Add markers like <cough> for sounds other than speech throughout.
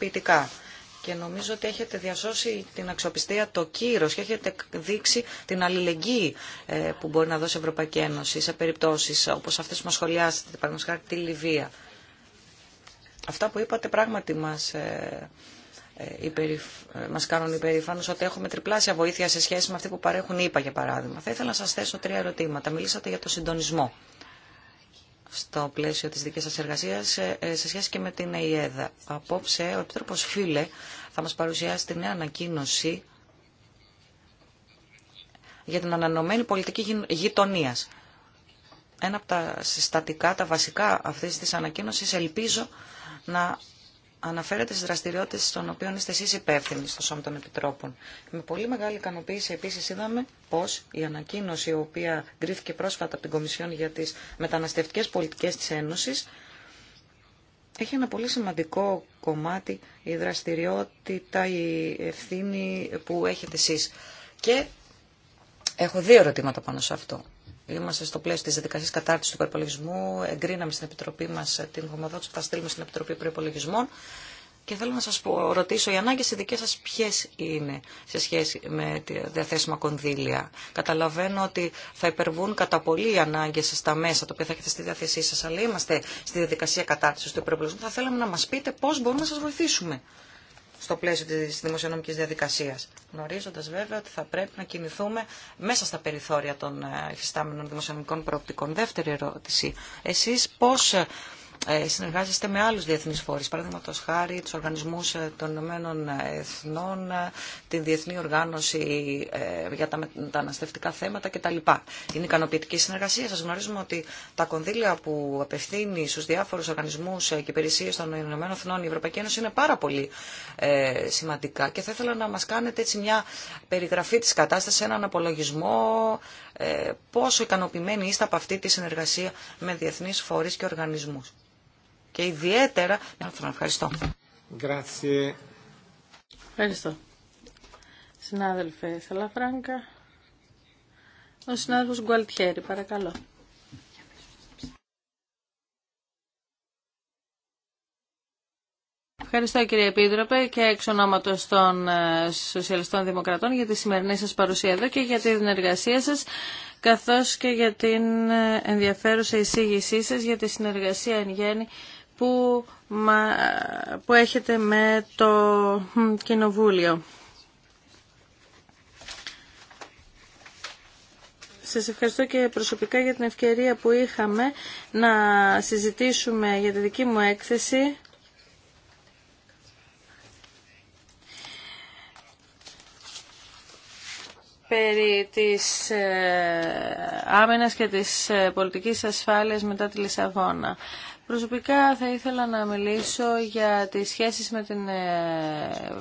ποιητικά. Και νομίζω ότι έχετε διασώσει την αξιοπιστία, το κύρος και έχετε δείξει την αλληλεγγύη ε, που μπορεί να δώσει η Ευρωπαϊκή Ένωση σε περιπτώσεις όπως αυτές που μας σχολιάσετε, παραδείγματο χάρη τη Λιβύα. Αυτά που είπατε πράγματι ε, ε, μας κάνουν υπερήφανους ότι έχουμε τριπλάσια βοήθεια σε σχέση με αυτή που παρέχουν είπα για παράδειγμα. Θα ήθελα να σας θέσω τρία ερωτήματα. Μιλήσατε για το συντονισμό στο πλαίσιο της δικής σας εργασίας ε, ε, σε σχέση και με την ΕΙΕΔΑ. Απόψε ο Επιτρόπος Φίλε θα μας παρουσιάσει τη νέα ανακοίνωση για την ανανομένη πολιτική γειτονία. Ένα από τα συστατικά, τα βασικά αυτής της ανακοίνωσης ελπίζω να Αναφέρεται στι δραστηριότητε, των οποίων είστε εσεί υπεύθυνοι στο Σώμα των Επιτρόπων. Με πολύ μεγάλη ικανοποίηση επίσης είδαμε πω η ανακοίνωση η οποία γκρίθηκε πρόσφατα από την Κομισιόν για τις μεταναστευτικές πολιτικές της Ένωσης έχει ένα πολύ σημαντικό κομμάτι η δραστηριότητα, η ευθύνη που έχετε εσείς. Και έχω δύο ερωτήματα πάνω σε αυτό. Είμαστε στο πλαίσιο τη διαδικασία κατάρτιση του προπολογισμού. Εγκρίναμε στην Επιτροπή μα την ομοδότηση που θα στείλουμε στην Επιτροπή Προπολογισμών. Και θέλω να σα ρωτήσω, οι ανάγκε οι δικέ σα ποιε είναι σε σχέση με τη διαθέσιμα κονδύλια. Καταλαβαίνω ότι θα υπερβούν κατά πολύ οι ανάγκε στα μέσα, τα οποία θα έχετε στη διάθεσή σα, αλλά είμαστε στη διαδικασία κατάρτιση του προπολογισμού. Θα θέλαμε να μα πείτε πώ μπορούμε να σα βοηθήσουμε στο πλαίσιο της δημοσιονομική διαδικασίας. γνωρίζοντα, βέβαια ότι θα πρέπει να κινηθούμε μέσα στα περιθώρια των εφιστάμενων δημοσιονομικών προοπτικών. Δεύτερη ερώτηση. Εσεί πώ. Ε, ε, συνεργάζεστε με άλλους διεθνείς φόρους, παραδείγματος χάρη τους οργανισμούς ε, των Ηνωμένων Εθνών, ε, την Διεθνή Οργάνωση για τα μεταναστευτικά θέματα κτλ. Είναι ικανοποιητική συνεργασία. Σας γνωρίζουμε ότι τα κονδύλια που απευθύνει στους διάφορους οργανισμούς και υπηρεσίες των Ηνωμένων Εθνών η Ευρωπαϊκή Ένωση είναι πάρα πολύ σημαντικά και θα ήθελα να μας κάνετε έτσι μια περιγραφή της κατάστασης, έναν απολογισμό, πόσο ικανοποιημένοι είστε από αυτή τη συνεργασία με διεθνείς φορείς και οργανισμούς και ιδιαίτερα να ευχαριστώ. Grazie. Ευχαριστώ. Συνάδελφε Σαλαφράγκα, ο συνάδελφο Γκουαλτιέρη, παρακαλώ. Ευχαριστώ κύριε Επίτροπε και εξ ονόματος των ε, Σοσιαλιστών Δημοκρατών για τη σημερινή σας παρουσία εδώ και για την εργασία σας καθώς και για την ε, ενδιαφέρουσα εισήγησή σας για τη συνεργασία εν γέννη που, που έχετε με το Κοινοβούλιο. Σας ευχαριστώ και προσωπικά για την ευκαιρία που είχαμε να συζητήσουμε για τη δική μου έκθεση. περί της ε, άμυνας και της ε, πολιτικής ασφάλειας μετά τη Λισαβόνα. Προσωπικά θα ήθελα να μιλήσω για τις σχέσεις με την ε,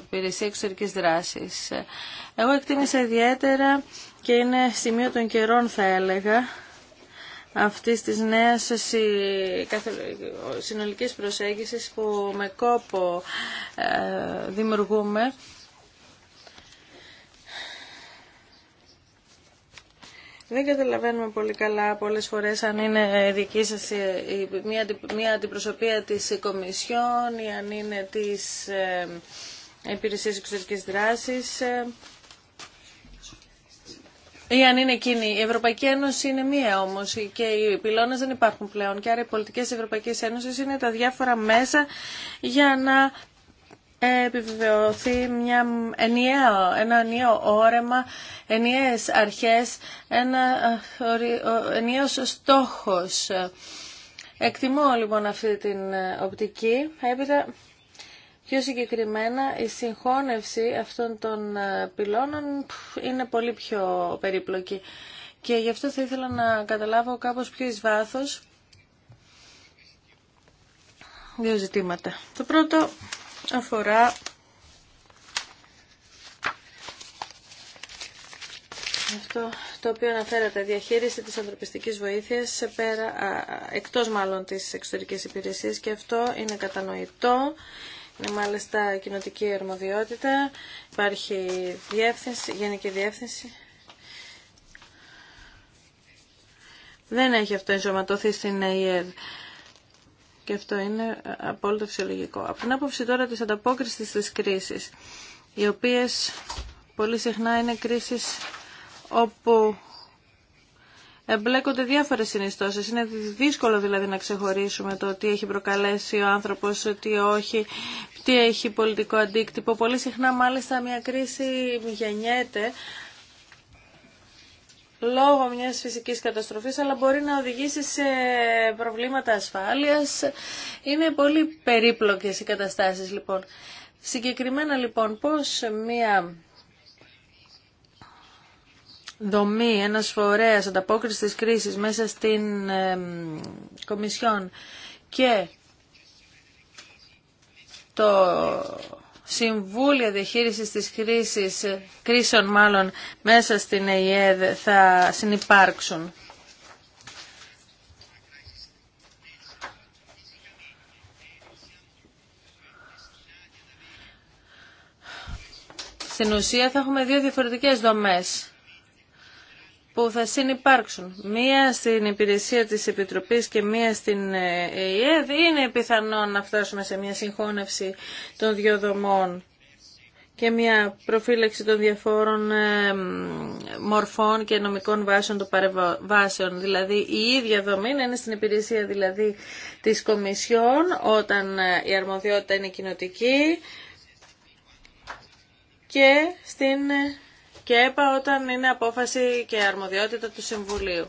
υπηρεσία εξωτερικής δράσης. Εγώ εκτίμησα ιδιαίτερα και είναι σημείο των καιρών θα έλεγα αυτής της νέας συνολικής προσέγγισης που με κόπο ε, δημιουργούμε Δεν καταλαβαίνουμε πολύ καλά πολλές φορές αν είναι δική σας μια, μια αντιπροσωπεία της Κομισιόν ή αν είναι της ε, Υπηρεσίας Εξωτερικής Δράσης ε, ή αν είναι εκείνη. Η Ευρωπαϊκή Ένωση είναι μία όμω και οι πυλώνε δεν υπάρχουν πλέον. Και άρα οι πολιτικέ τη Ευρωπαϊκή Ένωση είναι τα διάφορα μέσα για να επιβεβαιωθεί μια ενιαίο, ένα ενιαίο όρεμα, ενιαίες αρχές, ένα ενιαίος στόχος. Εκτιμώ λοιπόν αυτή την ε, οπτική. Έπειτα πιο συγκεκριμένα η συγχώνευση αυτών των ε, πυλώνων είναι πολύ πιο περίπλοκη. Και γι' αυτό θα ήθελα να καταλάβω κάπως πιο εις βάθος δύο ζητήματα. Το πρώτο αφορά αυτό το οποίο αναφέρατε, διαχείριση της ανθρωπιστικής βοήθειας σε πέρα, εκτός μάλλον της εξωτερικής υπηρεσίας και αυτό είναι κατανοητό. Είναι μάλιστα κοινοτική αρμοδιότητα, υπάρχει διεύθυνση, γενική διεύθυνση. Δεν έχει αυτό ενσωματωθεί στην ΑΕΔ. Και αυτό είναι απόλυτα φυσιολογικό. Από την άποψη τώρα της ανταπόκρισης της κρίσης, οι οποίες πολύ συχνά είναι κρίσεις όπου εμπλέκονται διάφορες συνιστώσεις. Είναι δύσκολο δηλαδή να ξεχωρίσουμε το τι έχει προκαλέσει ο άνθρωπο, τι όχι, τι έχει πολιτικό αντίκτυπο. Πολύ συχνά μάλιστα μια κρίση γεννιέται λόγω μιας φυσικής καταστροφής, αλλά μπορεί να οδηγήσει σε προβλήματα ασφάλειας. Είναι πολύ περίπλοκες οι καταστάσεις λοιπόν. Συγκεκριμένα λοιπόν πώς μια δομή, ένας φορέας ανταπόκρισης της κρίσης μέσα στην ε, Κομισιόν και το συμβούλια διαχείρισης της κρίσης, κρίσεων μάλλον μέσα στην ΕΙΕΔ θα συνυπάρξουν. Στην ουσία θα έχουμε δύο διαφορετικές δομές που θα συνεπάρξουν. Μία στην υπηρεσία της Επιτροπής και μία στην ε, ΕΕΔ είναι πιθανό να φτάσουμε σε μια συγχώνευση των δύο δομών και μια προφύλαξη των διαφόρων ε, μορφών και νομικών βάσεων των παρεμβάσεων. Δηλαδή η ίδια δομή να είναι στην υπηρεσία δηλαδή της Κομισιόν όταν ε, η αρμοδιότητα είναι κοινοτική και στην και ΕΠΑ όταν είναι απόφαση και αρμοδιότητα του Συμβουλίου.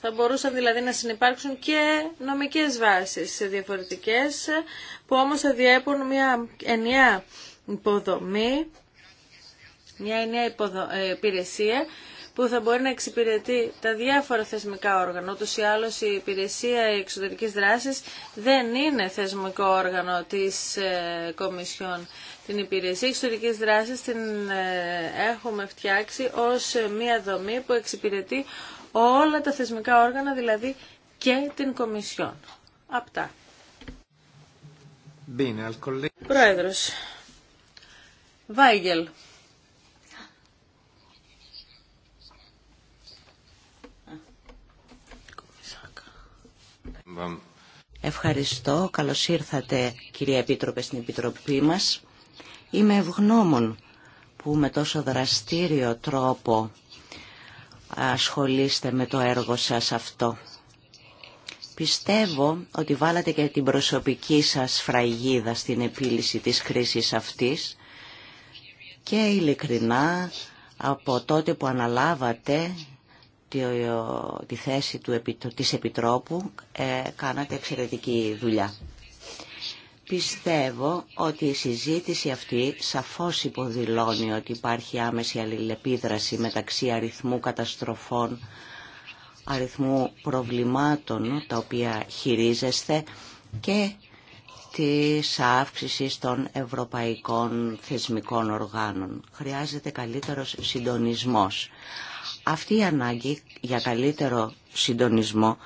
Θα μπορούσαν δηλαδή να συνεπάρξουν και νομικές βάσεις διαφορετικές που όμως θα διέπουν μια ενιαία υποδομή, μια ενιαία υποδο... Ε, υπηρεσία που θα μπορεί να εξυπηρετεί τα διάφορα θεσμικά όργανα. Ούτως ή άλλως η υπηρεσία εξωτερικής δράσης δεν είναι θεσμικό όργανο της ε, Κομισιόν. Την υπηρεσία εξωτερικής δράσης την ε, έχουμε φτιάξει ως μια δομή που εξυπηρετεί όλα τα θεσμικά όργανα, δηλαδή και την Κομισιόν. Απτά. Πρόεδρος. Βάγγελ. Ευχαριστώ. Καλώς ήρθατε κυρία Επίτροπε στην Επιτροπή μας. Είμαι ευγνώμων που με τόσο δραστήριο τρόπο ασχολείστε με το έργο σας αυτό. Πιστεύω ότι βάλατε και την προσωπική σας φραγίδα στην επίλυση της κρίσης αυτής και ειλικρινά από τότε που αναλάβατε τη θέση του, της Επιτρόπου ε, κάνατε εξαιρετική δουλειά. Πιστεύω ότι η συζήτηση αυτή σαφώς υποδηλώνει ότι υπάρχει άμεση αλληλεπίδραση μεταξύ αριθμού καταστροφών, αριθμού προβλημάτων τα οποία χειρίζεστε και της αύξησης των ευρωπαϊκών θεσμικών οργάνων. Χρειάζεται καλύτερος συντονισμός. Αυτή η ανάγκη για καλύτερο συντονισμό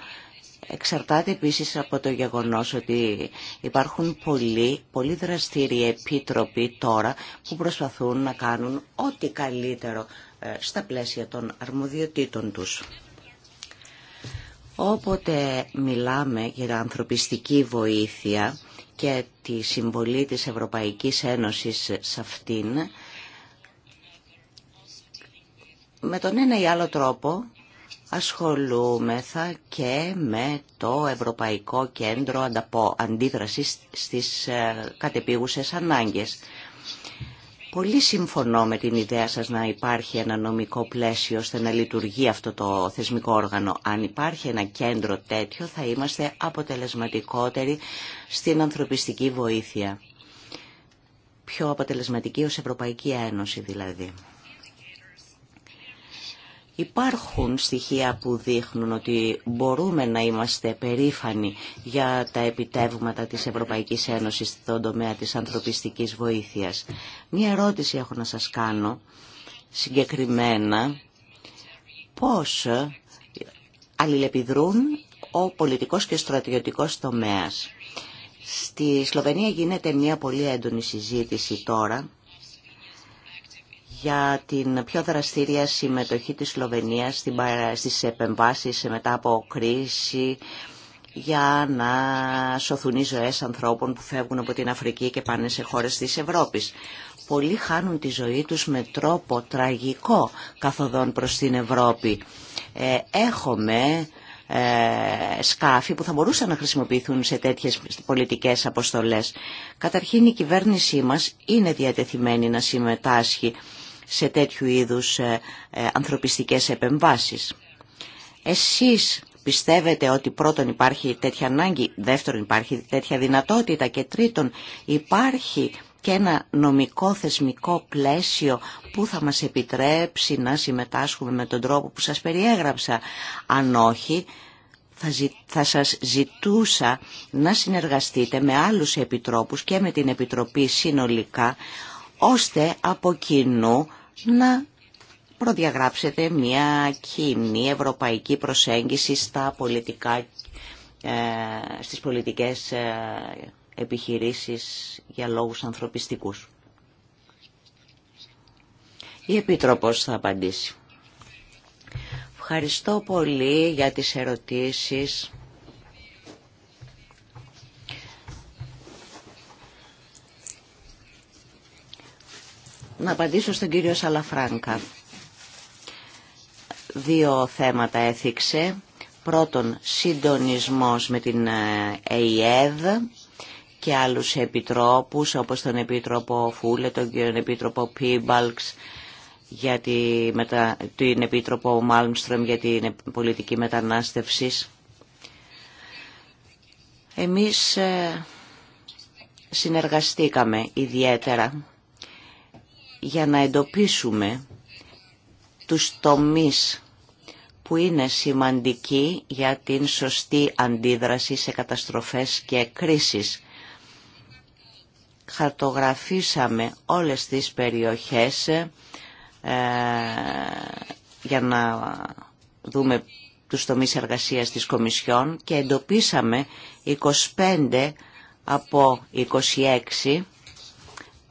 Εξαρτάται επίσης από το γεγονός ότι υπάρχουν πολλοί, πολλοί δραστήριοι επίτροποι τώρα που προσπαθούν να κάνουν ό,τι καλύτερο ε, στα πλαίσια των αρμοδιοτήτων τους. Όποτε μιλάμε για ανθρωπιστική βοήθεια και τη συμβολή της Ευρωπαϊκής Ένωσης σε αυτήν, με τον ένα ή άλλο τρόπο ασχολούμεθα και με το Ευρωπαϊκό Κέντρο Αντίδρασης στις ε, κατεπίγουσες ανάγκες. Πολύ συμφωνώ με την ιδέα σας να υπάρχει ένα νομικό πλαίσιο ώστε να λειτουργεί αυτό το θεσμικό όργανο. Αν υπάρχει ένα κέντρο τέτοιο θα είμαστε αποτελεσματικότεροι στην ανθρωπιστική βοήθεια. Πιο αποτελεσματική ως Ευρωπαϊκή Ένωση δηλαδή. Υπάρχουν στοιχεία που δείχνουν ότι μπορούμε να είμαστε περήφανοι για τα επιτεύγματα της Ευρωπαϊκής Ένωσης στον τομέα της ανθρωπιστικής βοήθειας. Μία ερώτηση έχω να σας κάνω συγκεκριμένα. Πώς αλληλεπιδρούν ο πολιτικός και στρατιωτικός τομέας. Στη Σλοβενία γίνεται μια πολύ έντονη συζήτηση τώρα για την πιο δραστήρια συμμετοχή της Σλοβενίας στις επεμβάσεις μετά από κρίση για να σωθούν οι ζωές ανθρώπων που φεύγουν από την Αφρική και πάνε σε χώρες της Ευρώπης. Πολλοί χάνουν τη ζωή τους με τρόπο τραγικό καθοδόν προς την Ευρώπη. Ε, έχουμε ε, σκάφη που θα μπορούσαν να χρησιμοποιηθούν σε τέτοιες πολιτικές αποστολές. Καταρχήν η κυβέρνησή μας είναι διατεθειμένη να συμμετάσχει σε τέτοιου είδους ε, ε, ανθρωπιστικές επεμβάσεις. Εσείς πιστεύετε ότι πρώτον υπάρχει τέτοια ανάγκη, δεύτερον υπάρχει τέτοια δυνατότητα και τρίτον υπάρχει και ένα νομικό θεσμικό πλαίσιο που θα μας επιτρέψει να συμμετάσχουμε με τον τρόπο που σας περιέγραψα. Αν όχι, θα, σας ζητούσα να συνεργαστείτε με άλλους επιτρόπους και με την Επιτροπή συνολικά, ώστε από κοινού να προδιαγράψετε μια κοινή ευρωπαϊκή προσέγγιση στα πολιτικά, ε, στις πολιτικές ε, επιχειρήσεις για λόγους ανθρωπιστικούς. Η Επίτροπος θα απαντήσει. Ευχαριστώ πολύ για τις ερωτήσεις. να απαντήσω στον κύριο Σαλαφράνκα. Δύο θέματα έθιξε. Πρώτον, συντονισμός με την ΕΙΕΔ και άλλους επιτρόπους, όπως τον Επίτροπο Φούλε, τον κύριο Επίτροπο Πίμπαλξ, για τη, μετα, την Επίτροπο Μάλμστρομ για την πολιτική μετανάστευση. Εμείς ε, συνεργαστήκαμε ιδιαίτερα για να εντοπίσουμε τους τομείς που είναι σημαντικοί για την σωστή αντίδραση σε καταστροφές και κρίσεις. Χαρτογραφήσαμε όλες τις περιοχές ε, για να δούμε τους τομείς εργασίας της Κομισιόν και εντοπίσαμε 25 από 26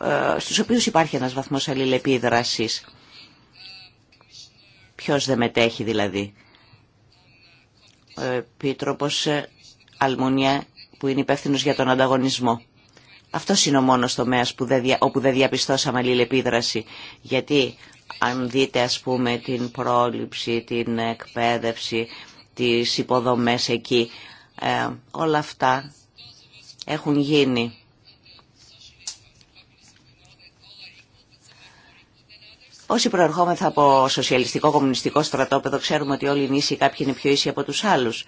ε, στους οποίους υπάρχει ένας βαθμός αλληλεπίδρασης. Ποιος δεν μετέχει δηλαδή. Ο Επίτροπος ε, Αλμονία που είναι υπεύθυνο για τον ανταγωνισμό. Αυτό είναι ο μόνος τομέας που δεν, όπου δεν διαπιστώσαμε αλληλεπίδραση. Γιατί αν δείτε ας πούμε την πρόληψη, την εκπαίδευση, τις υποδομές εκεί, ε, όλα αυτά έχουν γίνει Όσοι προερχόμεθα από σοσιαλιστικό κομμουνιστικό στρατόπεδο ξέρουμε ότι όλοι οι νήσοι κάποιοι είναι πιο ίσοι από τους άλλους.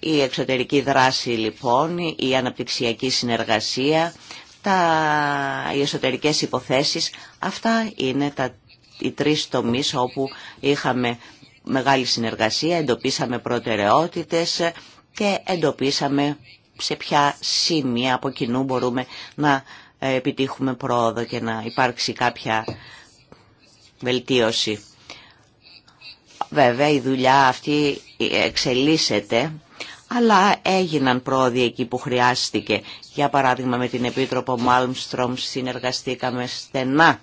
Η εξωτερική δράση λοιπόν, η αναπτυξιακή συνεργασία, τα... οι εσωτερικές υποθέσεις, αυτά είναι τα... οι τρεις τομείς όπου είχαμε μεγάλη συνεργασία, εντοπίσαμε προτεραιότητες και εντοπίσαμε σε ποια σημεία από κοινού μπορούμε να ε, επιτύχουμε πρόοδο και να υπάρξει κάποια βελτίωση. Βέβαια η δουλειά αυτή ε, εξελίσσεται, αλλά έγιναν πρόοδοι εκεί που χρειάστηκε. Για παράδειγμα με την Επίτροπο Μάλμστρομ συνεργαστήκαμε στενά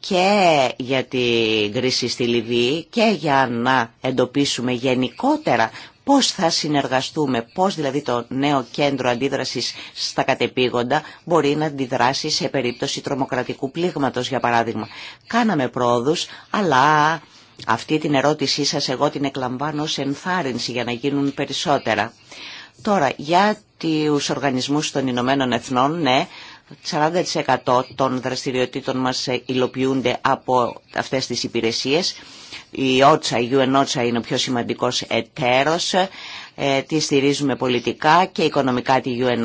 και για την κρίση στη Λιβύη και για να εντοπίσουμε γενικότερα πώς θα συνεργαστούμε, πώς δηλαδή το νέο κέντρο αντίδρασης στα κατεπήγοντα μπορεί να αντιδράσει σε περίπτωση τρομοκρατικού πλήγματος για παράδειγμα. Κάναμε πρόοδους, αλλά αυτή την ερώτησή σας εγώ την εκλαμβάνω ως ενθάρρυνση για να γίνουν περισσότερα. Τώρα, για τους οργανισμούς των Ηνωμένων Εθνών, ναι, 40% των δραστηριοτήτων μας υλοποιούνται από αυτές τις υπηρεσίες η ΟΤΣΑ, η UN είναι ο πιο σημαντικός εταίρος, ε, τη στηρίζουμε πολιτικά και οικονομικά τη UN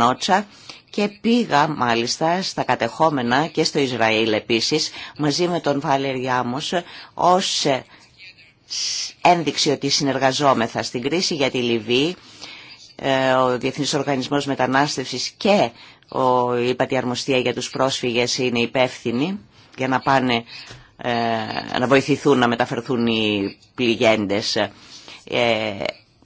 και πήγα μάλιστα στα κατεχόμενα και στο Ισραήλ επίσης μαζί με τον Βαλεριάμος, ως ε, ένδειξη ότι συνεργαζόμεθα στην κρίση για τη Λιβύη ε, ο Διεθνής Οργανισμός Μετανάστευσης και η Πατιαρμοστία για τους πρόσφυγες είναι υπεύθυνοι για να πάνε ε, να βοηθηθούν να μεταφερθούν οι πληγέντες. Ε,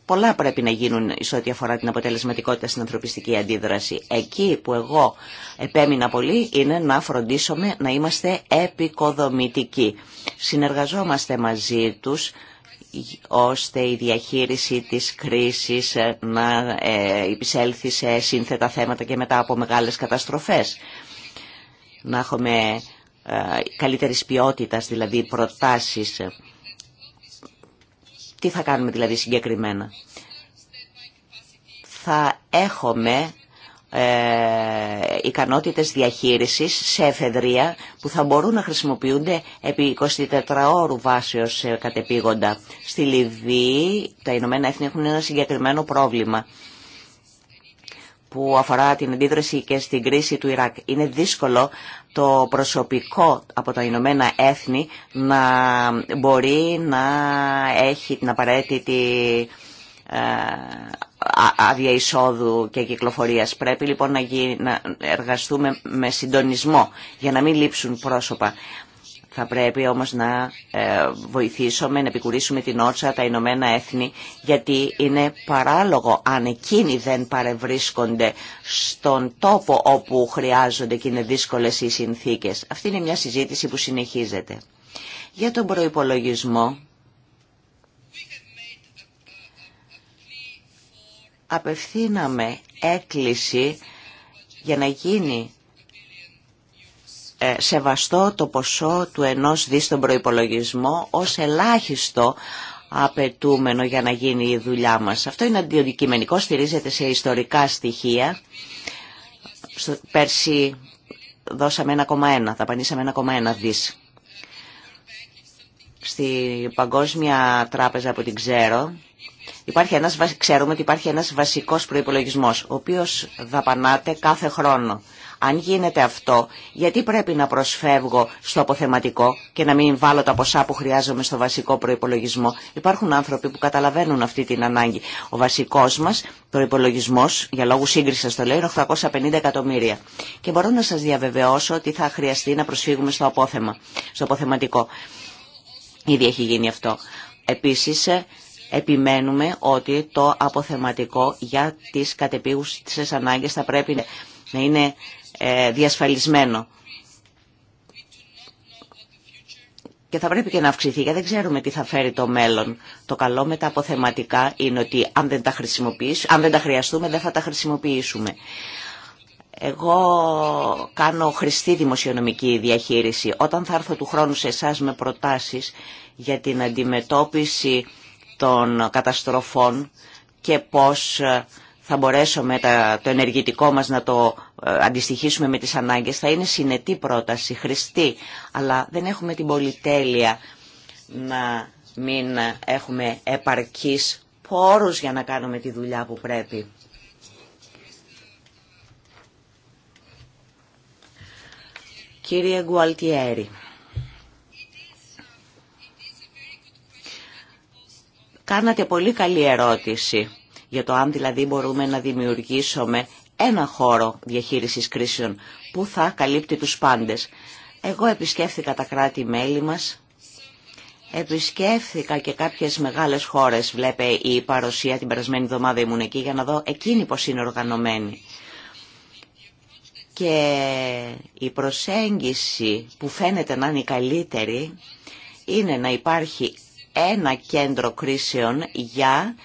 πολλά πρέπει να γίνουν σε ό,τι αφορά την αποτελεσματικότητα στην ανθρωπιστική αντίδραση. Εκεί που εγώ επέμεινα πολύ είναι να φροντίσουμε να είμαστε επικοδομητικοί. Συνεργαζόμαστε μαζί τους ώστε η διαχείριση της κρίσης ε, να υπησέλθει σε σύνθετα θέματα και μετά από μεγάλες καταστροφές. Να έχουμε καλύτερης ποιότητας, δηλαδή προτάσεις. Τι θα κάνουμε δηλαδή συγκεκριμένα. Θα έχουμε ε, ικανότητες διαχείρισης σε εφεδρεία που θα μπορούν να χρησιμοποιούνται επί 24 ώρου βάσεως ε, κατεπήγοντα. Στη Λιβύη τα Ηνωμένα Έθνη έχουν ένα συγκεκριμένο πρόβλημα που αφορά την αντίδραση και στην κρίση του Ιράκ. Είναι δύσκολο το προσωπικό από τα Ηνωμένα Έθνη να μπορεί να έχει την απαραίτητη ε, άδεια εισόδου και κυκλοφορίας. Πρέπει λοιπόν να, εργαστούμε με συντονισμό για να μην λείψουν πρόσωπα. Θα πρέπει όμως να ε, βοηθήσουμε, να επικουρήσουμε την ότσα τα Ηνωμένα Έθνη, γιατί είναι παράλογο αν εκείνοι δεν παρευρίσκονται στον τόπο όπου χρειάζονται και είναι δύσκολες οι συνθήκες. Αυτή είναι μια συζήτηση που συνεχίζεται. Για τον προϋπολογισμό, απευθύναμε έκκληση για να γίνει ε, σεβαστό το ποσό του ενός δι στον προϋπολογισμό ως ελάχιστο απαιτούμενο για να γίνει η δουλειά μας. Αυτό είναι αντιοδικημενικό, στηρίζεται σε ιστορικά στοιχεία. Πέρσι δώσαμε 1,1, δαπανίσαμε 1,1 δις. Στη Παγκόσμια Τράπεζα που την ξέρω, υπάρχει ένας, ξέρουμε ότι υπάρχει ένας βασικός προϋπολογισμός, ο οποίος δαπανάται κάθε χρόνο. Αν γίνεται αυτό, γιατί πρέπει να προσφεύγω στο αποθεματικό και να μην βάλω τα ποσά που χρειάζομαι στο βασικό προϋπολογισμό. Υπάρχουν άνθρωποι που καταλαβαίνουν αυτή την ανάγκη. Ο βασικός μας προϋπολογισμός, για λόγους σύγκρισης το λέω, είναι 850 εκατομμύρια. Και μπορώ να σας διαβεβαιώσω ότι θα χρειαστεί να προσφύγουμε στο αποθεματικό. Ήδη έχει γίνει αυτό. Επίσης, ε, επιμένουμε ότι το αποθεματικό για τις κατεπίγουσες ανάγκες θα πρέπει να είναι ε, διασφαλισμένο. Και θα πρέπει και να αυξηθεί, γιατί δεν ξέρουμε τι θα φέρει το μέλλον. Το καλό με τα αποθεματικά είναι ότι αν δεν τα, αν δεν χρειαστούμε δεν θα τα χρησιμοποιήσουμε. Εγώ κάνω χρηστή δημοσιονομική διαχείριση. Όταν θα έρθω του χρόνου σε εσά με προτάσεις για την αντιμετώπιση των καταστροφών και πώς ε, θα μπορέσουμε το ενεργητικό μας να το ε, αντιστοιχίσουμε με τις ανάγκες. Θα είναι συνετή πρόταση, χρηστή, αλλά δεν έχουμε την πολυτέλεια να μην έχουμε επαρκείς πόρους για να κάνουμε τη δουλειά που πρέπει. Κύριε Γκουαλτιέρη, κάνατε πολύ καλή ερώτηση για το αν δηλαδή μπορούμε να δημιουργήσουμε ένα χώρο διαχείρισης κρίσεων που θα καλύπτει τους πάντες. Εγώ επισκέφθηκα τα κράτη-μέλη μας, επισκέφθηκα και κάποιες μεγάλες χώρες, βλέπε η παρουσία την περασμένη εβδομάδα ήμουν εκεί για να δω εκείνη πώς είναι οργανωμένη. Και η προσέγγιση που φαίνεται να είναι η καλύτερη είναι να υπάρχει ένα κέντρο κρίσεων για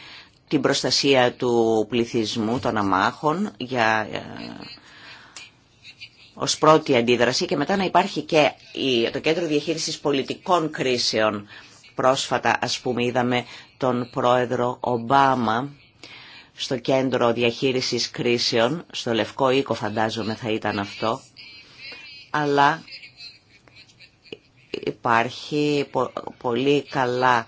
την προστασία του πληθυσμού των αμάχων για, ε, ως πρώτη αντίδραση και μετά να υπάρχει και το Κέντρο Διαχείρισης Πολιτικών Κρίσεων. Πρόσφατα, ας πούμε, είδαμε τον πρόεδρο Ομπάμα στο Κέντρο Διαχείρισης Κρίσεων, στο Λευκό Οίκο φαντάζομαι θα ήταν αυτό, αλλά υπάρχει πολύ καλά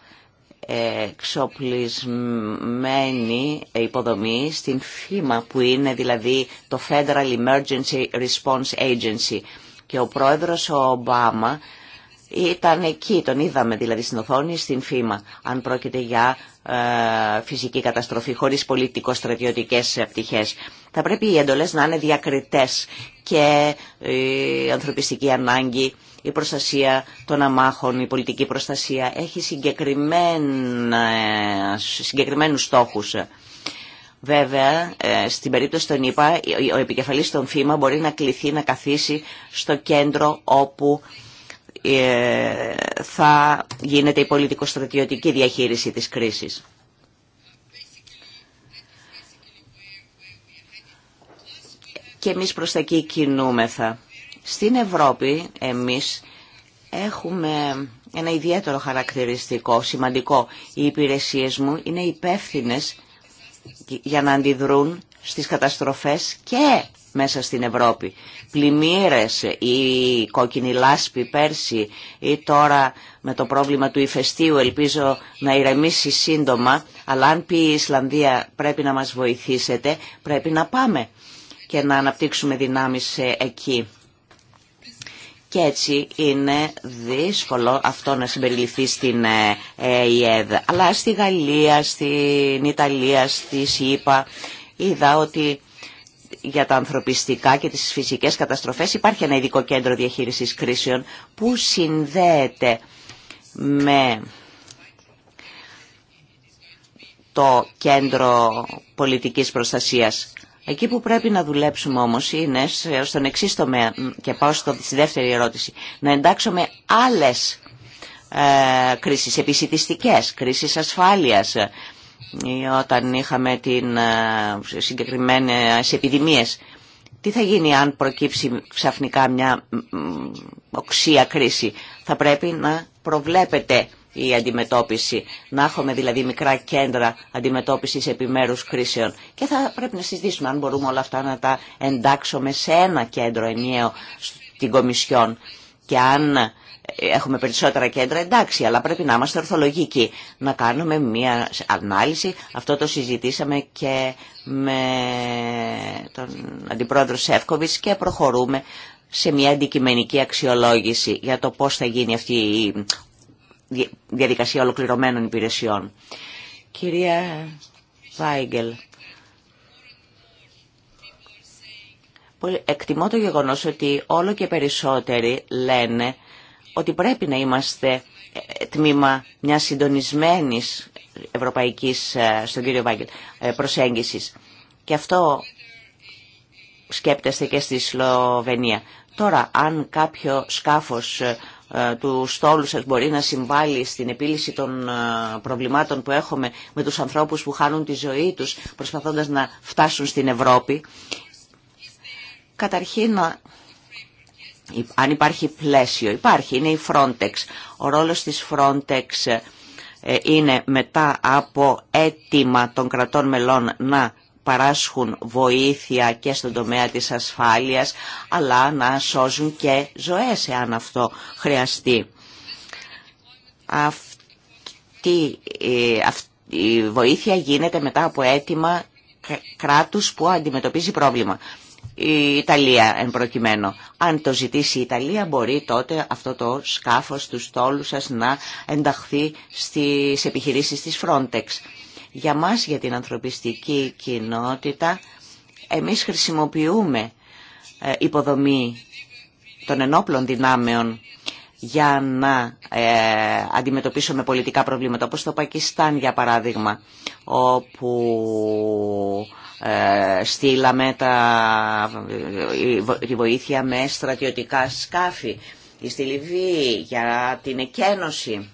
εξοπλισμένη υποδομή στην φήμα που είναι δηλαδή το Federal Emergency Response Agency και ο πρόεδρος ο Ομπάμα ήταν εκεί, τον είδαμε δηλαδή στην οθόνη, στην φήμα, αν πρόκειται για ε, φυσική καταστροφή χωρίς πολιτικο-στρατιωτικές πτυχές. Θα πρέπει οι εντολές να είναι διακριτές και η ανθρωπιστική ανάγκη η προστασία των αμάχων, η πολιτική προστασία έχει συγκεκριμένους στόχους. Βέβαια, ε, στην περίπτωση των ΙΠΑ, ο επικεφαλής των ΦΥΜΑ μπορεί να κληθεί να καθίσει στο κέντρο όπου ε, θα γίνεται η πολιτικοστρατιωτική διαχείριση της κρίσης. Και εμείς προς τα εκεί κινούμεθα. Στην Ευρώπη εμείς έχουμε ένα ιδιαίτερο χαρακτηριστικό, σημαντικό. Οι υπηρεσίες μου είναι υπεύθυνε για να αντιδρούν στις καταστροφές και μέσα στην Ευρώπη. Πλημμύρες ή κόκκινη λάσπη πέρσι ή τώρα με το πρόβλημα του ηφαιστείου ελπίζω να ηρεμήσει σύντομα, αλλά αν πει η Ισλανδία πρέπει να μας βοηθήσετε, πρέπει να πάμε και να αναπτύξουμε δυνάμεις εκεί και έτσι είναι δύσκολο αυτό να συμπεριληφθεί στην ΕΕΔ. Ε, Αλλά στη Γαλλία, στην Ιταλία, στη ΣΥΠΑ είδα ότι για τα ανθρωπιστικά και τις φυσικές καταστροφές υπάρχει ένα ειδικό κέντρο διαχείρισης κρίσεων που συνδέεται με το κέντρο πολιτικής προστασίας Εκεί που πρέπει να δουλέψουμε όμως είναι στον εξή τομέα και πάω στο, στη δεύτερη ερώτηση. Να εντάξουμε άλλες ε, κρίσεις επισητιστικές, κρίσεις ασφάλειας ε, όταν είχαμε την ε, συγκεκριμένες επιδημίες. Τι θα γίνει αν προκύψει ξαφνικά μια οξία κρίση. Θα πρέπει να προβλέπετε η αντιμετώπιση. Να έχουμε δηλαδή μικρά κέντρα αντιμετώπισης επιμέρους κρίσεων. Και θα πρέπει να συζητήσουμε αν μπορούμε όλα αυτά να τα εντάξουμε σε ένα κέντρο ενιαίο στην Κομισιόν. Και αν έχουμε περισσότερα κέντρα, εντάξει, αλλά πρέπει να είμαστε ορθολογικοί. Να κάνουμε μία ανάλυση. Αυτό το συζητήσαμε και με τον Αντιπρόεδρο Σευκόβι και προχωρούμε σε μια αντικειμενική αξιολόγηση για το πώς θα γίνει αυτή η διαδικασία ολοκληρωμένων υπηρεσιών. Κυρία Βάιγκελ, εκτιμώ το γεγονός ότι όλο και περισσότεροι λένε ότι πρέπει να είμαστε ε, ε, τμήμα μιας συντονισμένης ευρωπαϊκής, ε, στον κύριο Βάγκελ, προσέγγισης. Και αυτό σκέπτεστε και στη Σλοβενία. Τώρα, αν κάποιο σκάφος ε, του στόλου σας μπορεί να συμβάλλει στην επίλυση των ε, προβλημάτων που έχουμε με τους ανθρώπους που χάνουν τη ζωή τους προσπαθώντας να φτάσουν στην Ευρώπη. Καταρχήν, αν υπάρχει πλαίσιο, υπάρχει, είναι η Frontex. Ο ρόλος της Frontex ε, είναι μετά από αίτημα των κρατών μελών να παράσχουν βοήθεια και στον τομέα της ασφάλειας, αλλά να σώζουν και ζωές εάν αυτό χρειαστεί. Αυτή, ε, η βοήθεια γίνεται μετά από αίτημα κράτους που αντιμετωπίζει πρόβλημα. Η Ιταλία εν προκειμένου. Αν το ζητήσει η Ιταλία μπορεί τότε αυτό το σκάφος του στόλου σας να ενταχθεί στις επιχειρήσεις της Frontex. Για μας, για την ανθρωπιστική κοινότητα, εμείς χρησιμοποιούμε ε, υποδομή των ενόπλων δυνάμεων για να ε, αντιμετωπίσουμε πολιτικά προβλήματα, όπως το Πακιστάν για παράδειγμα, όπου ε, στείλαμε τα, τη βοήθεια με στρατιωτικά σκάφη, στη Λιβύη για την εκένωση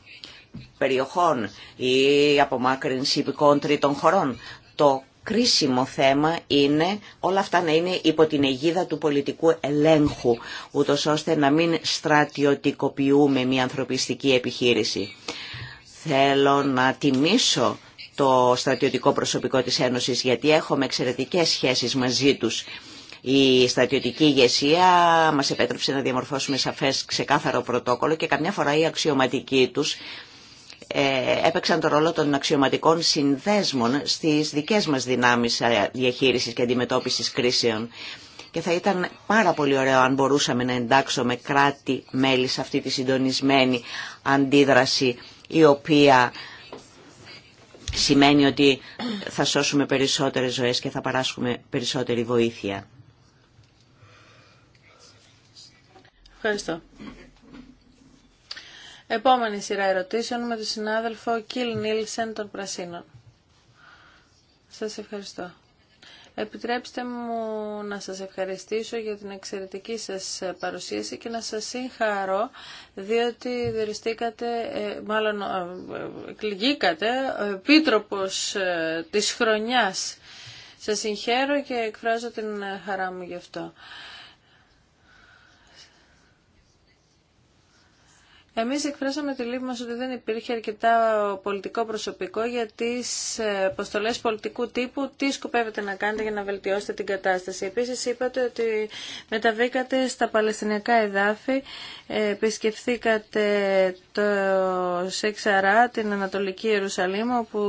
περιοχών ή απομάκρυνση υπηκών τρίτων χωρών. Το κρίσιμο θέμα είναι όλα αυτά να είναι υπό την αιγίδα του πολιτικού ελέγχου, ούτω ώστε να μην στρατιωτικοποιούμε μια ανθρωπιστική επιχείρηση. Θέλω να τιμήσω το στρατιωτικό προσωπικό της Ένωσης, γιατί έχουμε εξαιρετικές σχέσεις μαζί τους. Η στρατιωτική ηγεσία μας επέτρεψε να διαμορφώσουμε σαφές ξεκάθαρο πρωτόκολλο και καμιά φορά οι αξιωματική τους ε, έπαιξαν το ρόλο των αξιωματικών συνδέσμων στις δικές μας δυνάμεις ε, διαχείρισης και αντιμετώπισης κρίσεων. Και θα ήταν πάρα πολύ ωραίο αν μπορούσαμε να εντάξουμε κράτη-μέλη σε αυτή τη συντονισμένη αντίδραση η οποία σημαίνει ότι θα σώσουμε περισσότερες ζωές και θα παράσχουμε περισσότερη βοήθεια. Ευχαριστώ. Επόμενη σειρά ερωτήσεων με τον συνάδελφο Κιλ Νίλσεν των Πρασίνων. Σας ευχαριστώ. Επιτρέψτε μου να σας ευχαριστήσω για την εξαιρετική σας παρουσίαση και να σας συγχαρώ διότι διοριστήκατε, ε, μάλλον ε, εκλεγήκατε, επίτροπος ε, της χρονιάς. Σας συγχαίρω και εκφράζω την χαρά μου γι' αυτό. Εμεί εκφράσαμε τη λύπη μα ότι δεν υπήρχε αρκετά πολιτικό προσωπικό για τι ε, αποστολέ πολιτικού τύπου. Τι σκοπεύετε να κάνετε για να βελτιώσετε την κατάσταση. Επίση είπατε ότι μεταβήκατε στα Παλαιστινιακά εδάφη, ε, επισκεφθήκατε το Σεξαρά, την Ανατολική Ιερουσαλήμ, όπου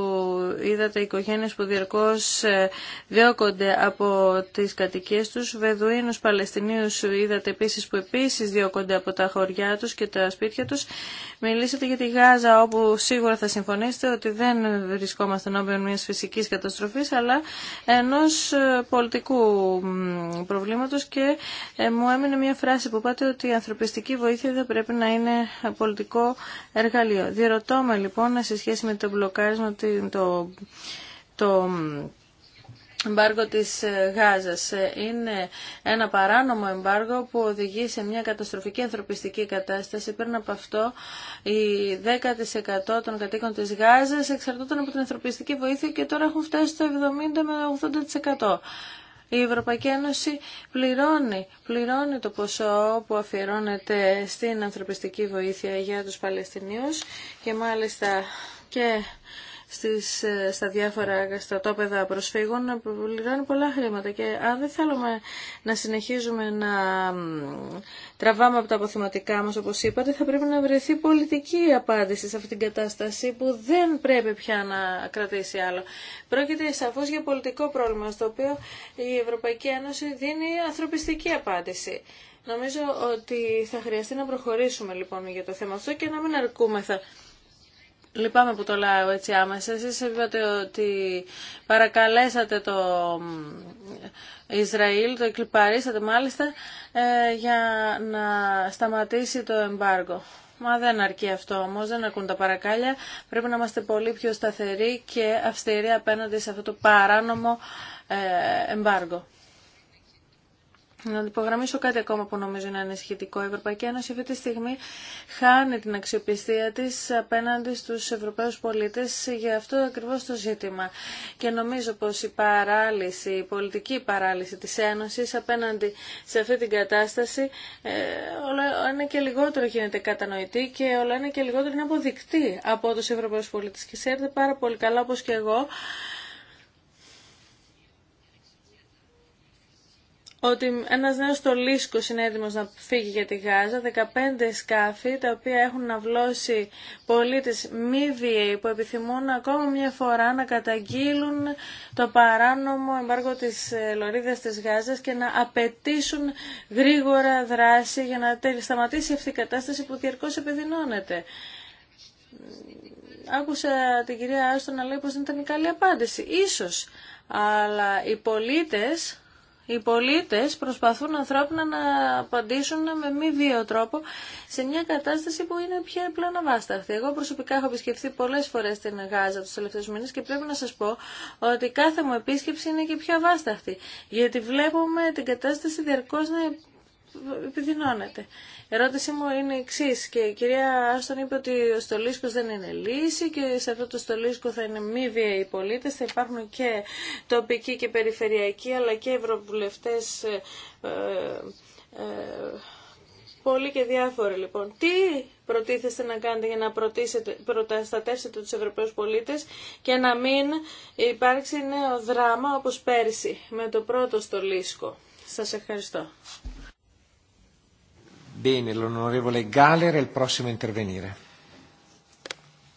είδατε οικογένειε που διαρκώ ε, διώκονται από τι κατοικίε του Βεδουίνου Παλαιστινίου είδατε επίση που επίση διώκονται από τα χωριά του και τα σπίτια του. Μιλήσατε για τη Γάζα όπου σίγουρα θα συμφωνήσετε ότι δεν βρισκόμαστε ενώπιον μια φυσικής καταστροφής αλλά ενός ε, πολιτικού προβλήματος και ε, μου έμεινε μια φράση που πάτε ότι η ανθρωπιστική βοήθεια δεν πρέπει να είναι πολιτικό εργαλείο. Διερωτώ με λοιπόν σε σχέση με το μπλοκάρισμα το, το εμπάργο της ε, Γάζας. Ε, είναι ένα παράνομο εμπάργο που οδηγεί σε μια καταστροφική ανθρωπιστική κατάσταση. Πριν από αυτό, οι 10% των κατοίκων της Γάζας εξαρτώνταν από την ανθρωπιστική βοήθεια και τώρα έχουν φτάσει στο 70 με 80%. Η Ευρωπαϊκή Ένωση πληρώνει, πληρώνει το ποσό που αφιερώνεται στην ανθρωπιστική βοήθεια για τους Παλαιστινίους και μάλιστα και στις, ε, στα διάφορα στρατόπεδα προσφύγων ε, πληρώνει πολλά χρήματα και αν δεν θέλουμε να συνεχίζουμε να τραβάμε από τα αποθυματικά μας όπως είπατε θα πρέπει να βρεθεί πολιτική απάντηση σε αυτή την κατάσταση που δεν πρέπει πια να κρατήσει άλλο. Πρόκειται σαφώς για πολιτικό πρόβλημα στο οποίο η Ευρωπαϊκή Ένωση δίνει ανθρωπιστική απάντηση. Νομίζω ότι θα χρειαστεί να προχωρήσουμε λοιπόν για το θέμα αυτό και να μην αρκούμεθα Λυπάμαι που το λέω έτσι άμεσα. Εσείς είπατε ότι παρακαλέσατε το Ισραήλ, το εκλυπαρίσατε μάλιστα, ε, για να σταματήσει το εμπάργο. Μα δεν αρκεί αυτό όμως, δεν ακούν τα παρακάλια. Πρέπει να είμαστε πολύ πιο σταθεροί και αυστηροί απέναντι σε αυτό το παράνομο ε, εμπάργο. Να υπογραμμίσω κάτι ακόμα που νομίζω να είναι σχετικό. Η Ευρωπαϊκή Ένωση αυτή τη στιγμή χάνει την αξιοπιστία τη απέναντι στου Ευρωπαίου πολίτε για αυτό ακριβώ το ζήτημα. Και νομίζω πω η παράλυση, η πολιτική παράλυση τη Ένωση απέναντι σε αυτή την κατάσταση, ε, όλο ένα και λιγότερο γίνεται κατανοητή και όλο ένα και λιγότερο είναι αποδεικτή από του Ευρωπαίου πολίτε. Και ξέρετε πάρα πολύ καλά, όπω και εγώ, ότι ένας νέος τολίσκος είναι έτοιμος να φύγει για τη Γάζα, 15 σκάφη τα οποία έχουν αυλώσει πολίτες μη βίαιοι που επιθυμούν ακόμα μια φορά να καταγγείλουν το παράνομο εμπάργο της ε, λωρίδας της Γάζας και να απαιτήσουν γρήγορα δράση για να σταματήσει αυτή η κατάσταση που διαρκώ επιδεινώνεται. Άκουσα την κυρία Άστο να λέει πως δεν ήταν καλή απάντηση. Ίσως, αλλά οι πολίτες οι πολίτες προσπαθούν ανθρώπινα να απαντήσουν με μη βίαιο τρόπο σε μια κατάσταση που είναι πια αναβάσταχτη. Εγώ προσωπικά έχω επισκεφθεί πολλές φορές την Γάζα τους τελευταίους μήνες και πρέπει να σας πω ότι κάθε μου επίσκεψη είναι και πιο αβάσταχτη. Γιατί βλέπουμε την κατάσταση διαρκώς να επιδεινώνεται. Η ερώτησή μου είναι η εξή και η κυρία Άστον είπε ότι ο στολίσκο δεν είναι λύση και σε αυτό το στολίσκο θα είναι μη βίαιοι πολίτε. Θα υπάρχουν και τοπικοί και περιφερειακοί αλλά και ευρωβουλευτέ. Ε, ε, ε Πολύ και διάφοροι λοιπόν. Τι προτίθεστε να κάνετε για να προστατεύσετε τους Ευρωπαίους πολίτες και να μην υπάρξει νέο δράμα όπως πέρσι με το πρώτο στολίσκο. Σας ευχαριστώ. Bene, l'onorevole Galler è il prossimo a intervenire.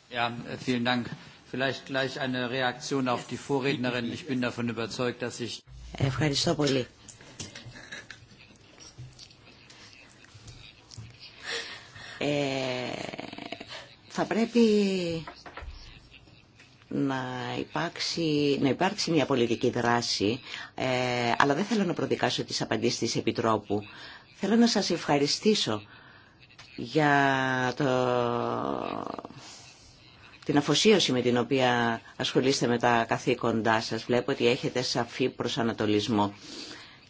Ja, vielen Dank. Vielleicht gleich eine Reaktion auf die Vorrednerin. Ich bin davon überzeugt, dass ich... Ευχαριστώ πολύ. Ε, θα πρέπει να υπάρξει, να υπάρξει μια πολιτική δράση, ε, αλλά δεν θέλω να προδικάσω τις απαντήσεις της Επιτρόπου. Θέλω να σας ευχαριστήσω για το... την αφοσίωση με την οποία ασχολείστε με τα καθήκοντά σας. Βλέπω ότι έχετε σαφή προσανατολισμό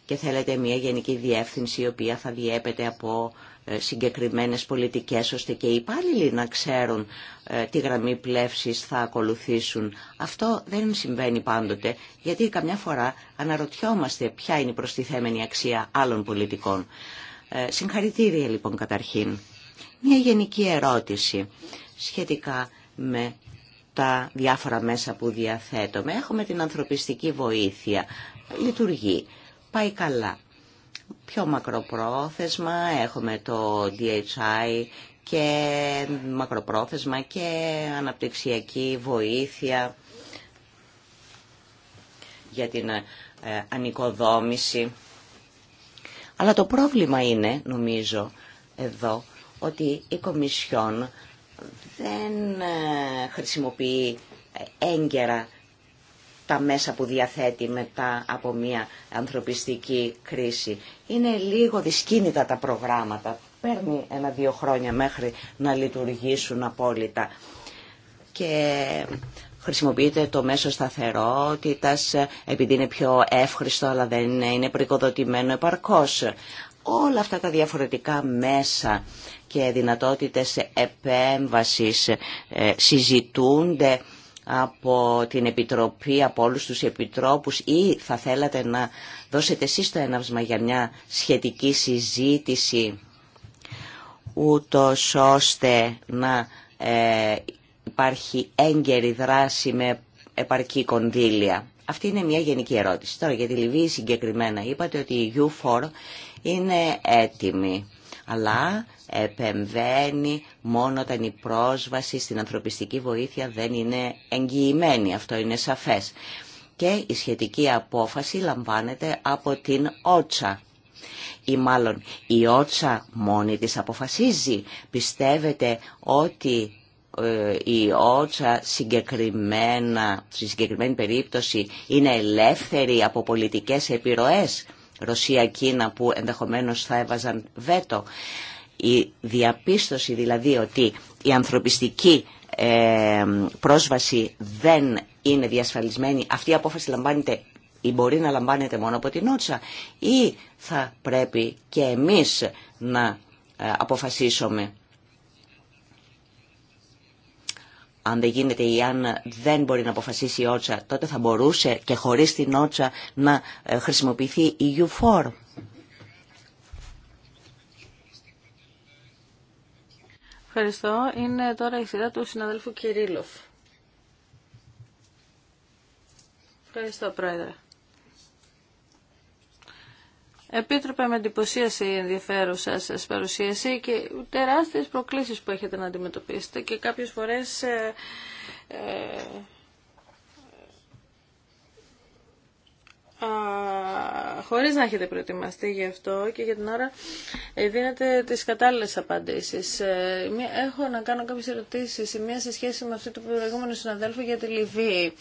και θέλετε μια γενική διεύθυνση η οποία θα διέπεται από ε, συγκεκριμένες πολιτικές ώστε και οι υπάλληλοι να ξέρουν ε, τι γραμμή πλεύσης θα ακολουθήσουν. Αυτό δεν συμβαίνει πάντοτε γιατί καμιά φορά αναρωτιόμαστε ποια είναι η προστιθέμενη αξία άλλων πολιτικών. Ε, συγχαρητήρια λοιπόν καταρχήν. Μια γενική ερώτηση σχετικά με τα διάφορα μέσα που διαθέτουμε. Έχουμε την ανθρωπιστική βοήθεια. Λειτουργεί. Πάει καλά πιο μακροπρόθεσμα, έχουμε το DHI και μακροπρόθεσμα και αναπτυξιακή βοήθεια για την ε, ανοικοδόμηση. Αλλά το πρόβλημα είναι, νομίζω, εδώ, ότι η Κομισιόν δεν ε, χρησιμοποιεί έγκαιρα τα μέσα που διαθέτει μετά από μια ανθρωπιστική κρίση. Είναι λίγο δυσκίνητα τα προγράμματα. Παίρνει ένα-δύο χρόνια μέχρι να λειτουργήσουν απόλυτα. Και χρησιμοποιείται το μέσο σταθερότητα επειδή είναι πιο εύχριστο αλλά δεν είναι πρικοδοτημένο επαρκώς. Όλα αυτά τα διαφορετικά μέσα και δυνατότητες επέμβασης ε, συζητούνται από την Επιτροπή, από όλους τους επιτρόπους ή θα θέλατε να δώσετε εσείς το έναυσμα για μια σχετική συζήτηση ούτως ώστε να ε, υπάρχει έγκαιρη δράση με επαρκή κονδύλια. Αυτή είναι μια γενική ερώτηση. Τώρα για τη Λιβύη συγκεκριμένα είπατε ότι η U4 είναι έτοιμη αλλά επεμβαίνει μόνο όταν η πρόσβαση στην ανθρωπιστική βοήθεια δεν είναι εγγυημένη. Αυτό είναι σαφές. Και η σχετική απόφαση λαμβάνεται από την ΟΤΣΑ. Ή μάλλον η ΟΤΣΑ μόνη της αποφασίζει. Πιστεύετε ότι ε, η ότσα συγκεκριμένα, στη συγκεκριμένη περίπτωση είναι ελεύθερη από πολιτικές επιρροές. Ρωσία-Κίνα που ενδεχομένως θα έβαζαν βέτο. Η διαπίστωση δηλαδή ότι η ανθρωπιστική ε, πρόσβαση δεν είναι διασφαλισμένη, αυτή η απόφαση λαμβάνεται ή μπορεί να λαμβάνεται μόνο από την Ότσα ή θα πρέπει και εμείς να ε, αποφασίσουμε αν δεν γίνεται ή αν δεν μπορεί να αποφασίσει η ότσα, τότε θα μπορούσε και χωρίς την ότσα να ε, χρησιμοποιηθεί η u 4 Ευχαριστώ. Είναι τώρα η σειρά του συναδέλφου Κυρίλοφ. Ευχαριστώ, Πρόεδρε. Επίτροπε, με εντυπωσίασε η ενδιαφέρουσα σας παρουσίαση και τεράστιες προκλήσεις που έχετε να αντιμετωπίσετε και κάποιες φορές ε, ε χωρίς να έχετε προετοιμαστεί γι' αυτό και για την ώρα ε, δίνετε τις κατάλληλες απαντήσεις. Ε, έχω να κάνω κάποιες ερωτήσεις, η μία σε σχέση με αυτή του προηγούμενου συναδέλφου για τη Λιβύη.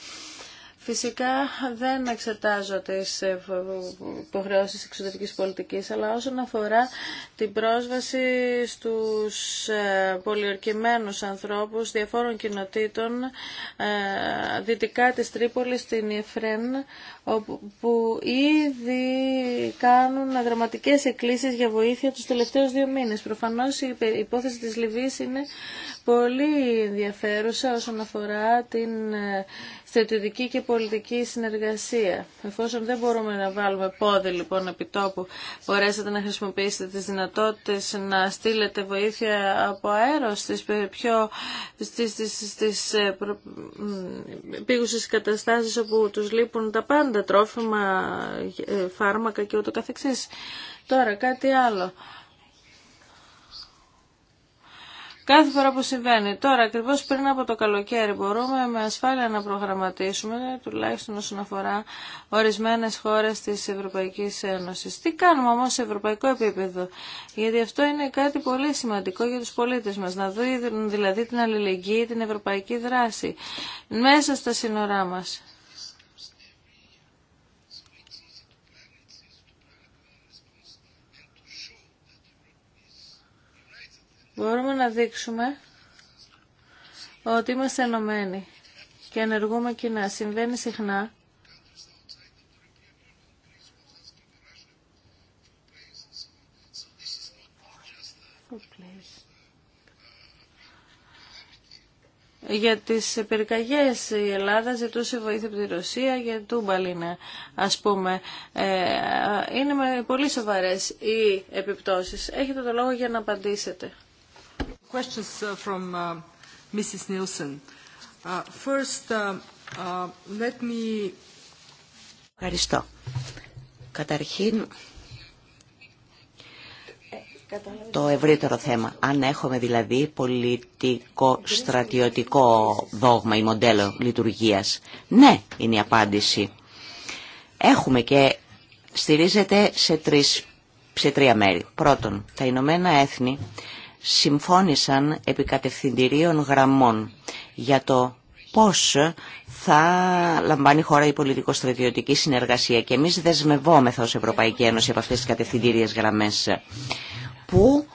Φυσικά δεν εξετάζω τις ε, υποχρεώσει εξωτερικής πολιτικής, αλλά όσον αφορά την πρόσβαση στους ε, πολιορκημένους ανθρώπους διαφόρων κοινοτήτων ε, δυτικά της Τρίπολης στην Ιεφρέν, που ήδη κάνουν δραματικές εκκλήσεις για βοήθεια τους τελευταίους δύο μήνες. Προφανώς η υπόθεση της Λιβύης είναι πολύ ενδιαφέρουσα όσον αφορά την στρατιωτική και πολιτική συνεργασία. Εφόσον δεν μπορούμε να βάλουμε πόδι λοιπόν επί τόπου, μπορέσατε να χρησιμοποιήσετε τις δυνατότητες να στείλετε βοήθεια από αέρο στις πιο στις, στις, στις ε, καταστάσεις όπου τους λείπουν τα πάντα, τρόφιμα, ε, φάρμακα και ούτω καθεξής. Τώρα κάτι άλλο κάθε φορά που συμβαίνει. Τώρα, ακριβώ πριν από το καλοκαίρι, μπορούμε με ασφάλεια να προγραμματίσουμε, τουλάχιστον όσον αφορά ορισμένε χώρε τη Ευρωπαϊκή Ένωση. Τι κάνουμε όμω σε ευρωπαϊκό επίπεδο, γιατί αυτό είναι κάτι πολύ σημαντικό για του πολίτε μα, να δουν δηλαδή την αλληλεγγύη, την ευρωπαϊκή δράση μέσα στα σύνορά μα. μπορούμε να δείξουμε ότι είμαστε ενωμένοι και ενεργούμε κοινά. Συμβαίνει συχνά Για τις πυρκαγιές η Ελλάδα ζητούσε βοήθεια από τη Ρωσία για τούμπαλ είναι ας πούμε. Ε, είναι πολύ σοβαρές οι επιπτώσεις. Έχετε το λόγο για να απαντήσετε questions uh, uh, uh, Ευχαριστώ. Καταρχήν, το ευρύτερο θέμα. Αν έχουμε δηλαδή πολιτικό-στρατιωτικό δόγμα ή μοντέλο λειτουργίας. Ναι, είναι η απάντηση. Έχουμε και στηρίζεται σε, τρεις, σε τρία μέρη. Πρώτον, τα Ηνωμένα Έθνη συμφώνησαν επί κατευθυντηρίων γραμμών για το πώς θα λαμβάνει η χώρα η πολιτικο-στρατιωτική συνεργασία και εμείς δεσμευόμεθα ως Ευρωπαϊκή Ένωση από αυτές τις κατευθυντήριες γραμμές που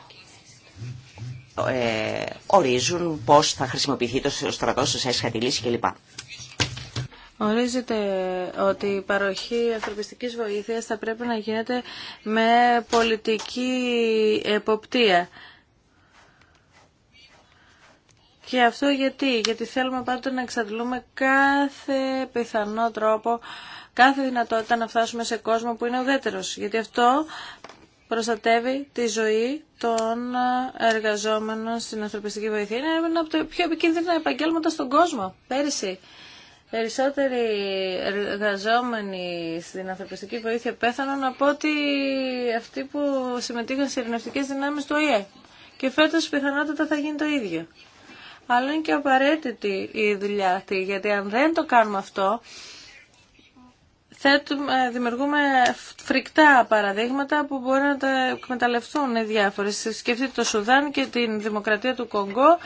ε, ορίζουν πώς θα χρησιμοποιηθεί το στρατό, σε έσχατη λύση κλπ. Ορίζεται ότι η παροχή ανθρωπιστικής βοήθειας θα πρέπει να γίνεται με πολιτική εποπτεία. Και αυτό γιατί, γιατί θέλουμε πάντοτε να εξαντλούμε κάθε πιθανό τρόπο, κάθε δυνατότητα να φτάσουμε σε κόσμο που είναι ουδέτερος. Γιατί αυτό προστατεύει τη ζωή των ε, εργαζόμενων στην ανθρωπιστική βοήθεια. Είναι ένα από τα πιο επικίνδυνα επαγγέλματα στον κόσμο. Πέρυσι, περισσότεροι εργαζόμενοι στην ανθρωπιστική βοήθεια πέθαναν από ότι αυτοί που συμμετείχαν σε ειρηνευτικές δυνάμεις του ΟΗΕ. Και φέτος πιθανότατα θα γίνει το ίδιο αλλά είναι και απαραίτητη η δουλειά αυτή, γιατί αν δεν το κάνουμε αυτό, θέτουμε, δημιουργούμε φρικτά παραδείγματα που μπορεί να τα εκμεταλλευτούν οι διάφορες. Σκεφτείτε το Σουδάν και την Δημοκρατία του Κονγκό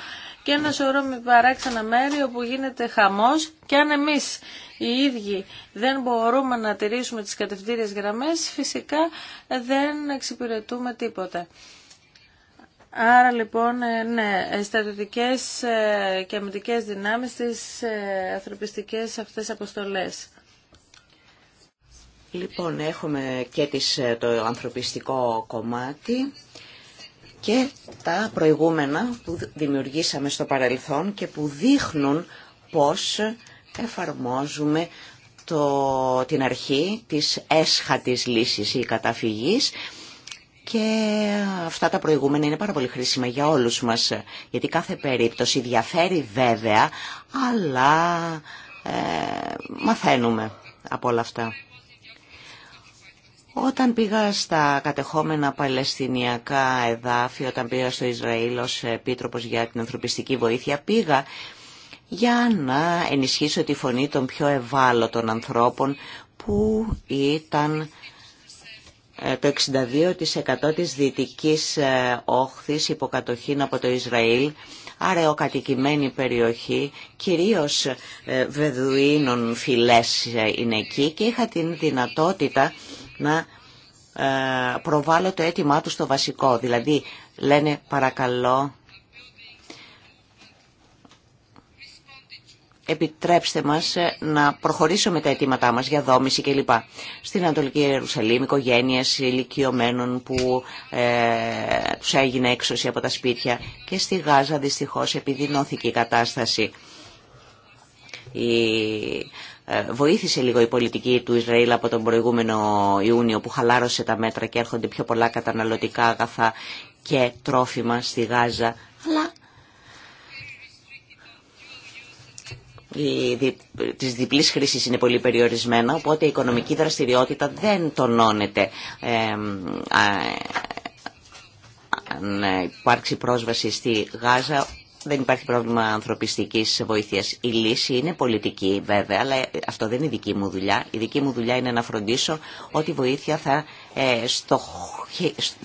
και ένα σωρό με παράξενα μέρη όπου γίνεται χαμός και αν εμείς οι ίδιοι δεν μπορούμε να τηρήσουμε τις κατευθύνες γραμμές φυσικά δεν εξυπηρετούμε τίποτα. Άρα λοιπόν, ε, ναι, ε, στρατιωτικές ε, και αμυντικές δυνάμεις στι ανθρωπιστικές αυτές αποστολές. Λοιπόν, έχουμε και τις, το ανθρωπιστικό κομμάτι και τα προηγούμενα που δημιουργήσαμε στο παρελθόν και που δείχνουν πώς εφαρμόζουμε το, την αρχή της έσχατης λύσης ή καταφυγής και αυτά τα προηγούμενα είναι πάρα πολύ χρήσιμα για όλους μας, γιατί κάθε περίπτωση διαφέρει βέβαια, αλλά ε, μαθαίνουμε από όλα αυτά. Όταν πήγα στα κατεχόμενα παλαιστινιακά εδάφη, όταν πήγα στο Ισραήλ ως επίτροπος για την ανθρωπιστική βοήθεια, πήγα για να ενισχύσω τη φωνή των πιο ευάλωτων ανθρώπων που ήταν το 62% της δυτικής ε, όχθης υποκατοχήν από το Ισραήλ, αραιοκατοικημένη περιοχή, κυρίως ε, βεδουίνων φυλές ε, είναι εκεί και είχα την δυνατότητα να προβάλλω το αίτημά του στο βασικό. Δηλαδή λένε παρακαλώ επιτρέψτε μας ε, να προχωρήσουμε τα αιτήματά μας για δόμηση κλπ. Στην Ανατολική Ιερουσαλήμ, οικογένειε ηλικιωμένων που ε, έγινε έξωση από τα σπίτια και στη Γάζα δυστυχώς επιδεινώθηκε η κατάσταση. Η, ε, βοήθησε λίγο η πολιτική του Ισραήλ από τον προηγούμενο Ιούνιο που χαλάρωσε τα μέτρα και έρχονται πιο πολλά καταναλωτικά αγαθά και τρόφιμα στη Γάζα, αλλά της διπλής χρήση είναι πολύ περιορισμένα, οπότε η οικονομική δραστηριότητα δεν τονώνεται αν υπάρξει πρόσβαση στη Γάζα δεν υπάρχει πρόβλημα ανθρωπιστικής βοήθειας. Η λύση είναι πολιτική βέβαια, αλλά αυτό δεν είναι η δική μου δουλειά. Η δική μου δουλειά είναι να φροντίσω ότι η βοήθεια θα, ε,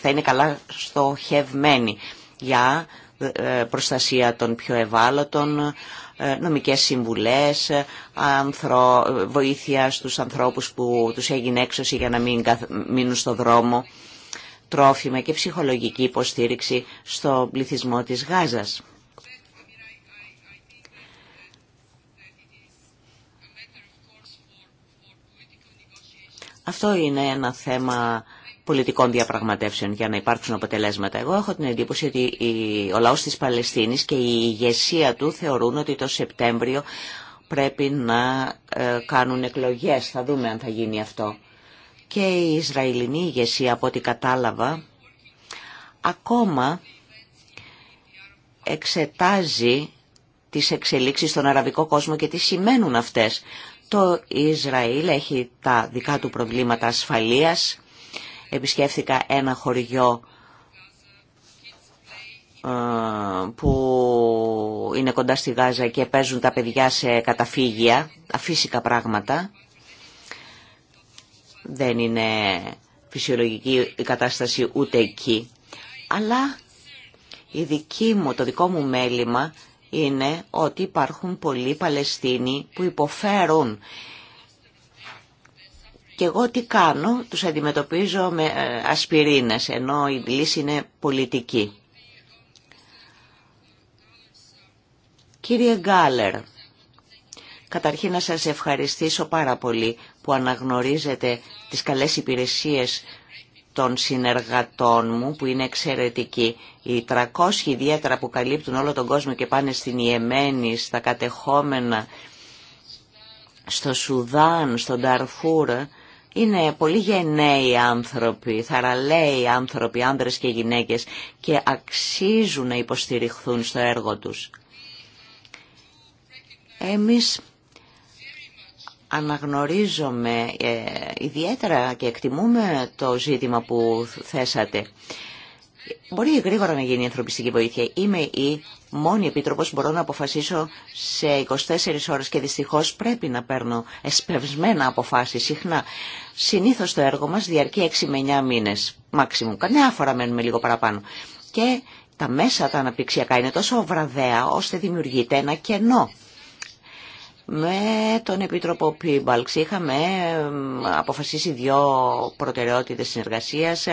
θα είναι καλά στοχευμένη για ε, προστασία των πιο ευάλωτων, νομικές συμβουλές, βοήθεια στους ανθρώπους που τους έγινε έξωση για να μην μείνουν στο δρόμο, τρόφιμα και ψυχολογική υποστήριξη στο πληθυσμό της Γάζας. Αυτό είναι ένα θέμα πολιτικών διαπραγματεύσεων για να υπάρξουν αποτελέσματα. Εγώ έχω την εντύπωση ότι ο λαός της Παλαιστίνης και η ηγεσία του θεωρούν ότι το Σεπτέμβριο πρέπει να ε, κάνουν εκλογές. Θα δούμε αν θα γίνει αυτό. Και η Ισραηλινή ηγεσία, από ό,τι κατάλαβα, ακόμα εξετάζει τις εξελίξεις στον αραβικό κόσμο και τι σημαίνουν αυτές. Το Ισραήλ έχει τα δικά του προβλήματα ασφαλείας, επισκέφθηκα ένα χωριό ε, που είναι κοντά στη Γάζα και παίζουν τα παιδιά σε καταφύγια, αφύσικα πράγματα. Δεν είναι φυσιολογική η κατάσταση ούτε εκεί. Αλλά η δική μου, το δικό μου μέλημα είναι ότι υπάρχουν πολλοί Παλαιστίνοι που υποφέρουν και εγώ τι κάνω, τους αντιμετωπίζω με ε, ασπιρίνες, ενώ η λύση είναι πολιτική. Κύριε Γκάλερ, καταρχήν να σας ευχαριστήσω πάρα πολύ που αναγνωρίζετε τις καλές υπηρεσίες των συνεργατών μου που είναι εξαιρετικοί. Οι 300 ιδιαίτερα που καλύπτουν όλο τον κόσμο και πάνε στην Ιεμένη, στα κατεχόμενα, στο Σουδάν, στον Ταρφούρ, είναι πολύ γενναίοι άνθρωποι, θαραλέοι άνθρωποι, άνδρες και γυναίκες και αξίζουν να υποστηριχθούν στο έργο τους. Εμείς αναγνωρίζομαι ε, ιδιαίτερα και εκτιμούμε το ζήτημα που θέσατε. Μπορεί γρήγορα να γίνει η ανθρωπιστική βοήθεια. Είμαι η μόνη επίτροπος, μπορώ να αποφασίσω σε 24 ώρες και δυστυχώ πρέπει να παίρνω εσπευσμένα αποφάσει συχνά. Συνήθω το έργο μας διαρκεί 6 με 9 μήνες, μάξιμου. Κανένα φορά μένουμε λίγο παραπάνω. Και τα μέσα τα αναπτυξιακά είναι τόσο βραδέα ώστε δημιουργείται ένα κενό με τον Επίτροπο Πίμπαλξ. Είχαμε αποφασίσει δύο προτεραιότητες συνεργασίας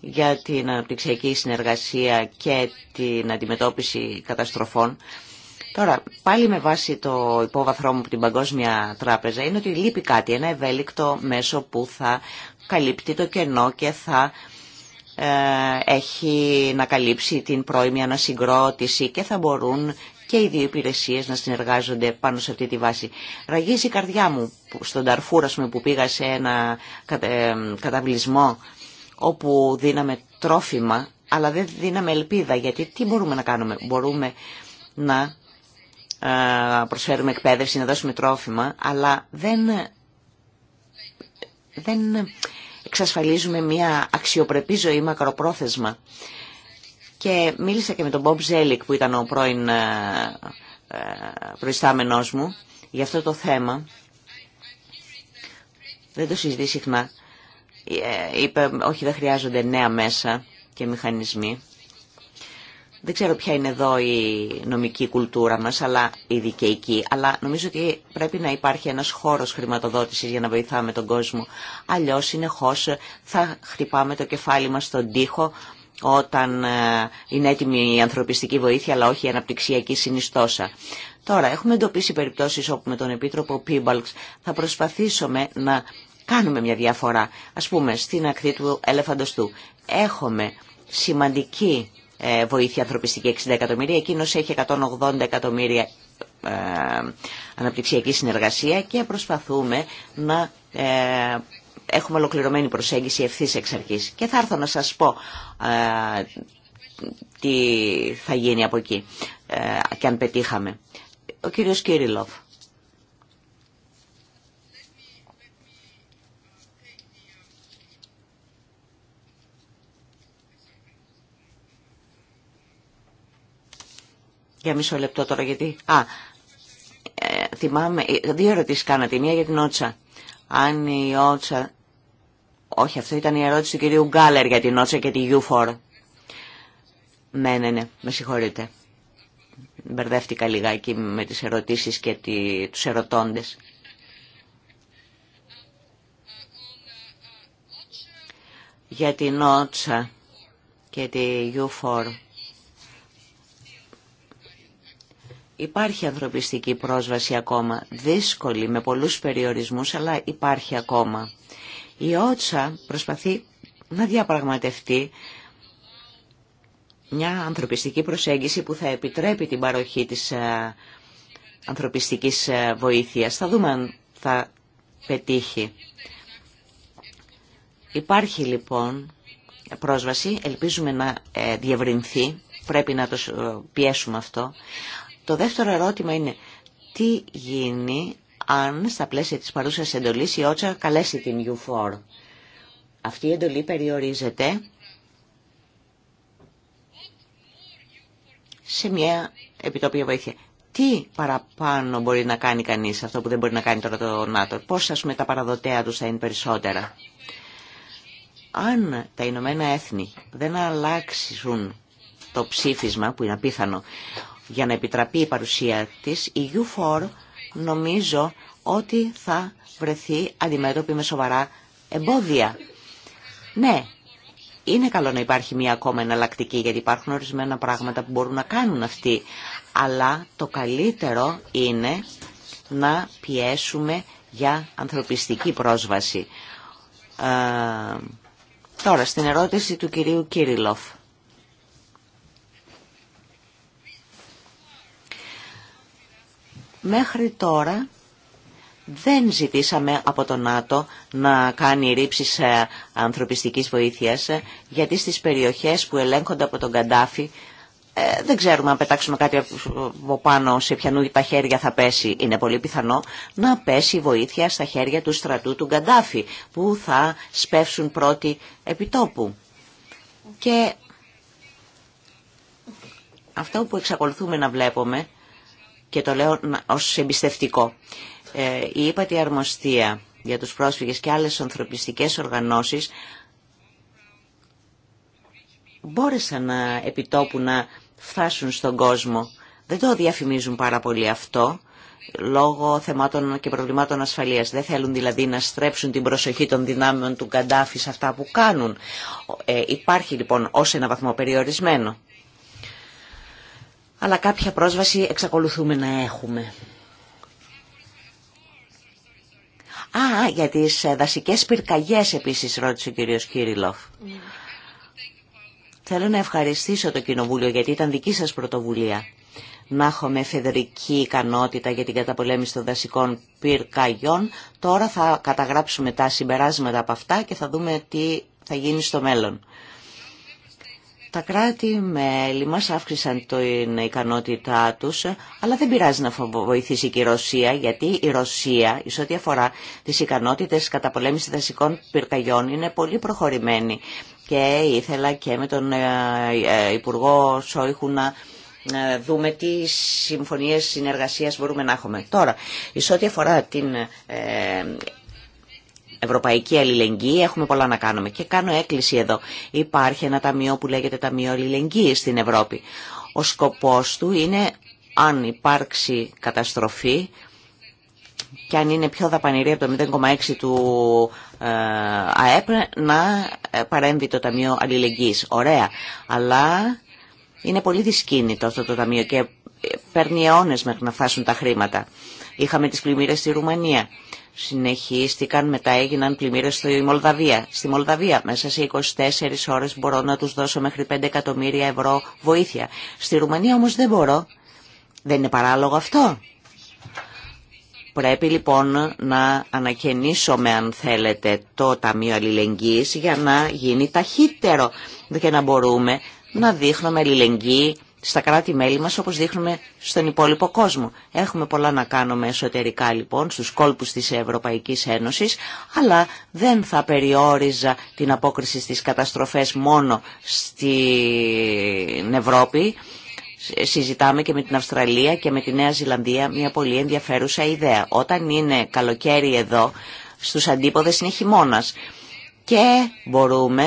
για την αναπτυξιακή συνεργασία και την αντιμετώπιση καταστροφών. Τώρα, πάλι με βάση το υπόβαθρό μου από την Παγκόσμια Τράπεζα, είναι ότι λείπει κάτι, ένα ευέλικτο μέσο που θα καλύπτει το κενό και θα ε, έχει να καλύψει την πρώιμη ανασυγκρότηση και θα μπορούν και οι δύο υπηρεσίε να συνεργάζονται πάνω σε αυτή τη βάση. Ραγίζει η καρδιά μου στον Ταρφούρα που πήγα σε ένα καταβλισμό ε, όπου δίναμε τρόφιμα αλλά δεν δίναμε ελπίδα γιατί τι μπορούμε να κάνουμε. Μπορούμε να ε, προσφέρουμε εκπαίδευση, να δώσουμε τρόφιμα αλλά δεν, δεν εξασφαλίζουμε μια αξιοπρεπή ζωή μακροπρόθεσμα. Και μίλησα και με τον Μπομπ Ζέλικ που ήταν ο πρώην ε, ε, προϊστάμενός μου για αυτό το θέμα. Δεν το συζητεί συχνά. Ε, είπε, όχι δεν χρειάζονται νέα μέσα και μηχανισμοί. Δεν ξέρω ποια είναι εδώ η νομική κουλτούρα μας, αλλά η δικαιική. Αλλά νομίζω ότι πρέπει να υπάρχει ένας χώρος χρηματοδότησης για να βοηθάμε τον κόσμο. Αλλιώς συνεχώς θα χτυπάμε το κεφάλι μας στον τοίχο όταν ε, είναι έτοιμη η ανθρωπιστική βοήθεια αλλά όχι η αναπτυξιακή συνιστόσα. Τώρα έχουμε εντοπίσει περιπτώσεις όπου με τον Επίτροπο Πίμπαλξ θα προσπαθήσουμε να κάνουμε μια διαφορά. Ας πούμε στην ακτή του ελεφαντοστού έχουμε σημαντική ε, βοήθεια ανθρωπιστική 60 εκατομμύρια, εκείνος έχει 180 εκατομμύρια ε, αναπτυξιακή συνεργασία και προσπαθούμε να έχουμε ολοκληρωμένη προσέγγιση ευθύς εξ αρχής. Και θα έρθω να σας πω ε, τι θα γίνει από εκεί ε, και αν πετύχαμε. Ο κύριος Κύριλοφ. Για μισό λεπτό τώρα γιατί... Α, ε, θυμάμαι, δύο ερωτήσεις κάνατε. Μία για την Ότσα. Αν η Ότσα όχι, αυτό ήταν η ερώτηση του κυρίου Γκάλερ για την Ότσα και τη u Ναι, ναι, ναι, με συγχωρείτε. Μπερδεύτηκα λιγάκι με τις ερωτήσεις και τη, τους ερωτώντες. Για την Ότσα και τη u Υπάρχει ανθρωπιστική πρόσβαση ακόμα, δύσκολη, με πολλούς περιορισμούς, αλλά υπάρχει ακόμα. Η Ότσα προσπαθεί να διαπραγματευτεί μια ανθρωπιστική προσέγγιση που θα επιτρέπει την παροχή της ε, ανθρωπιστικής ε, βοήθειας. Θα δούμε αν θα πετύχει. Υπάρχει λοιπόν πρόσβαση, ελπίζουμε να ε, διευρυνθεί, πρέπει να το πιέσουμε αυτό. Το δεύτερο ερώτημα είναι τι γίνει αν στα πλαίσια της παρούσας εντολής η Ότσα καλέσει την U4. Αυτή η εντολή περιορίζεται σε μια επιτόπια βοήθεια. Τι παραπάνω μπορεί να κάνει κανείς αυτό που δεν μπορεί να κάνει τώρα το ΝΑΤΟ. Πώς ας πούμε τα παραδοτέα τους θα είναι περισσότερα. Αν τα Ηνωμένα Έθνη δεν αλλάξουν το ψήφισμα που είναι απίθανο για να επιτραπεί η παρουσία της, η U4 νομίζω ότι θα βρεθεί αντιμέτωπη με σοβαρά εμπόδια. Ναι, είναι καλό να υπάρχει μια ακόμα εναλλακτική, γιατί υπάρχουν ορισμένα πράγματα που μπορούν να κάνουν αυτοί. Αλλά το καλύτερο είναι να πιέσουμε για ανθρωπιστική πρόσβαση. Ε, τώρα, στην ερώτηση του κυρίου Κύριλοφ. Μέχρι τώρα δεν ζητήσαμε από το ΝΑΤΟ να κάνει ρήψεις ε, ανθρωπιστικής βοήθειας ε, γιατί στις περιοχές που ελέγχονται από τον Καντάφη ε, δεν ξέρουμε αν πετάξουμε κάτι από πάνω σε ποιανού τα χέρια θα πέσει. Είναι πολύ πιθανό να πέσει βοήθεια στα χέρια του στρατού του Γκαντάφη που θα σπεύσουν πρώτοι επιτόπου. Και αυτό που εξακολουθούμε να βλέπουμε και το λέω ως εμπιστευτικό. Ε, η ύπατη αρμοστία για τους πρόσφυγες και άλλες ανθρωπιστικές οργανώσεις μπόρεσαν να επιτόπου να φτάσουν στον κόσμο. Δεν το διαφημίζουν πάρα πολύ αυτό λόγω θεμάτων και προβλημάτων ασφαλείας. Δεν θέλουν δηλαδή να στρέψουν την προσοχή των δυνάμεων του Καντάφη σε αυτά που κάνουν. Ε, υπάρχει λοιπόν ως ένα βαθμό περιορισμένο αλλά κάποια πρόσβαση εξακολουθούμε να έχουμε. Α, για τις ε, δασικές πυρκαγιές επίσης ρώτησε ο κύριος Κύριλοφ. Θέλω να ευχαριστήσω το Κοινοβούλιο γιατί ήταν δική σας πρωτοβουλία να έχουμε φεδρική ικανότητα για την καταπολέμηση των δασικών πυρκαγιών. Τώρα θα καταγράψουμε τα συμπεράσματα από αυτά και θα δούμε τι θα γίνει στο μέλλον. Τα κράτη-μέλη μας αύξησαν την ικανότητά τους, αλλά δεν πειράζει να βοηθήσει και η Ρωσία, γιατί η Ρωσία, εις ό,τι αφορά τις ικανότητες καταπολέμησης δασικών πυρκαγιών, είναι πολύ προχωρημένη. Και ήθελα και με τον ε, ε, Υπουργό Σόιχου να δούμε τι συμφωνίες συνεργασίας μπορούμε να έχουμε. Τώρα, εις ό,τι αφορά την ε, ευρωπαϊκή αλληλεγγύη έχουμε πολλά να κάνουμε. Και κάνω έκκληση εδώ. Υπάρχει ένα ταμείο που λέγεται Ταμείο Αλληλεγγύη στην Ευρώπη. Ο σκοπό του είναι αν υπάρξει καταστροφή και αν είναι πιο δαπανηρή από το 0,6 του ε, ΑΕΠ να ε, παρέμβει το Ταμείο Αλληλεγγύης. Ωραία. Αλλά είναι πολύ δυσκίνητο αυτό το Ταμείο και ε, παίρνει αιώνες μέχρι να φτάσουν τα χρήματα. Είχαμε τις πλημμύρες στη Ρουμανία συνεχίστηκαν, μετά έγιναν πλημμύρες στη Μολδαβία. Στη Μολδαβία μέσα σε 24 ώρες μπορώ να τους δώσω μέχρι 5 εκατομμύρια ευρώ βοήθεια. Στη Ρουμανία όμως δεν μπορώ. Δεν είναι παράλογο αυτό. Πρέπει λοιπόν να ανακαινήσουμε αν θέλετε το Ταμείο Αλληλεγγύης για να γίνει ταχύτερο και να μπορούμε να δείχνουμε αλληλεγγύη στα κράτη-μέλη μας όπως δείχνουμε στον υπόλοιπο κόσμο. Έχουμε πολλά να κάνουμε εσωτερικά λοιπόν στους κόλπους της Ευρωπαϊκής Ένωσης αλλά δεν θα περιόριζα την απόκριση στις καταστροφές μόνο στην Ευρώπη. Συζητάμε και με την Αυστραλία και με τη Νέα Ζηλανδία μια πολύ ενδιαφέρουσα ιδέα. Όταν είναι καλοκαίρι εδώ, στους αντίποδες είναι χειμώνα. και μπορούμε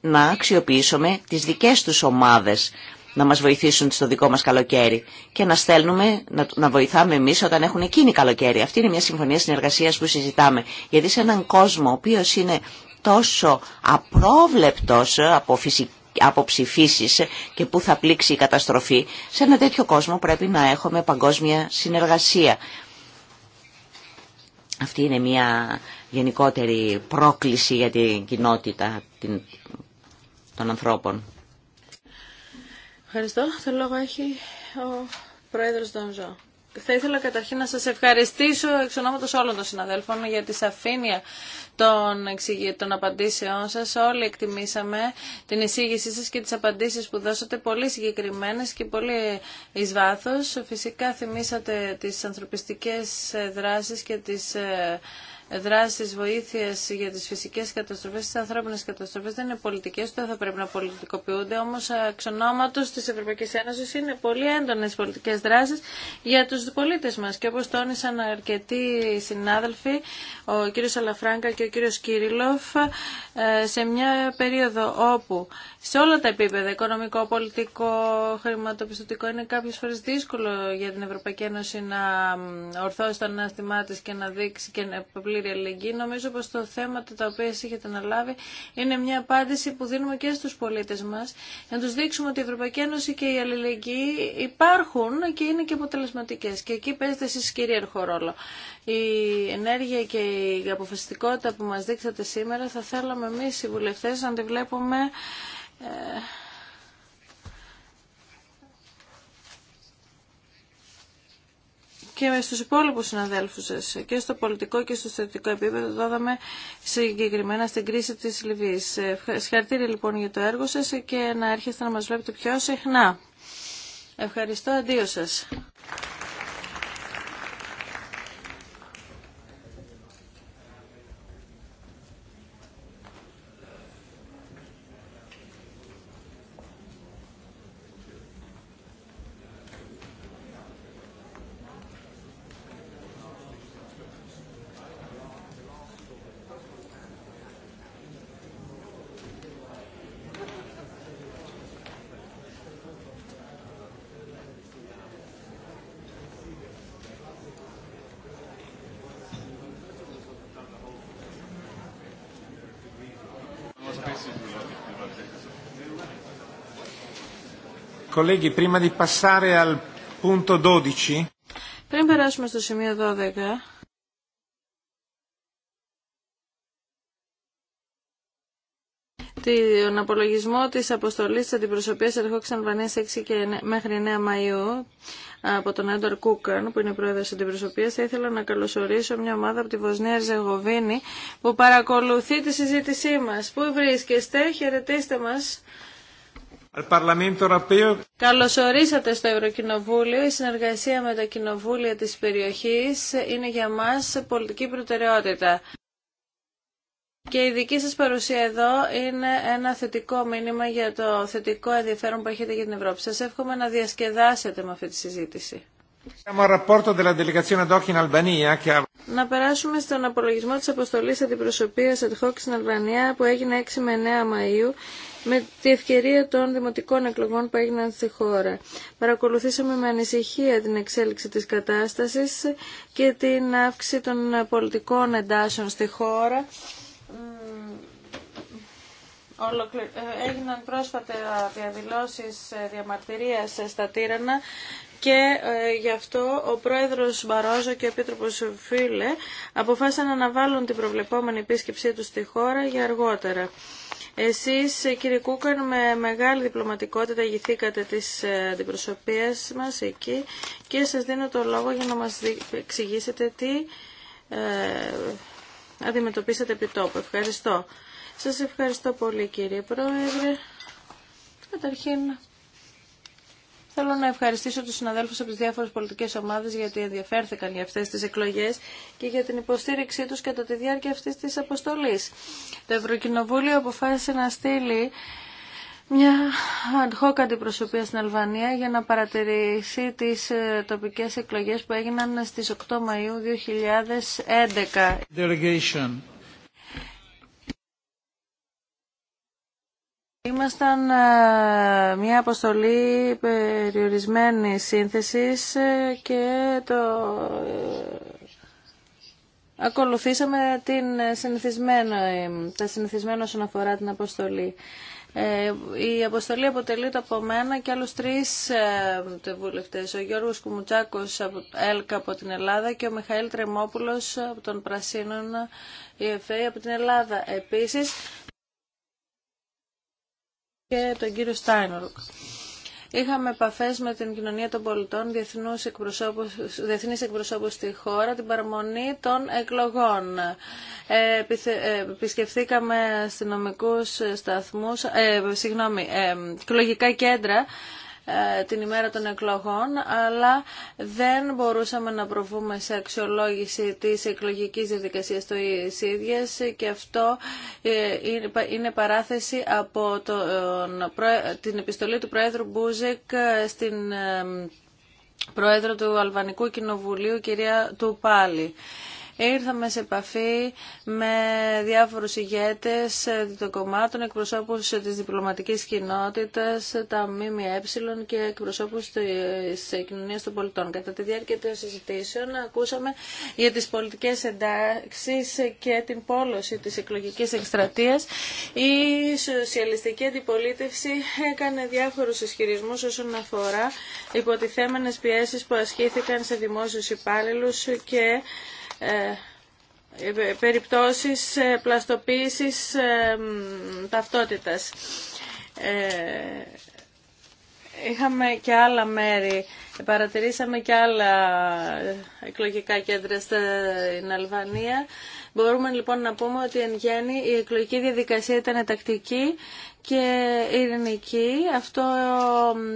να αξιοποιήσουμε τις δικές τους ομάδες να μας βοηθήσουν στο δικό μας καλοκαίρι και να στέλνουμε, να, βοηθάμε εμείς όταν έχουν εκείνη καλοκαίρι. Αυτή είναι μια συμφωνία συνεργασίας που συζητάμε. Γιατί σε έναν κόσμο ο οποίος είναι τόσο απρόβλεπτος από φυσική και πού θα πλήξει η καταστροφή, σε ένα τέτοιο κόσμο πρέπει να έχουμε παγκόσμια συνεργασία. Αυτή είναι μια γενικότερη πρόκληση για την κοινότητα των ανθρώπων. Ευχαριστώ. Το λόγο έχει ο Πρόεδρος Ζώ. Θα ήθελα καταρχήν να σας ευχαριστήσω εξ ονόματος όλων των συναδέλφων για τη σαφήνεια των, των απαντήσεών σας. Όλοι εκτιμήσαμε την εισήγησή σας και τις απαντήσεις που δώσατε πολύ συγκεκριμένες και πολύ εις βάθος. Φυσικά θυμήσατε τις ανθρωπιστικές ε, δράσεις και τις ε, δράσεις βοήθειε για τι φυσικέ καταστροφέ, τι ανθρώπινε καταστροφέ, δεν είναι πολιτικές, δεν θα πρέπει να πολιτικοποιούνται, όμω εξ ονόματο τη Ευρωπαϊκή Ένωση είναι πολύ έντονες πολιτικέ δράσει για του πολίτε μα. Και όπω τόνισαν αρκετοί συνάδελφοι, ο κύριος Αλαφράγκα και ο κύριος Κύριλοφ, ε, σε μια περίοδο όπου σε όλα τα επίπεδα, οικονομικό, πολιτικό, χρηματοπιστωτικό, είναι κάποιε φορέ δύσκολο για την Ευρωπαϊκή Ένωση να ορθώσει το ανάστημά τη και να δείξει και να Νομίζω πως το θέμα τα οποία εσείς έχετε αναλάβει είναι μια απάντηση που δίνουμε και στους πολίτες μας να τους δείξουμε ότι η Ευρωπαϊκή Ένωση και η αλληλεγγύη υπάρχουν και είναι και αποτελεσματικέ και εκεί παίζετε εσείς κυρίαρχο ρόλο. Η ενέργεια και η αποφασιστικότητα που μας δείξατε σήμερα θα θέλαμε εμείς οι βουλευτές να τη βλέπουμε ε, και στους υπόλοιπους συναδέλφους σας και στο πολιτικό και στο στρατιωτικό επίπεδο δώδαμε συγκεκριμένα στην κρίση της Λιβύης. Ε, συγχαρητήρια λοιπόν για το έργο σας και να έρχεστε να μας βλέπετε πιο συχνά. Ευχαριστώ. Αντίο σας. Colleghi, prima di passare Πριν περάσουμε στο σημείο 12, τον απολογισμό της αποστολής της αντιπροσωπείας ερχόξαν Βανίας 6 και μέχρι 9 Μαΐου από τον Έντορ Κούκαν που είναι πρόεδρος της αντιπροσωπείας θα ήθελα να καλωσορίσω μια ομάδα από τη Βοσνία Ριζεγοβίνη που παρακολουθεί τη συζήτησή μας. Πού βρίσκεστε, χαιρετίστε μας. Καλωσορίσατε στο Ευρωκοινοβούλιο. Η συνεργασία με τα κοινοβούλια της περιοχής είναι για μας πολιτική προτεραιότητα. Και η δική σας παρουσία εδώ είναι ένα θετικό μήνυμα για το θετικό ενδιαφέρον που έχετε για την Ευρώπη. Σας εύχομαι να διασκεδάσετε με αυτή τη συζήτηση. Να περάσουμε στον απολογισμό της αποστολής αντιπροσωπείας ad hoc στην Αλβανία που έγινε 6 με 9 Μαΐου με τη ευκαιρία των δημοτικών εκλογών που έγιναν στη χώρα. Παρακολουθήσαμε με ανησυχία την εξέλιξη της κατάστασης και την αύξηση των πολιτικών εντάσεων στη χώρα. Ε, έγιναν πρόσφατα διαδηλώσεις ε, διαμαρτυρίας ε, στα Τύρανα και ε, γι' αυτό ο πρόεδρος Μπαρόζο και ο επίτροπος Φίλε αποφάσισαν να αναβάλουν την προβλεπόμενη επίσκεψή τους στη χώρα για αργότερα. Εσείς κύριε Κούκαν με μεγάλη διπλωματικότητα ηγηθήκατε της ε, αντιπροσωπείας μας εκεί και σας δίνω το λόγο για να μας εξηγήσετε τι ε, αντιμετωπίσατε επί τόπου. Ευχαριστώ. Σας ευχαριστώ πολύ κύριε Πρόεδρε. Καταρχήν Θέλω να ευχαριστήσω τους συναδέλφους από τις διάφορες πολιτικές ομάδες γιατί ενδιαφέρθηκαν για αυτές τις εκλογές και για την υποστήριξή τους κατά τη διάρκεια αυτής της αποστολής. Το Ευρωκοινοβούλιο αποφάσισε να στείλει μια ad hoc αντιπροσωπεία στην Αλβανία για να παρατηρήσει τις ε, τοπικές εκλογές που έγιναν στις 8 Μαΐου 2011. Ήμασταν ε, μια αποστολή ε, περιορισμένη σύνθεσης ε, και το ακολουθήσαμε την συνηθισμένο, τα συνηθισμένα όσον αφορά την αποστολή. η αποστολή αποτελείται από μένα και άλλους τρεις ε, Ο Γιώργος Κουμουτσάκος από ΕΛΚΑ από την Ελλάδα και ο Μιχαήλ Τρεμόπουλος από τον Πρασίνων ΕΦΕ από την Ελλάδα. Επίσης και τον κύριο Στάινουρκ. Είχαμε επαφέ με την κοινωνία των πολιτών, διεθνεί εκπροσώπου στη χώρα, την παραμονή των εκλογών. Ε, ε, επισκεφθήκαμε αστυνομικού σταθμού, ε, συγγνώμη, ε, εκλογικά κέντρα ε, την ημέρα των εκλογών, αλλά δεν μπορούσαμε να προβούμε σε αξιολόγηση της εκλογικής διαδικασίας του ίδιας και αυτό ε, είναι παράθεση από την επιστολή του Πρόεδρου Μπούζεκ στην ε, Πρόεδρο του Αλβανικού Κοινοβουλίου, κυρία Τουπάλη. Ήρθαμε σε επαφή με διάφορους ηγέτες των κομμάτων, εκπροσώπους της διπλωματικής κοινότητας, τα ΜΜΕ και εκπροσώπους της κοινωνίας των πολιτών. Κατά τη διάρκεια των συζητήσεων ακούσαμε για τις πολιτικές εντάξεις και την πόλωση της εκλογικής εκστρατείας. Η σοσιαλιστική αντιπολίτευση έκανε διάφορους ισχυρισμού όσον αφορά υποτιθέμενες πιέσεις που ασκήθηκαν σε δημόσιους υπάλληλους και ε, ε, περιπτώσεις ε, πλαστοποίησης ταυτότητας είχαμε και άλλα μέρη, παρατηρήσαμε και άλλα εκλογικά κέντρα στην Αλβανία. Μπορούμε λοιπόν να πούμε ότι εν γέννη η εκλογική διαδικασία ήταν τακτική και ειρηνική. Αυτό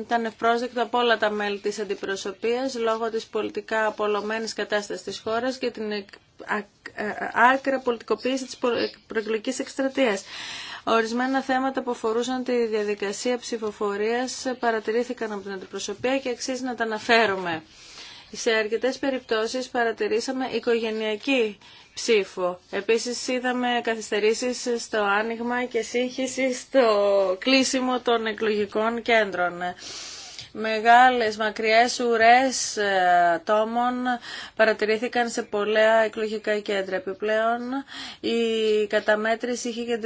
ήταν ευπρόσδεκτο από όλα τα μέλη της αντιπροσωπείας λόγω της πολιτικά απολωμένης κατάστασης της χώρας και την ε, ε, άκρα πολιτικοποίηση της προεκλογικής εκστρατείας. Ορισμένα θέματα που αφορούσαν τη διαδικασία ψηφοφορίας παρατηρήθηκαν από την αντιπροσωπεία και αξίζει να τα αναφέρουμε. Σε αρκετές περιπτώσεις παρατηρήσαμε οικογενειακή ψήφο. Επίσης είδαμε καθυστερήσεις στο άνοιγμα και σύγχυση στο κλείσιμο των εκλογικών κέντρων μεγάλες μακριές ουρές ε, τόμων παρατηρήθηκαν σε πολλά εκλογικά κέντρα. Επιπλέον η καταμέτρηση είχε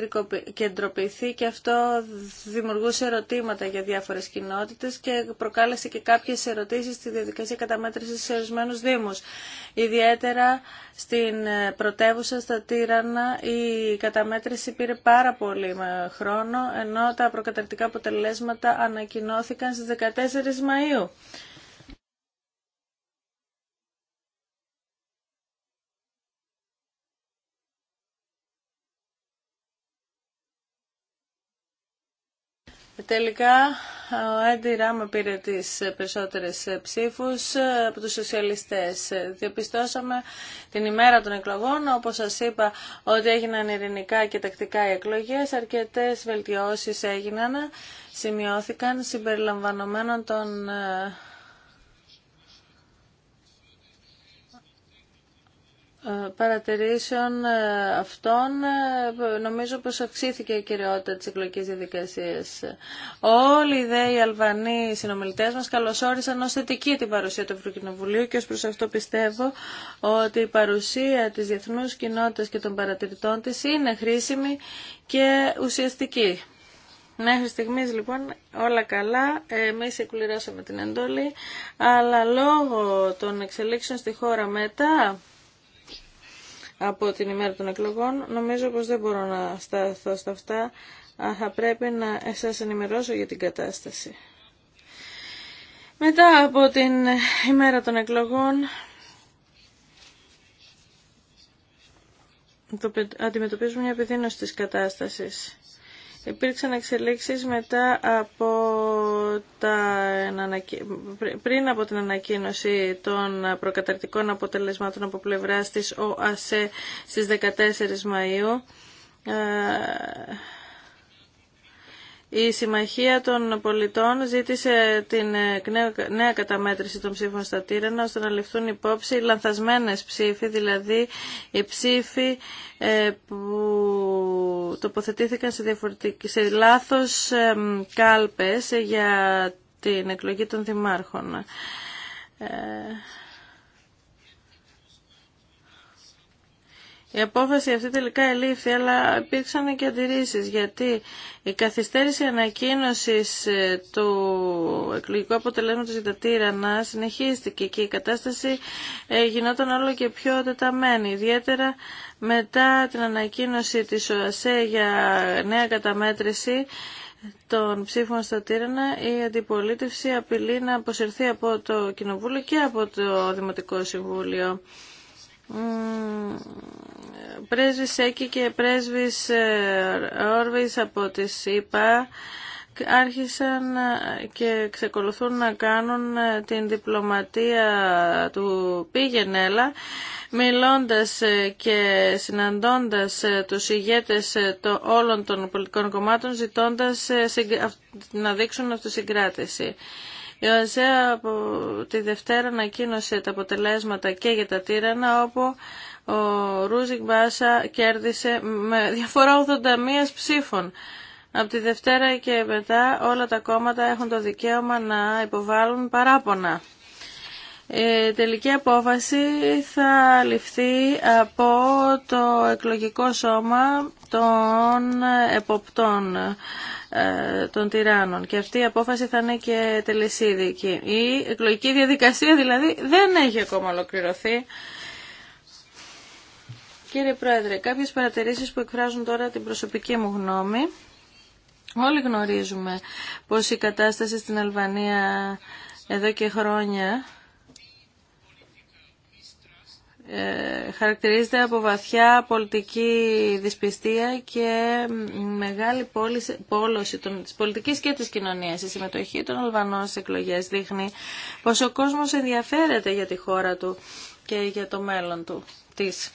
κεντροποιηθεί και αυτό δημιουργούσε ερωτήματα για διάφορες κοινότητες και προκάλεσε και κάποιες ερωτήσεις στη διαδικασία καταμέτρησης σε ορισμένου δήμους. Ιδιαίτερα στην ε, πρωτεύουσα στα Τύρανα η καταμέτρηση πήρε πάρα πολύ ε, χρόνο ενώ τα προκαταρτικά αποτελέσματα ανακοινώθηκαν στις 14 Μαΐου. Τελικά ο Έντι Ράμα πήρε τις περισσότερες ψήφους από τους σοσιαλιστές. Διοπιστώσαμε την ημέρα των εκλογών, όπως σας είπα, ότι έγιναν ειρηνικά και τακτικά οι εκλογές. Αρκετές βελτιώσεις έγιναν, σημειώθηκαν συμπεριλαμβανομένων των ε, Ε, παρατηρήσεων ε, αυτών ε, νομίζω πως αυξήθηκε η κυριότητα της εκλογικής διαδικασίας. Όλοι δε οι Αλβανοί συνομιλητές μας καλωσόρισαν ως θετική την παρουσία του Ευρωκοινοβουλίου και ως προς αυτό πιστεύω ότι η παρουσία της διεθνούς κοινότητας και των παρατηρητών της είναι χρήσιμη και ουσιαστική. Μέχρι στιγμή λοιπόν όλα καλά, εμείς εκπληρώσαμε την εντόλη, αλλά λόγω των εξελίξεων στη χώρα μετά από την ημέρα των εκλογών. Νομίζω πως δεν μπορώ να σταθώ στα αυτά. Θα πρέπει να σας ενημερώσω για την κατάσταση. Μετά από την ημέρα των εκλογών αντιμετωπίζουμε μια επιδείνωση της κατάστασης. Υπήρξαν εξελίξεις μετά από τα, πριν από την ανακοίνωση των προκαταρτικών αποτελεσμάτων από πλευράς της ΟΑΣΕ στις 14 Μαΐου ε, η Συμμαχία των Πολιτών ζήτησε την ε, νέα καταμέτρηση των ψήφων στα Τύρανα ώστε να ληφθούν υπόψη οι λανθασμένες ψήφοι, δηλαδή οι ψήφοι ε, που τοποθετήθηκαν σε, σε λάθος κάλπες για την εκλογή των δημάρχων. Ε, Η απόφαση αυτή τελικά ελήφθη, αλλά υπήρξαν και αντιρρήσεις, γιατί η καθυστέρηση ανακοίνωσης ε, του εκλογικού αποτελέσματος για τα τύρανα συνεχίστηκε και η κατάσταση ε, γινόταν όλο και πιο τεταμένη, ιδιαίτερα μετά την ανακοίνωση της ΟΑΣΕ για νέα καταμέτρηση των ψήφων στα Τύρανα, η αντιπολίτευση απειλεί να αποσυρθεί από το Κοινοβούλιο και από το Δημοτικό Συμβούλιο πρέσβη Σέκη και πρέσβη ε, Όρβης από τη ΣΥΠΑ άρχισαν ε, και ξεκολουθούν να κάνουν ε, την διπλωματία του έλα μιλώντας και συναντώντας τους ηγέτες το όλων των πολιτικών κομμάτων ζητώντας να δείξουν αυτοσυγκράτηση. Η ΟΑΣΕΑ από τη Δευτέρα ανακοίνωσε τα αποτελέσματα και για τα τύρανα όπου ο Ρούζικ Μπάσα κέρδισε με διαφορά 81 ψήφων. Από τη Δευτέρα και μετά όλα τα κόμματα έχουν το δικαίωμα να υποβάλουν παράπονα. Η τελική απόφαση θα ληφθεί από το εκλογικό σώμα των εποπτών ε, των τυράννων και αυτή η απόφαση θα είναι και τελεσίδικη. Η εκλογική διαδικασία δηλαδή δεν έχει ακόμα ολοκληρωθεί. Κύριε Πρόεδρε, κάποιες παρατηρήσεις που εκφράζουν τώρα την προσωπική μου γνώμη. Όλοι γνωρίζουμε πως η κατάσταση στην Αλβανία εδώ και χρόνια ε, χαρακτηρίζεται από βαθιά πολιτική δυσπιστία και μεγάλη πόληση, πόλωση των, της πολιτικής και της κοινωνίας. Η συμμετοχή των Αλβανών στις εκλογές δείχνει πως ο κόσμος ενδιαφέρεται για τη χώρα του και για το μέλλον του, της.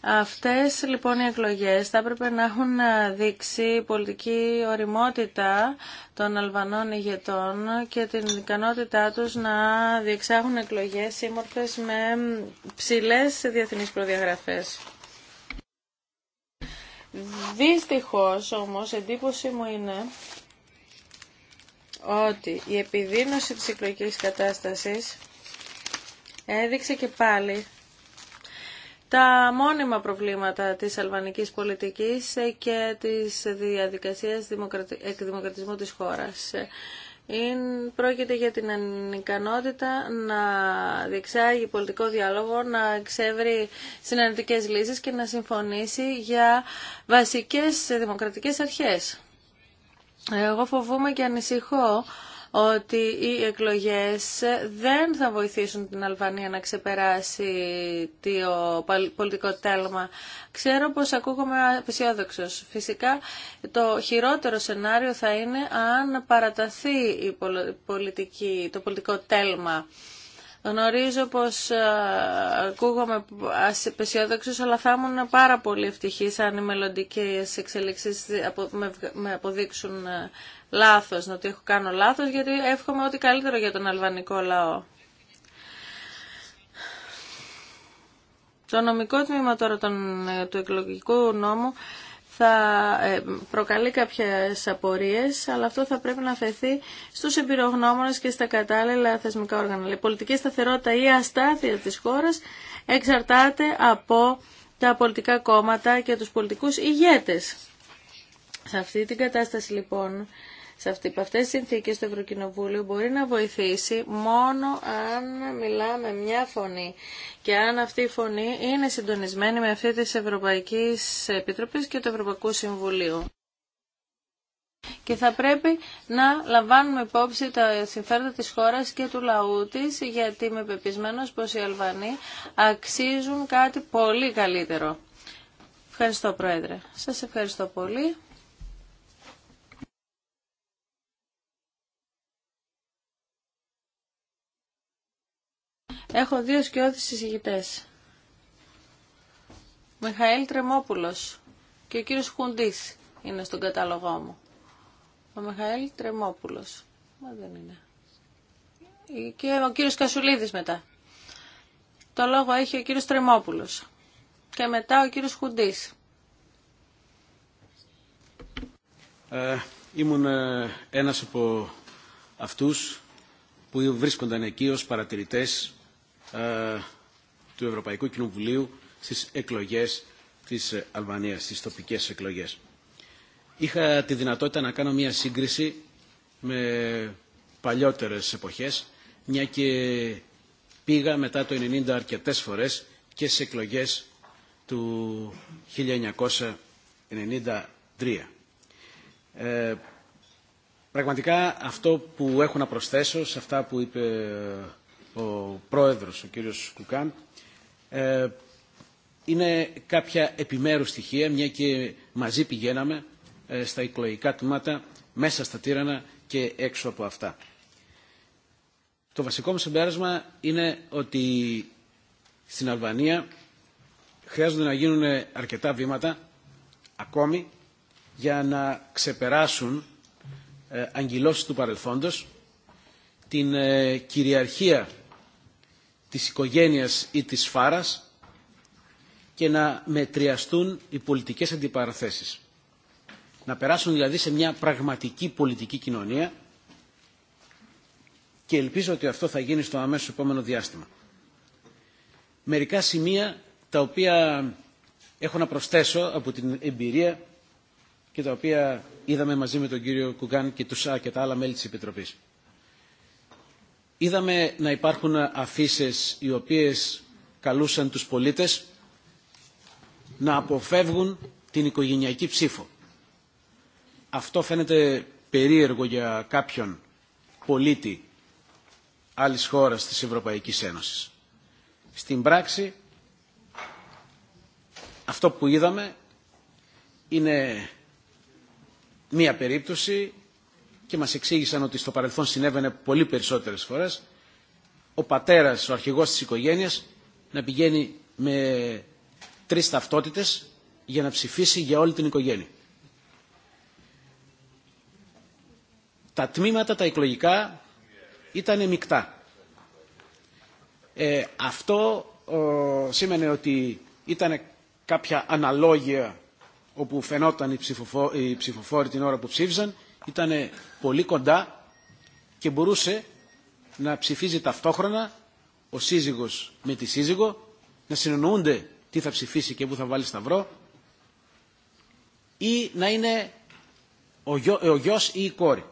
Αυτές λοιπόν οι εκλογές θα έπρεπε να έχουν δείξει πολιτική οριμότητα των Αλβανών ηγετών και την ικανότητά τους να διεξάγουν εκλογές σύμμορφες με ψηλές διεθνείς προδιαγραφές. Δυστυχώς όμως εντύπωση μου είναι ότι η επιδείνωση της εκλογικής κατάστασης έδειξε και πάλι τα μόνιμα προβλήματα της αλβανικής πολιτικής και της διαδικασίας εκδημοκρατισμού της χώρας. Είναι, πρόκειται για την ανικανότητα να διεξάγει πολιτικό διάλογο, να εξεύρει συναντικές λύσεις και να συμφωνήσει για βασικές δημοκρατικές αρχές. Εγώ φοβούμαι και ανησυχώ ότι οι εκλογές δεν θα βοηθήσουν την Αλβανία να ξεπεράσει το πολιτικό τέλμα. Ξέρω πως ακούγομαι απεσιόδοξο. Φυσικά το χειρότερο σενάριο θα είναι αν παραταθεί το πολιτικό τέλμα. Γνωρίζω πως ακούγομαι απεσιόδοξο, αλλά θα ήμουν πάρα πολύ ευτυχής αν οι μελλοντικές εξελίξεις με αποδείξουν λάθος, να ότι έχω κάνω λάθος, γιατί εύχομαι ό,τι καλύτερο για τον αλβανικό λαό. Το νομικό τμήμα τώρα ε, του εκλογικού νόμου θα ε, προκαλεί κάποιες απορίες, αλλά αυτό θα πρέπει να αφαιθεί στους εμπειρογνώμονες και στα κατάλληλα θεσμικά όργανα. Η πολιτική σταθερότητα ή αστάθεια της χώρας εξαρτάται από τα πολιτικά κόμματα και τους πολιτικούς ηγέτες. Σε αυτή την κατάσταση λοιπόν σε αυτή, τι αυτές τις συνθήκες το Ευρωκοινοβούλιο μπορεί να βοηθήσει μόνο αν μιλάμε μια φωνή και αν αυτή η φωνή είναι συντονισμένη με αυτή της Ευρωπαϊκής Επιτροπής και του Ευρωπαϊκού Συμβουλίου. Και θα πρέπει να λαμβάνουμε υπόψη τα συμφέροντα της χώρας και του λαού της, γιατί είμαι πεπισμένος πως οι Αλβανοί αξίζουν κάτι πολύ καλύτερο. Ευχαριστώ Πρόεδρε. Σας ευχαριστώ πολύ. Έχω δύο σκιώδεις συζητητές. Μιχαήλ Τρεμόπουλος και ο κύριος Χουντής είναι στον κατάλογό μου. Ο Μιχαήλ Τρεμόπουλος. Μα δεν είναι. Και ο κύριος Κασουλίδης μετά. Το λόγο έχει ο κύριος Τρεμόπουλος. Και μετά ο κύριος Χουντής. Ε, ήμουν ε, ένας από αυτούς που βρίσκονταν εκεί ως παρατηρητές ε, του Ευρωπαϊκού Κοινοβουλίου στις εκλογές της ε, Αλβανίας, στις τοπικές εκλογές. Είχα τη δυνατότητα να κάνω μια σύγκριση με παλιότερες εποχές, μια και πήγα μετά το 90 αρκετές φορές και σε εκλογές του 1993. Ε, πραγματικά αυτό που έχω να προσθέσω σε αυτά που είπε ο πρόεδρος, ο κύριος Κουκάν, ε, είναι κάποια επιμέρους στοιχεία, μια και μαζί πηγαίναμε ε, στα οικολογικά τμήματα, μέσα στα τύρανα και έξω από αυτά. Το βασικό μου συμπέρασμα είναι ότι στην Αλβανία χρειάζονται να γίνουν αρκετά βήματα ακόμη για να ξεπεράσουν ε, του παρελθόντος την ε, κυριαρχία της οικογένειας ή της φάρας και να μετριαστούν οι πολιτικές αντιπαραθέσεις. Να περάσουν δηλαδή σε μια πραγματική πολιτική κοινωνία και ελπίζω ότι αυτό θα γίνει στο αμέσως επόμενο διάστημα. Μερικά σημεία τα οποία έχω να προσθέσω από την εμπειρία και τα οποία είδαμε μαζί με τον κύριο Κουγκάν και, τους, και τα άλλα μέλη της Επιτροπής. Είδαμε να υπάρχουν αφήσει οι οποίες καλούσαν τους πολίτες να αποφεύγουν την οικογενειακή ψήφο. Αυτό φαίνεται περίεργο για κάποιον πολίτη άλλης χώρας της Ευρωπαϊκής Ένωσης. Στην πράξη, αυτό που είδαμε είναι μία περίπτωση και μας εξήγησαν ότι στο παρελθόν συνέβαινε πολύ περισσότερες φορές ο πατέρας, ο αρχηγός της οικογένειας να πηγαίνει με τρεις ταυτότητες για να ψηφίσει για όλη την οικογένεια. Τα τμήματα, τα εκλογικά ήταν μεικτά. Ε, αυτό ο, σήμαινε ότι ήταν κάποια αναλόγια όπου φαινόταν οι, ψηφοφόροι, οι ψηφοφόροι την ώρα που ψήφισαν ήταν πολύ κοντά και μπορούσε να ψηφίζει ταυτόχρονα ο σύζυγος με τη σύζυγο, να συνεννοούνται τι θα ψηφίσει και πού θα βάλει σταυρό ή να είναι ο, γιο, ε, γιος ή η κόρη.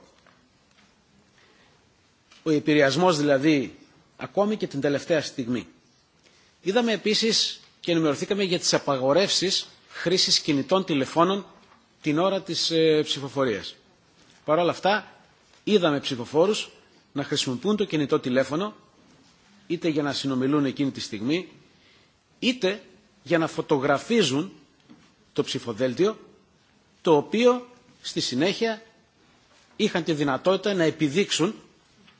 Ο επηρεασμό δηλαδή ακόμη και την τελευταία στιγμή. Είδαμε επίσης και ενημερωθήκαμε για τις απαγορεύσεις χρήσης κινητών τηλεφώνων την ώρα της ε, ψηφοφορίας. Παρ' όλα αυτά, είδαμε ψηφοφόρου να χρησιμοποιούν το κινητό τηλέφωνο είτε για να συνομιλούν εκείνη τη στιγμή, είτε για να φωτογραφίζουν το ψηφοδέλτιο, το οποίο στη συνέχεια είχαν τη δυνατότητα να επιδείξουν,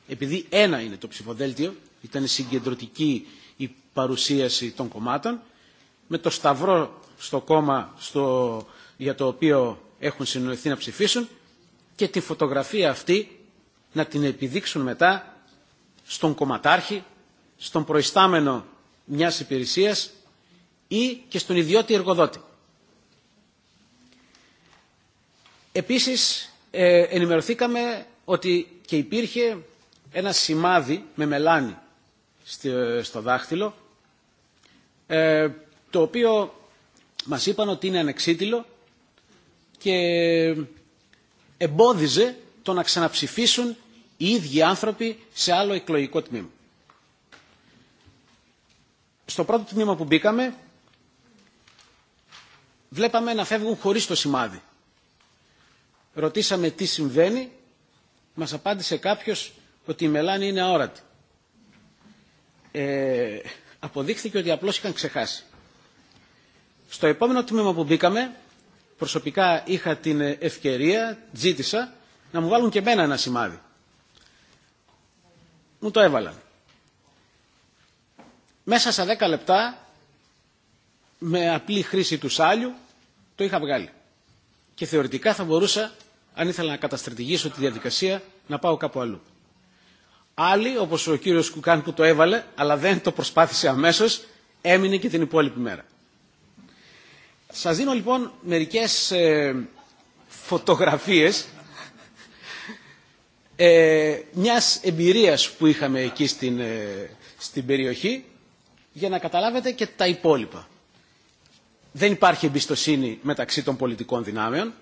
επειδή ένα είναι το ψηφοδέλτιο, ήταν η συγκεντρωτική η παρουσίαση των κομμάτων, με το σταυρό στο κόμμα στο, για το οποίο έχουν συνοηθεί να ψηφίσουν και τη φωτογραφία αυτή να την επιδείξουν μετά στον κομματάρχη, στον προϊστάμενο μιας υπηρεσίας ή και στον ιδιώτη εργοδότη. Επίσης ε, ενημερωθήκαμε ότι και υπήρχε ένα σημάδι με μελάνι στο δάχτυλο ε, το οποίο μας είπαν ότι είναι ανεξίτηλο και εμπόδιζε το να ξαναψηφίσουν οι ίδιοι άνθρωποι σε άλλο εκλογικό τμήμα. Στο πρώτο τμήμα που μπήκαμε, βλέπαμε να φεύγουν χωρίς το σημάδι. Ρωτήσαμε τι συμβαίνει, μας απάντησε κάποιος ότι η μελάνη είναι αόρατη. Ε, αποδείχθηκε ότι απλώς είχαν ξεχάσει. Στο επόμενο τμήμα που μπήκαμε, προσωπικά είχα την ευκαιρία, ζήτησα, να μου βάλουν και μένα ένα σημάδι. Μου το έβαλαν. Μέσα σε δέκα λεπτά, με απλή χρήση του σάλιου, το είχα βγάλει. Και θεωρητικά θα μπορούσα, αν ήθελα να καταστρατηγήσω τη διαδικασία, να πάω κάπου αλλού. Άλλοι, όπως ο κύριος Κουκάν που το έβαλε, αλλά δεν το προσπάθησε αμέσως, έμεινε και την υπόλοιπη μέρα. Σας δίνω λοιπόν μερικές ε, φωτογραφίες ε, μιας εμπειρίας που είχαμε εκεί στην, ε, στην περιοχή για να καταλάβετε και τα υπόλοιπα. Δεν υπάρχει εμπιστοσύνη μεταξύ των πολιτικών δυνάμεων.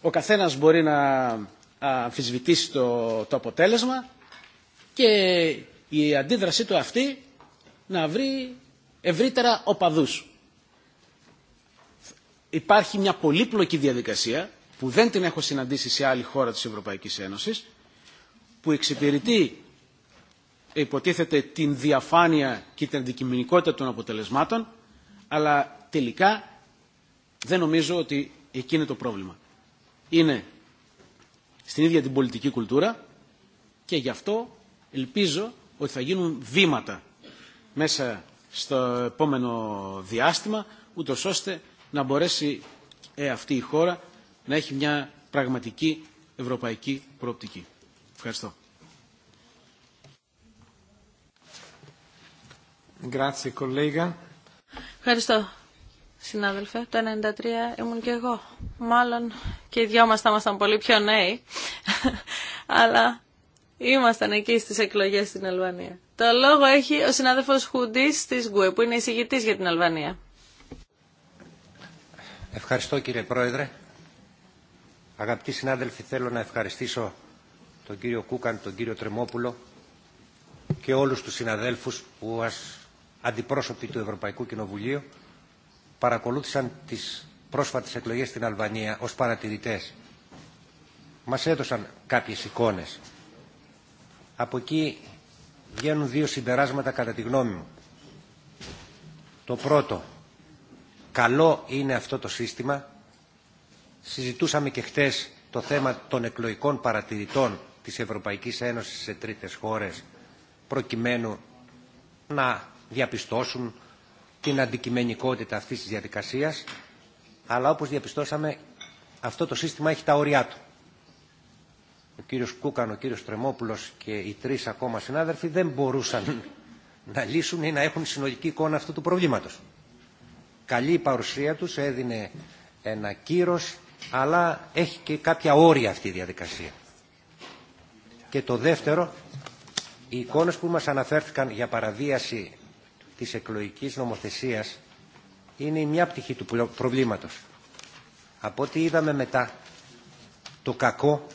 Ο καθένας μπορεί να αμφισβητήσει το, το αποτέλεσμα και η αντίδρασή του αυτή να βρει ευρύτερα οπαδούς υπάρχει μια πολύπλοκη διαδικασία που δεν την έχω συναντήσει σε άλλη χώρα της Ευρωπαϊκής Ένωσης που εξυπηρετεί υποτίθεται την διαφάνεια και την αντικειμενικότητα των αποτελεσμάτων αλλά τελικά δεν νομίζω ότι εκεί είναι το πρόβλημα. Είναι στην ίδια την πολιτική κουλτούρα και γι' αυτό ελπίζω ότι θα γίνουν βήματα μέσα στο επόμενο διάστημα ούτως ώστε να μπορέσει ε, αυτή η χώρα να έχει μια πραγματική ευρωπαϊκή προοπτική. Ευχαριστώ. Ευχαριστώ, συνάδελφε. Το 1993 ήμουν και εγώ. Μάλλον και οι δυο μας θα ήμασταν πολύ πιο νέοι. <laughs> Αλλά ήμασταν εκεί στις εκλογές στην Αλβανία. Το λόγο έχει ο συνάδελφος Χουντής της Γκουε, που είναι εισηγητής για την Αλβανία. Ευχαριστώ κύριε Πρόεδρε. Αγαπητοί συνάδελφοι, θέλω να ευχαριστήσω τον κύριο Κούκαν, τον κύριο Τρεμόπουλο και όλους τους συναδέλφους που ως αντιπρόσωποι του Ευρωπαϊκού Κοινοβουλίου παρακολούθησαν τις πρόσφατες εκλογές στην Αλβανία ως παρατηρητές. Μας έδωσαν κάποιες εικόνες. Από εκεί βγαίνουν δύο συμπεράσματα κατά τη γνώμη μου. Το πρώτο, καλό είναι αυτό το σύστημα. Συζητούσαμε και χτες το θέμα των εκλογικών παρατηρητών της Ευρωπαϊκής Ένωσης σε τρίτες χώρες προκειμένου να διαπιστώσουν την αντικειμενικότητα αυτής της διαδικασίας αλλά όπως διαπιστώσαμε αυτό το σύστημα έχει τα όρια του. Ο κύριος Κούκαν, ο κύριος Τρεμόπουλος και οι τρεις ακόμα συνάδελφοι δεν μπορούσαν <laughs> να λύσουν ή να έχουν συνολική εικόνα αυτού του προβλήματος καλή παρουσία τους, έδινε ένα κύρος, αλλά έχει και κάποια όρια αυτή η διαδικασία. Και το δεύτερο, οι εικόνες που μας αναφέρθηκαν για παραβίαση της εκλογικής νομοθεσίας είναι η μια πτυχή του προβλήματος. Από ό,τι είδαμε μετά, το κακό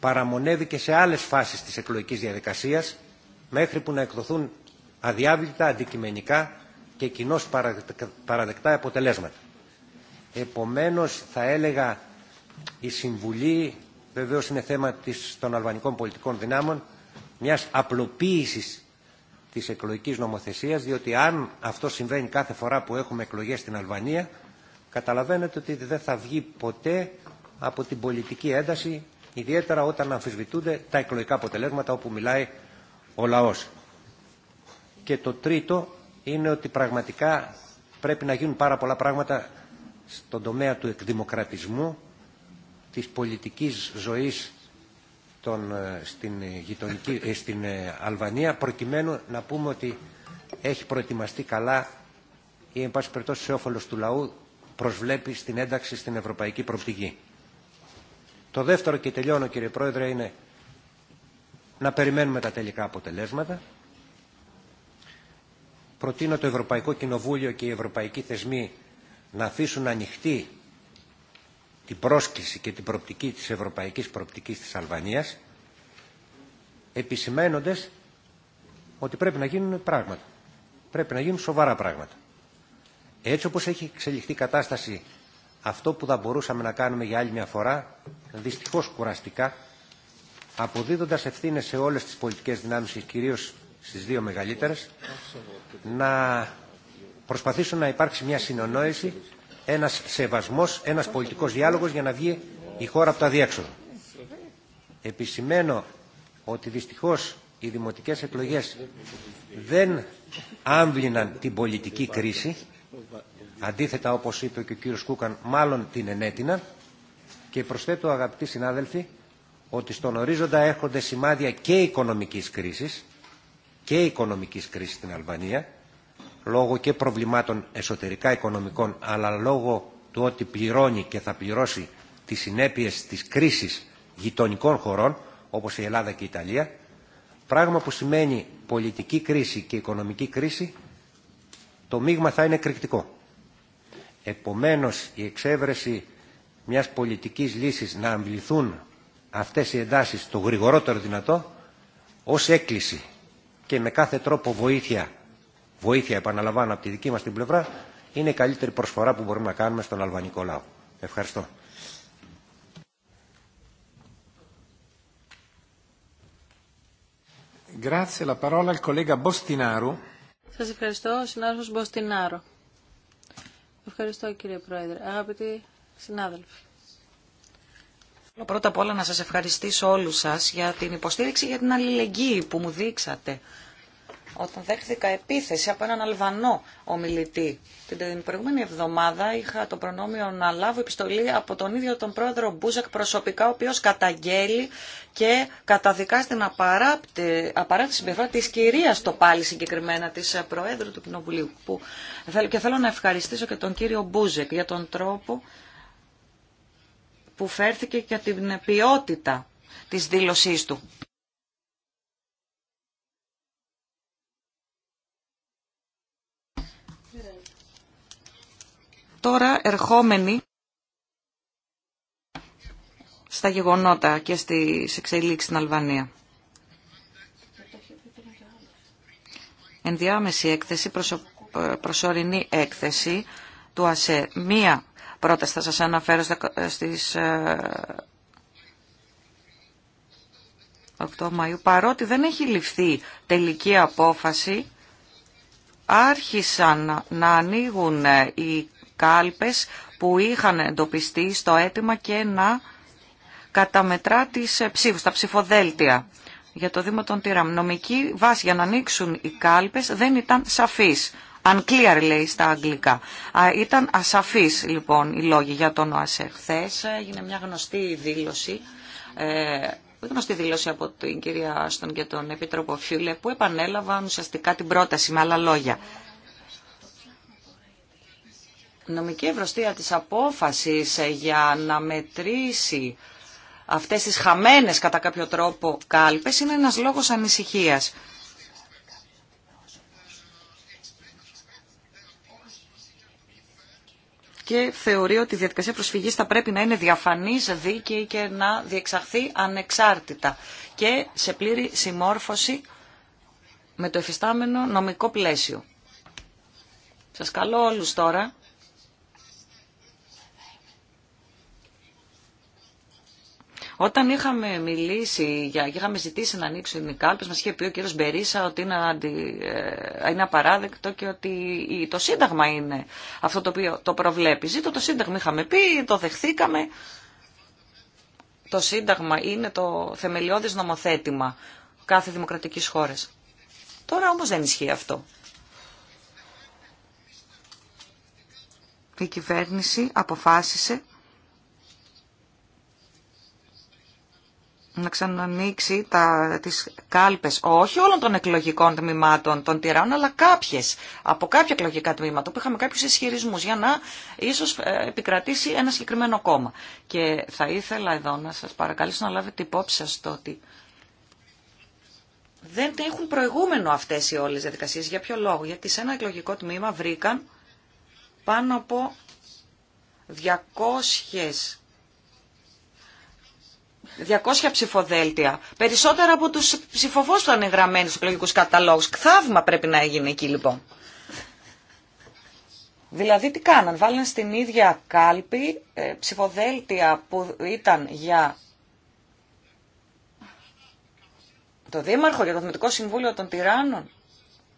παραμονεύει και σε άλλες φάσεις της εκλογικής διαδικασίας μέχρι που να εκδοθούν αδιάβλητα, αντικειμενικά και κοινώ παραδεκτά αποτελέσματα. Επομένως θα έλεγα η συμβουλή, βεβαίως είναι θέμα της, των αλβανικών πολιτικών δυνάμων, μιας απλοποίησης της εκλογικής νομοθεσίας, διότι αν αυτό συμβαίνει κάθε φορά που έχουμε εκλογές στην Αλβανία, καταλαβαίνετε ότι δεν θα βγει ποτέ από την πολιτική ένταση, ιδιαίτερα όταν αμφισβητούνται τα εκλογικά αποτελέσματα όπου μιλάει ο λαός. Και το τρίτο, είναι ότι πραγματικά πρέπει να γίνουν πάρα πολλά πράγματα στον τομέα του εκδημοκρατισμού, της πολιτικής ζωής των, ε, στην, ε, γειτονική, ε, στην Αλβανία, προκειμένου να πούμε ότι έχει προετοιμαστεί καλά ή, εν πάση περιπτώσει, σε όφελος του λαού προσβλέπει στην ένταξη στην ευρωπαϊκή προπτυγή. Το δεύτερο και τελειώνω, κύριε Πρόεδρε, είναι να περιμένουμε τα τελικά αποτελέσματα προτείνω το Ευρωπαϊκό Κοινοβούλιο και οι ευρωπαϊκοί θεσμοί να αφήσουν ανοιχτή την πρόσκληση και την προπτική της ευρωπαϊκής προπτικής της Αλβανίας επισημένοντας ότι πρέπει να γίνουν πράγματα. Πρέπει να γίνουν σοβαρά πράγματα. Έτσι όπως έχει εξελιχθεί η κατάσταση αυτό που θα μπορούσαμε να κάνουμε για άλλη μια φορά δυστυχώς κουραστικά αποδίδοντας ευθύνες σε όλες τις πολιτικές δυνάμεις και κυρίως στις δύο μεγαλύτερες, να προσπαθήσουν να υπάρξει μια συνονόηση, ένας σεβασμός, ένας πολιτικός διάλογος για να βγει η χώρα από τα διέξοδο. Επισημαίνω ότι δυστυχώς οι δημοτικές εκλογές δεν άμβληναν την πολιτική κρίση, αντίθετα όπως είπε και ο κύριος Κούκαν, μάλλον την ενέτειναν και προσθέτω αγαπητοί συνάδελφοι ότι στον ορίζοντα έρχονται σημάδια και οικονομικής κρίσης και οικονομικής κρίσης στην Αλβανία, λόγω και προβλημάτων εσωτερικά οικονομικών, αλλά λόγω του ότι πληρώνει και θα πληρώσει τις συνέπειες της κρίσης γειτονικών χωρών, όπως η Ελλάδα και η Ιταλία, πράγμα που σημαίνει πολιτική κρίση και οικονομική κρίση, το μείγμα θα είναι εκρηκτικό. Επομένως, η εξέβρεση μιας πολιτικής λύσης να αμβληθούν αυτές οι εντάσεις το γρηγορότερο δυνατό, ως έκκληση και με κάθε τρόπο βοήθεια, βοήθεια επαναλαμβάνω από τη δική μας την πλευρά, είναι η καλύτερη προσφορά που μπορούμε να κάνουμε στον αλβανικό λαό. Ευχαριστώ. Grazie, la parola al collega Σας ευχαριστώ, ο συνάδελφος Μποστινάρο. Ευχαριστώ κύριε Πρόεδρε. Αγαπητοί συνάδελφοι. Πρώτα απ' όλα να σας ευχαριστήσω όλους σας για την υποστήριξη, για την αλληλεγγύη που μου δείξατε όταν δέχθηκα επίθεση από έναν Αλβανό ομιλητή. Την προηγούμενη εβδομάδα είχα το προνόμιο να λάβω επιστολή από τον ίδιο τον πρόεδρο Μπούζεκ προσωπικά, ο οποίος καταγγέλει και καταδικάζει στην απαράπτη, συμπεριφορά της κυρίας το πάλι συγκεκριμένα της Προέδρου του Κοινοβουλίου. Που, και θέλω να ευχαριστήσω και τον κύριο Μπούζεκ για τον τρόπο που φέρθηκε και την ποιότητα της δήλωσής του. Τώρα ερχόμενοι στα γεγονότα και στις εξελίξεις στην Αλβανία. Ενδιάμεση έκθεση, ε, προσωρινή έκθεση του ΑΣΕ. Μία πρόταση θα σας αναφέρω ε, στις 8 ε, Μαΐου. Παρότι δεν έχει ληφθεί τελική απόφαση, άρχισαν να ανοίγουν οι κάλπες που είχαν εντοπιστεί στο αίτημα και να καταμετρά τις ε, ψήφους, τα ψηφοδέλτια για το Δήμο των Τύραμ. Νομική βάση για να ανοίξουν οι κάλπες δεν ήταν σαφής. Unclear λέει στα αγγλικά. ήταν ασαφής λοιπόν οι λόγοι για τον ΟΑΣΕ. Χθε έγινε μια γνωστή δήλωση ε, γνωστή δήλωση από την κυρία Άστον και τον Επίτροπο Φιούλε που επανέλαβαν ουσιαστικά την πρόταση με άλλα λόγια νομική ευρωστία της απόφασης ε, για να μετρήσει αυτές τις χαμένες κατά κάποιο τρόπο κάλπες είναι ένας λόγος ανησυχίας. και θεωρεί ότι η διαδικασία προσφυγής θα πρέπει να είναι διαφανής, δίκαιη και να διεξαχθεί ανεξάρτητα και σε πλήρη συμμόρφωση με το εφιστάμενο νομικό πλαίσιο. Σας καλώ όλους τώρα Όταν είχαμε μιλήσει για, είχαμε ζητήσει να ανοίξουν οι κάλπες, μας είχε πει ο κύριος Μπερίσα ότι είναι, αντι, ε, είναι απαράδεκτο και ότι το Σύνταγμα είναι αυτό το οποίο το προβλέπει. Ζήτω το Σύνταγμα είχαμε πει, το δεχθήκαμε. Το Σύνταγμα είναι το θεμελιώδη νομοθέτημα κάθε δημοκρατικής χώρας. Τώρα όμως δεν ισχύει αυτό. Η κυβέρνηση αποφάσισε να ξανανοίξει τα, τις κάλπες, όχι όλων των εκλογικών τμήματων των τυράων, αλλά κάποιες, από κάποια εκλογικά τμήματα που είχαμε κάποιους ισχυρισμού για να ίσως ε, επικρατήσει ένα συγκεκριμένο κόμμα. Και θα ήθελα εδώ να σας παρακαλήσω να λάβετε υπόψη σας το ότι δεν έχουν προηγούμενο αυτές οι όλες οι διαδικασίες. Για ποιο λόγο, γιατί σε ένα εκλογικό τμήμα βρήκαν πάνω από 200 200 ψηφοδέλτια, περισσότερα από τους ψηφοφόρους που ήταν εγγραμμένοι στους εκλογικούς καταλόγους. Θαύμα πρέπει να έγινε εκεί λοιπόν. Δηλαδή τι κάναν, βάλαν στην ίδια κάλπη ε, ψηφοδέλτια που ήταν για το Δήμαρχο, για το Δημοτικό Συμβούλιο των Τυράννων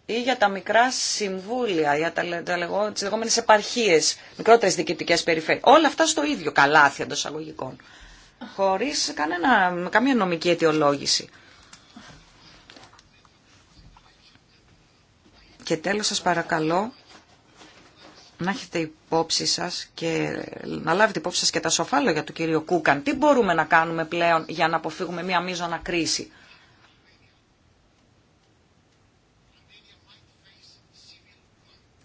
ή για τα μικρά συμβούλια, για τα, τα τις λεγόμενες επαρχίες, μικρότερες διοικητικές περιφέρειες. Όλα αυτά στο ίδιο καλάθι εντός αγωγικών χωρίς κανένα, καμία νομική αιτιολόγηση. Και τέλος σας παρακαλώ να έχετε υπόψη σας και να λάβετε υπόψη σας και τα σοφά λόγια του κυρίου Κούκαν. Τι μπορούμε να κάνουμε πλέον για να αποφύγουμε μία μείζωνα κρίση.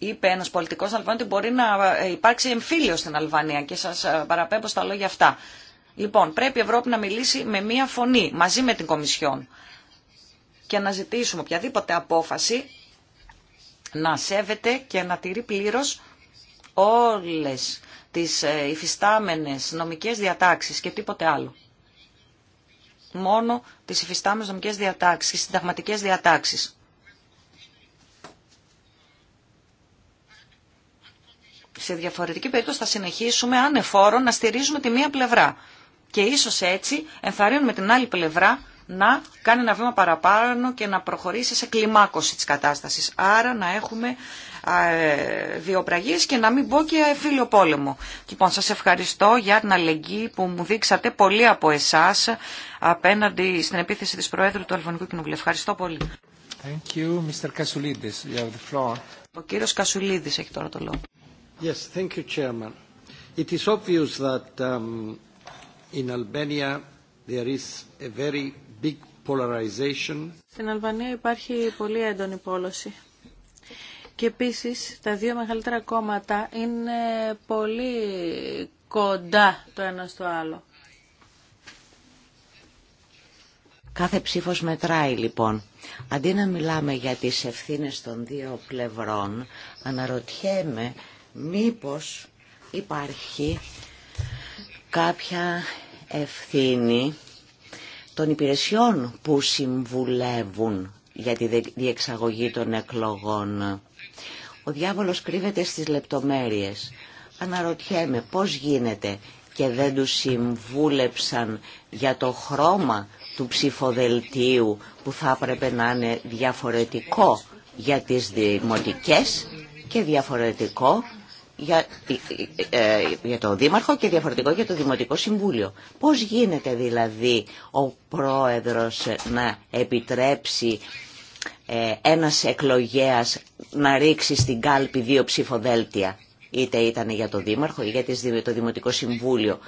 Είπε ένα πολιτικό Αλβανίας ότι μπορεί να υπάρξει εμφύλιο στην Αλβανία και σας παραπέμπω στα λόγια αυτά. Λοιπόν, πρέπει η Ευρώπη να μιλήσει με μία φωνή, μαζί με την Κομισιόν και να ζητήσουμε οποιαδήποτε απόφαση να σέβεται και να τηρεί πλήρως όλες τις ε, υφιστάμενες νομικές διατάξεις και τίποτε άλλο. Μόνο τις υφιστάμενες νομικές διατάξεις, και συνταγματικές διατάξεις. Σε διαφορετική περίπτωση θα συνεχίσουμε ανεφόρο να στηρίζουμε τη μία πλευρά και ίσως έτσι ενθαρρύνουμε την άλλη πλευρά να κάνει ένα βήμα παραπάνω και να προχωρήσει σε κλιμάκωση της κατάστασης. Άρα να έχουμε ε, βιοπραγίες και να μην μπω και φίλιο πόλεμο. Λοιπόν, σας ευχαριστώ για την αλληλεγγύη που μου δείξατε πολλοί από εσάς απέναντι στην επίθεση της Προέδρου του Αλβανικού Κοινοβουλίου. Ευχαριστώ πολύ. Thank you, Mr. Kasoulidis. You have the floor. Ο κύριος Κασουλίδης τώρα το λόγο. Yes, thank you, Chairman. It is obvious that um, στην Αλβανία υπάρχει πολύ έντονη πόλωση. Και επίσης τα δύο μεγαλύτερα κόμματα είναι πολύ κοντά το ένα στο άλλο. Κάθε ψήφος μετράει λοιπόν. Αντί να μιλάμε για τις ευθύνες των δύο πλευρών, αναρωτιέμαι μήπως υπάρχει κάποια ευθύνη των υπηρεσιών που συμβουλεύουν για τη διεξαγωγή των εκλογών. Ο διάβολος κρύβεται στις λεπτομέρειες. Αναρωτιέμαι πώς γίνεται και δεν τους συμβούλεψαν για το χρώμα του ψηφοδελτίου που θα έπρεπε να είναι διαφορετικό για τις δημοτικές και διαφορετικό για, ε, ε, για το Δήμαρχο και διαφορετικό για το Δημοτικό Συμβούλιο. Πώς γίνεται δηλαδή ο πρόεδρος να επιτρέψει ε, ένας εκλογέας να ρίξει στην κάλπη δύο ψηφοδέλτια, είτε ήταν για το Δήμαρχο ή για το Δημοτικό Συμβούλιο.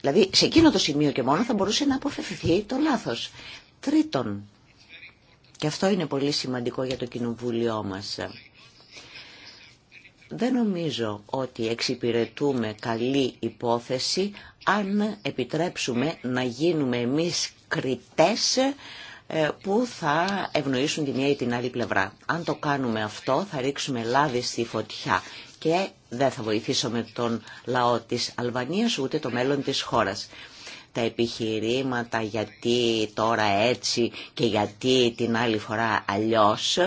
Δηλαδή, σε εκείνο το σημείο και μόνο θα μπορούσε να αποφευθεί το λάθος. Τρίτον, και αυτό είναι πολύ σημαντικό για το Κοινοβούλιο μας, δεν νομίζω ότι εξυπηρετούμε καλή υπόθεση αν επιτρέψουμε να γίνουμε εμείς κριτές ε, που θα ευνοήσουν τη μία ή την άλλη πλευρά. Αν το κάνουμε αυτό θα ρίξουμε λάδι στη φωτιά και δεν θα βοηθήσουμε τον λαό της Αλβανίας ούτε το μέλλον της χώρας. Τα επιχειρήματα γιατί τώρα έτσι και γιατί την άλλη φορά αλλιώς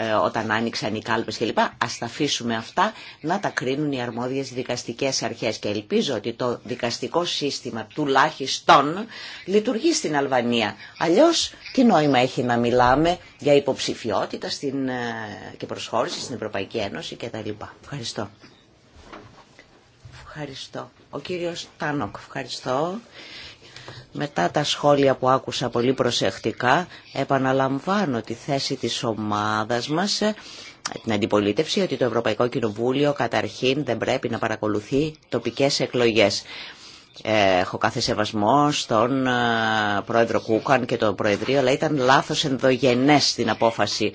ε, όταν άνοιξαν οι κάλπες κλπ. Ας τα αφήσουμε αυτά να τα κρίνουν οι αρμόδιες δικαστικές αρχές και ελπίζω ότι το δικαστικό σύστημα τουλάχιστον λειτουργεί στην Αλβανία. Αλλιώς τι νόημα έχει να μιλάμε για υποψηφιότητα στην, ε, και προσχώρηση στην Ευρωπαϊκή Ένωση κτλ. Ευχαριστώ. Ευχαριστώ. Ο κύριος ευχαριστώ. Μετά τα σχόλια που άκουσα πολύ προσεκτικά, επαναλαμβάνω τη θέση της ομάδας μας, ε, την αντιπολίτευση, ότι το Ευρωπαϊκό Κοινοβούλιο καταρχήν δεν πρέπει να παρακολουθεί τοπικές εκλογές. Ε, έχω κάθε σεβασμό στον ε, πρόεδρο Κούκαν και τον Προεδρείο, αλλά ήταν λάθος ενδογενές στην απόφαση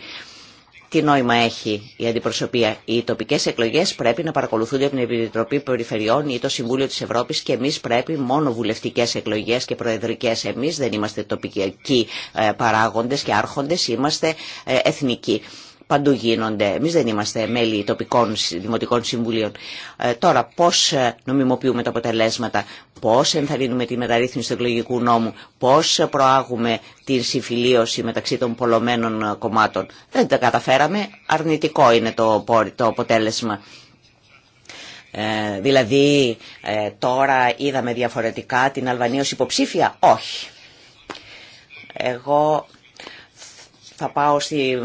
τι νόημα έχει η αντιπροσωπεία. Οι τοπικές εκλογές πρέπει να παρακολουθούνται από την Επιτροπή Περιφερειών ή το Συμβούλιο της Ευρώπης και εμείς πρέπει μόνο βουλευτικές εκλογές και προεδρικές. Εμείς δεν είμαστε τοπικοί ε, παράγοντες και άρχοντες, είμαστε ε, εθνικοί παντού γίνονται. Εμείς δεν είμαστε μέλη τοπικών δημοτικών συμβουλίων. Ε, τώρα, πώς ε, νομιμοποιούμε τα αποτελέσματα, πώς ενθαρρύνουμε τη μεταρρύθμιση του εκλογικού νόμου, πώς προάγουμε την συμφιλίωση μεταξύ των πολλωμένων ε, κομμάτων. Δεν τα καταφέραμε, αρνητικό είναι το, αποτέλεσμα. Ε, δηλαδή, τώρα είδαμε διαφορετικά την Αλβανία ως υποψήφια. Όχι. Εγώ θα πάω στη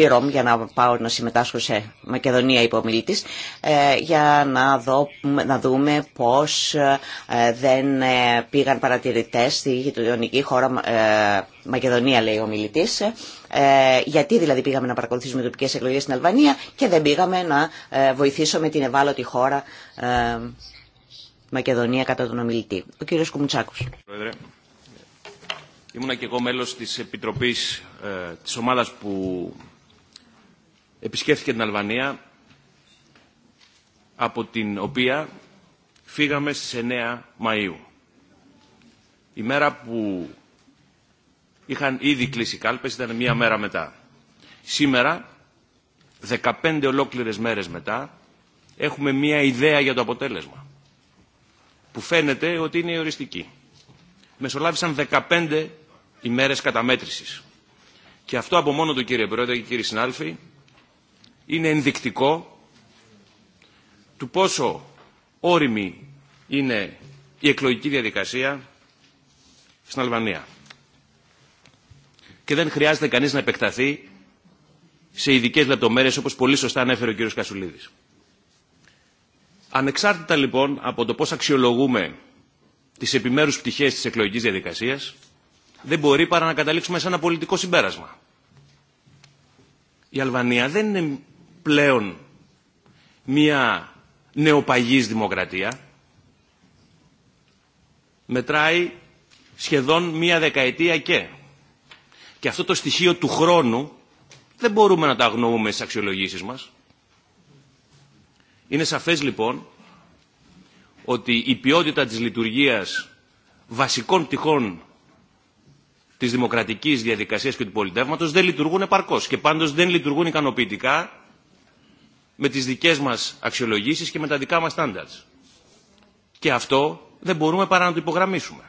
στη για να πάω να συμμετάσχω σε Μακεδονία υπομιλήτης ε, για να, δω, να δούμε πώς ε, δεν ε, πήγαν παρατηρητές στη γειτονική χώρα Μακεδονία λέει ο μιλητής γιατί δηλαδή πήγαμε να παρακολουθήσουμε τοπικέ εκλογές στην Αλβανία και δεν πήγαμε να βοηθήσουμε την ευάλωτη χώρα Μακεδονία κατά τον ομιλητή. Ο κύριος Κουμουτσάκος. ήμουνα και εγώ μέλος της Επιτροπής ε, της που επισκέφθηκε την Αλβανία από την οποία φύγαμε στις 9 Μαΐου. Η μέρα που είχαν ήδη κλείσει κάλπες ήταν μία μέρα μετά. Σήμερα, 15 ολόκληρες μέρες μετά, έχουμε μία ιδέα για το αποτέλεσμα που φαίνεται ότι είναι η οριστική. Μεσολάβησαν 15 ημέρες καταμέτρησης. Και αυτό από μόνο του κύριε Πρόεδρε και κύριοι συνάλφοι είναι ενδεικτικό του πόσο όριμη είναι η εκλογική διαδικασία στην Αλβανία. Και δεν χρειάζεται κανείς να επεκταθεί σε ειδικέ λεπτομέρειες όπως πολύ σωστά ανέφερε ο κ. Κασουλίδης. Ανεξάρτητα λοιπόν από το πώς αξιολογούμε τις επιμέρους πτυχές της εκλογικής διαδικασίας, δεν μπορεί παρά να καταλήξουμε σε ένα πολιτικό συμπέρασμα. Η Αλβανία δεν είναι πλέον μια νεοπαγής δημοκρατία. Μετράει σχεδόν μία δεκαετία και. Και αυτό το στοιχείο του χρόνου δεν μπορούμε να τα αγνοούμε στις αξιολογήσεις μας. Είναι σαφές λοιπόν ότι η ποιότητα της λειτουργίας βασικών πτυχών της δημοκρατικής διαδικασίας και του πολιτεύματος δεν λειτουργούν επαρκώς και πάντως δεν λειτουργούν ικανοποιητικά με τις δικές μας αξιολογήσεις και με τα δικά μας standards. Και αυτό δεν μπορούμε παρά να το υπογραμμίσουμε.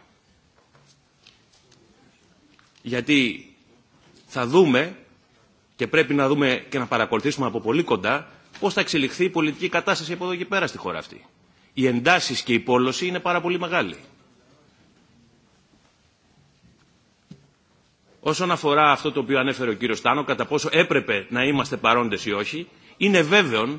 Γιατί θα δούμε και πρέπει να δούμε και να παρακολουθήσουμε από πολύ κοντά πώς θα εξελιχθεί η πολιτική κατάσταση από εδώ και πέρα στη χώρα αυτή. Οι εντάσεις και η πόλωση είναι πάρα πολύ μεγάλη. Όσον αφορά αυτό το οποίο ανέφερε ο κύριος Τάνο, κατά πόσο έπρεπε να είμαστε παρόντες ή όχι, είναι βέβαιον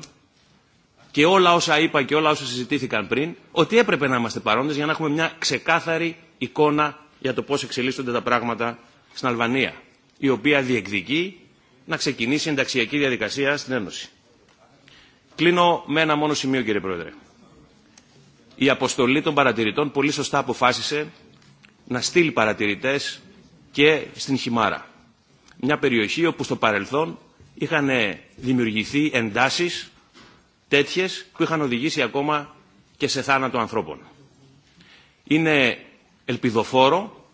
και όλα όσα είπα και όλα όσα συζητήθηκαν πριν, ότι έπρεπε να είμαστε παρόντες για να έχουμε μια ξεκάθαρη εικόνα για το πώς εξελίσσονται τα πράγματα στην Αλβανία, η οποία διεκδικεί να ξεκινήσει ενταξιακή διαδικασία στην Ένωση. Κλείνω με ένα μόνο σημείο, κύριε Πρόεδρε. Η αποστολή των παρατηρητών πολύ σωστά αποφάσισε να στείλει παρατηρητές και στην Χιμάρα. Μια περιοχή όπου στο παρελθόν είχαν δημιουργηθεί εντάσεις τέτοιες που είχαν οδηγήσει ακόμα και σε θάνατο ανθρώπων. Είναι ελπιδοφόρο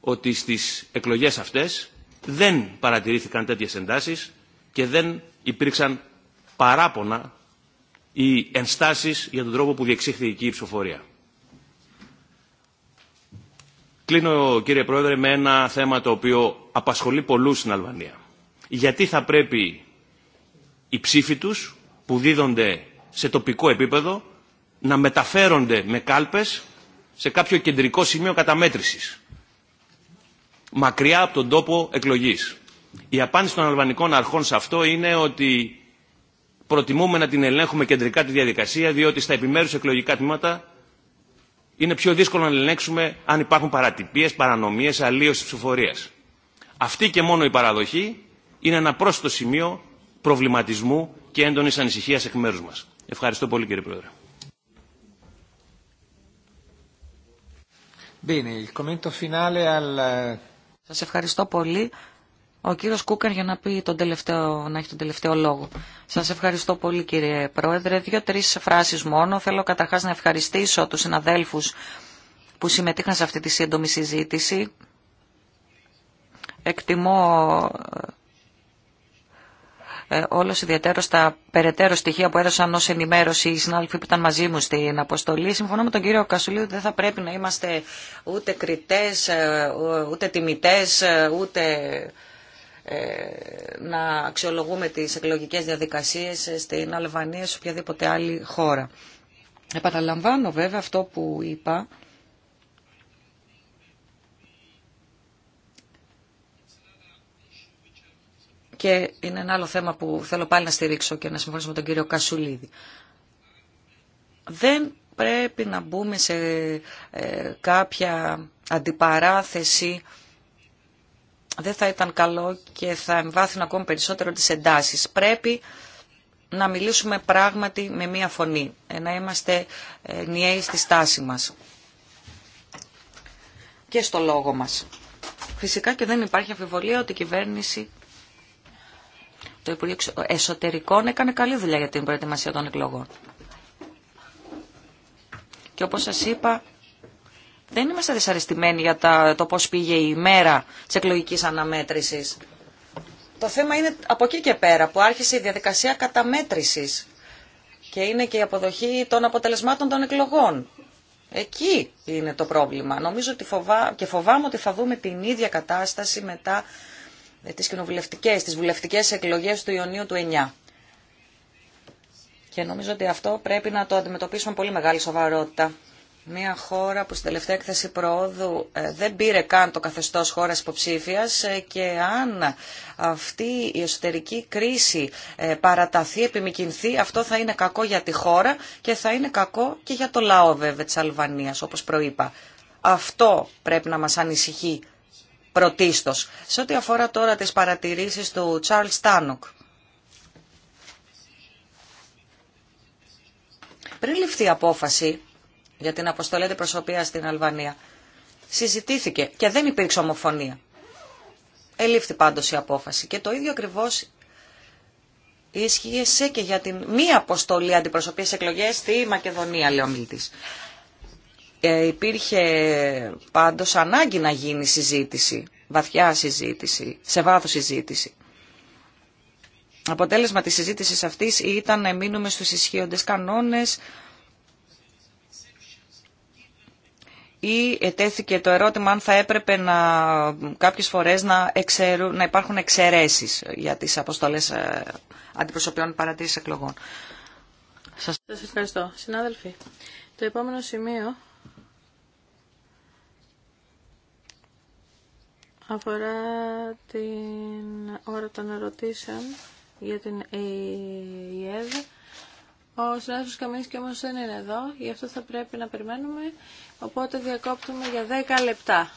ότι στις εκλογές αυτές δεν παρατηρήθηκαν τέτοιες εντάσεις και δεν υπήρξαν παράπονα ή ενστάσεις για τον τρόπο που διεξήχθηκε η ψηφοφορία. Κλείνω, κύριε Πρόεδρε, με ένα θέμα το οποίο απασχολεί πολλούς στην Αλβανία γιατί θα πρέπει οι ψήφοι τους που δίδονται σε τοπικό επίπεδο να μεταφέρονται με κάλπες σε κάποιο κεντρικό σημείο καταμέτρησης, μακριά από τον τόπο εκλογής. Η απάντηση των αλβανικών αρχών σε αυτό είναι ότι προτιμούμε να την ελέγχουμε κεντρικά τη διαδικασία, διότι στα επιμέρους εκλογικά τμήματα είναι πιο δύσκολο να ελέγξουμε αν υπάρχουν παρατυπίες, παρανομίες, αλλίωση ψηφοφορίας. Αυτή και μόνο η παραδοχή είναι ένα πρόσθετο σημείο προβληματισμού και έντονης ανησυχίας εκ μέρου μας. Ευχαριστώ πολύ κύριε Πρόεδρε. Σας ευχαριστώ πολύ. Ο κύριος Κούκαν για να, πει τον τελευταίο, να έχει τον τελευταίο λόγο. Σας ευχαριστώ πολύ κύριε Πρόεδρε. Δύο-τρεις φράσεις μόνο. Θέλω καταρχάς να ευχαριστήσω τους συναδέλφους που συμμετείχαν σε αυτή τη σύντομη συζήτηση. Εκτιμώ ε, όλος ιδιαίτερο τα περαιτέρω στοιχεία που έδωσαν ως ενημέρωση οι συνάδελφοι που ήταν μαζί μου στην αποστολή. Συμφωνώ με τον κύριο Κασουλίου ότι δεν θα πρέπει να είμαστε ούτε κριτές, ε, ούτε τιμητές, ε, ούτε να αξιολογούμε τις εκλογικές διαδικασίες στην Αλβανία σε οποιαδήποτε άλλη χώρα. Επαναλαμβάνω βέβαια αυτό που είπα Και είναι ένα άλλο θέμα που θέλω πάλι να στηρίξω και να συμφωνήσω με τον κύριο Κασουλίδη. Δεν πρέπει να μπούμε σε ε, κάποια αντιπαράθεση δεν θα ήταν καλό και θα εμβάθυνα ακόμη περισσότερο τις εντάσεις. Πρέπει να μιλήσουμε πράγματι με μία φωνή, ε, να είμαστε ε, νιαίοι στη στάση μας και στο λόγο μας. Φυσικά και δεν υπάρχει αφιβολία ότι η κυβέρνηση το Υπουργείο Εσωτερικών έκανε καλή δουλειά για την προετοιμασία των εκλογών. Και όπως σας είπα, δεν είμαστε δυσαρεστημένοι για το πώς πήγε η ημέρα της εκλογικής αναμέτρησης. Το θέμα είναι από εκεί και πέρα που άρχισε η διαδικασία καταμέτρησης και είναι και η αποδοχή των αποτελεσμάτων των εκλογών. Εκεί είναι το πρόβλημα. Νομίζω ότι και φοβάμαι ότι θα δούμε την ίδια κατάσταση μετά τις κοινοβουλευτικές, τις βουλευτικές εκλογές του Ιωνίου του 9. Και νομίζω ότι αυτό πρέπει να το αντιμετωπίσουμε πολύ μεγάλη σοβαρότητα. Μια χώρα που στην τελευταία έκθεση προόδου ε, δεν πήρε καν το καθεστώς χώρας υποψήφιας ε, και αν αυτή η εσωτερική κρίση ε, παραταθεί, επιμηκυνθεί, αυτό θα είναι κακό για τη χώρα και θα είναι κακό και για το λαό βέβαια της Αλβανίας όπως προείπα. Αυτό πρέπει να μας ανησυχεί πρωτίστως. Σε ό,τι αφορά τώρα τις παρατηρήσεις του Charles Τάνοκ. Πριν ληφθεί η απόφαση για την αποστολή αντιπροσωπεία στην Αλβανία, συζητήθηκε και δεν υπήρξε ομοφωνία. Ελήφθη πάντως η απόφαση και το ίδιο ακριβώς ίσχυε και για την μία αποστολή αντιπροσωπείας εκλογές στη Μακεδονία, λέει ο ε, υπήρχε πάντως ανάγκη να γίνει συζήτηση, βαθιά συζήτηση, σε βάθος συζήτηση. Αποτέλεσμα της συζήτησης αυτής ήταν να μείνουμε στους ισχύοντες κανόνες ή ετέθηκε το ερώτημα αν θα έπρεπε να, κάποιες φορές να, να υπάρχουν εξαιρέσει για τις αποστολές ε, αντιπροσωπιών παρατήρησης εκλογών. Σας ευχαριστώ. Συνάδελφοι, το επόμενο σημείο αφορά την ώρα των ερωτήσεων για την ΕΕΔ, Ο συνάδελφος Καμίνσκι όμως δεν είναι εδώ, γι' αυτό θα πρέπει να περιμένουμε, οπότε διακόπτουμε για 10 λεπτά.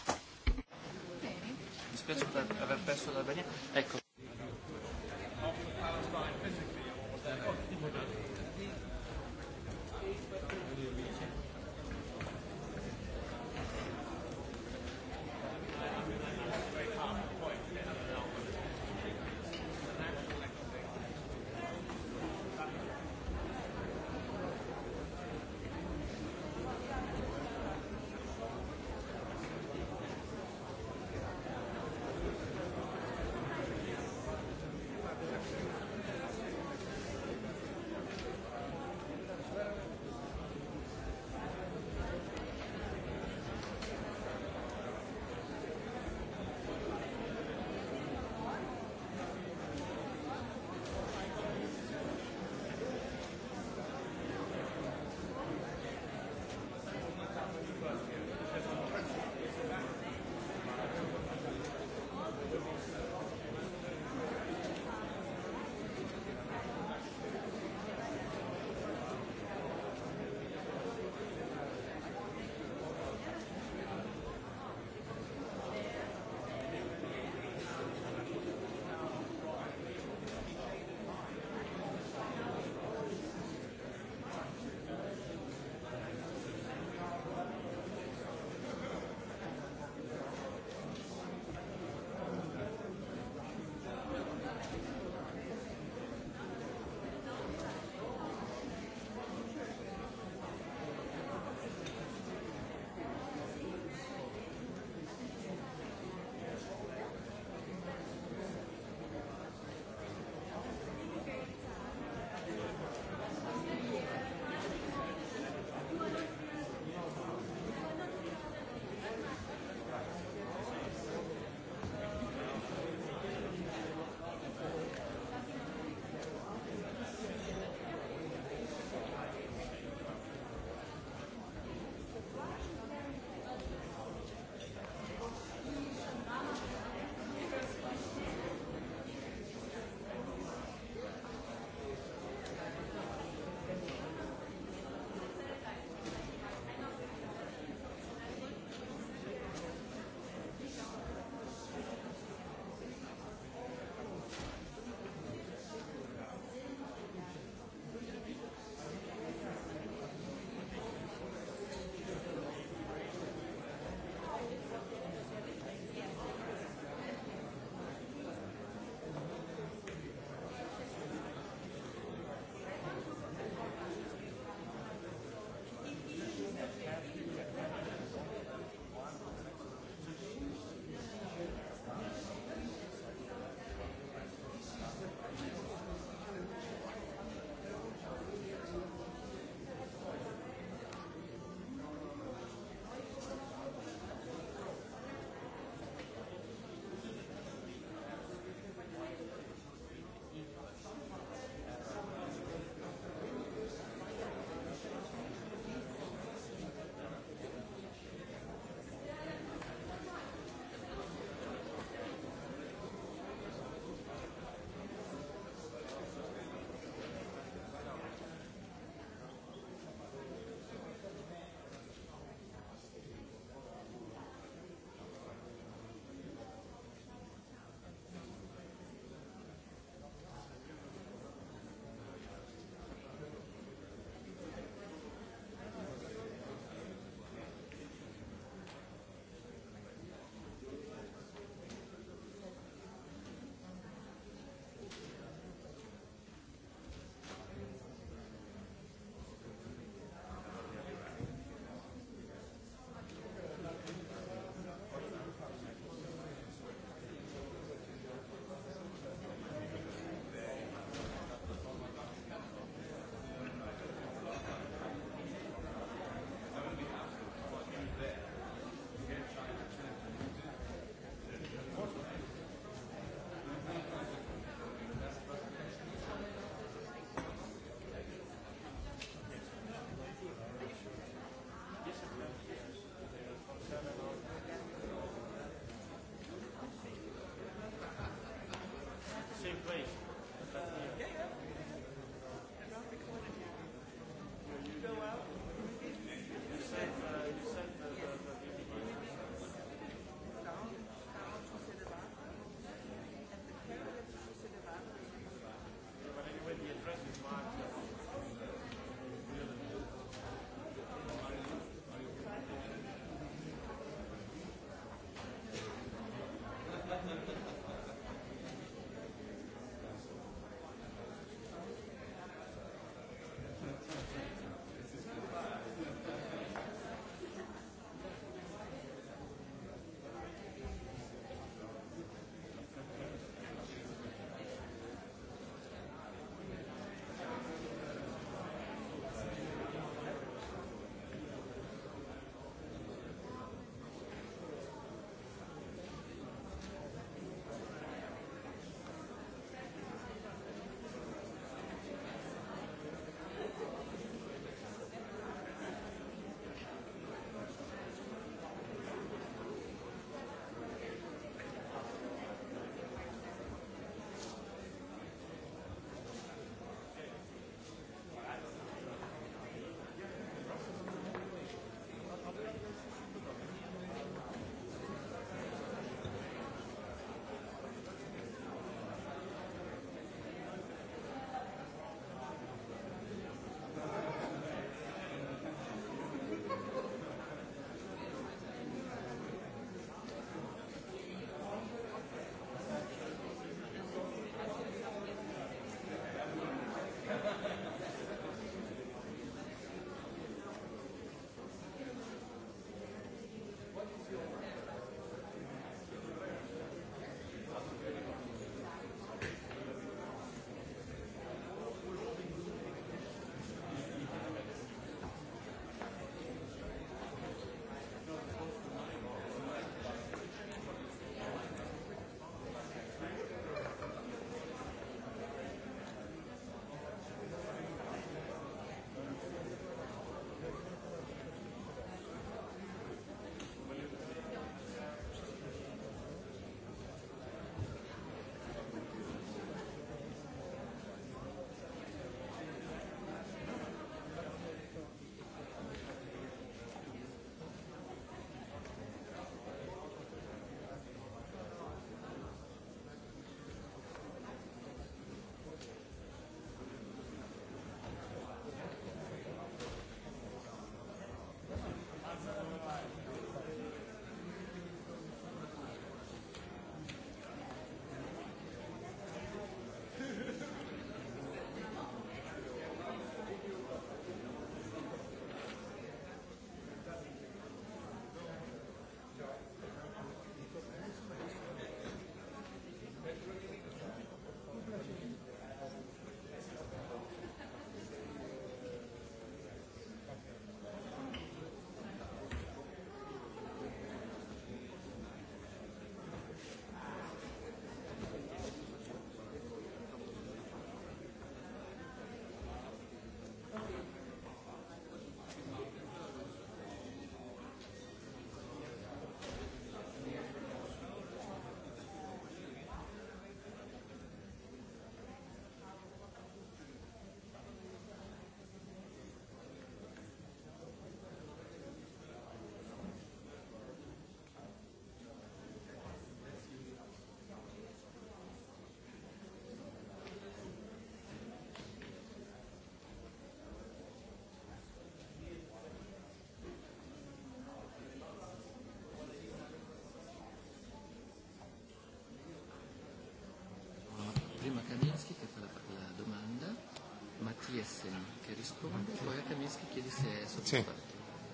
Jessen che risponde, poi a Kaminsky chiede se è soddisfatto.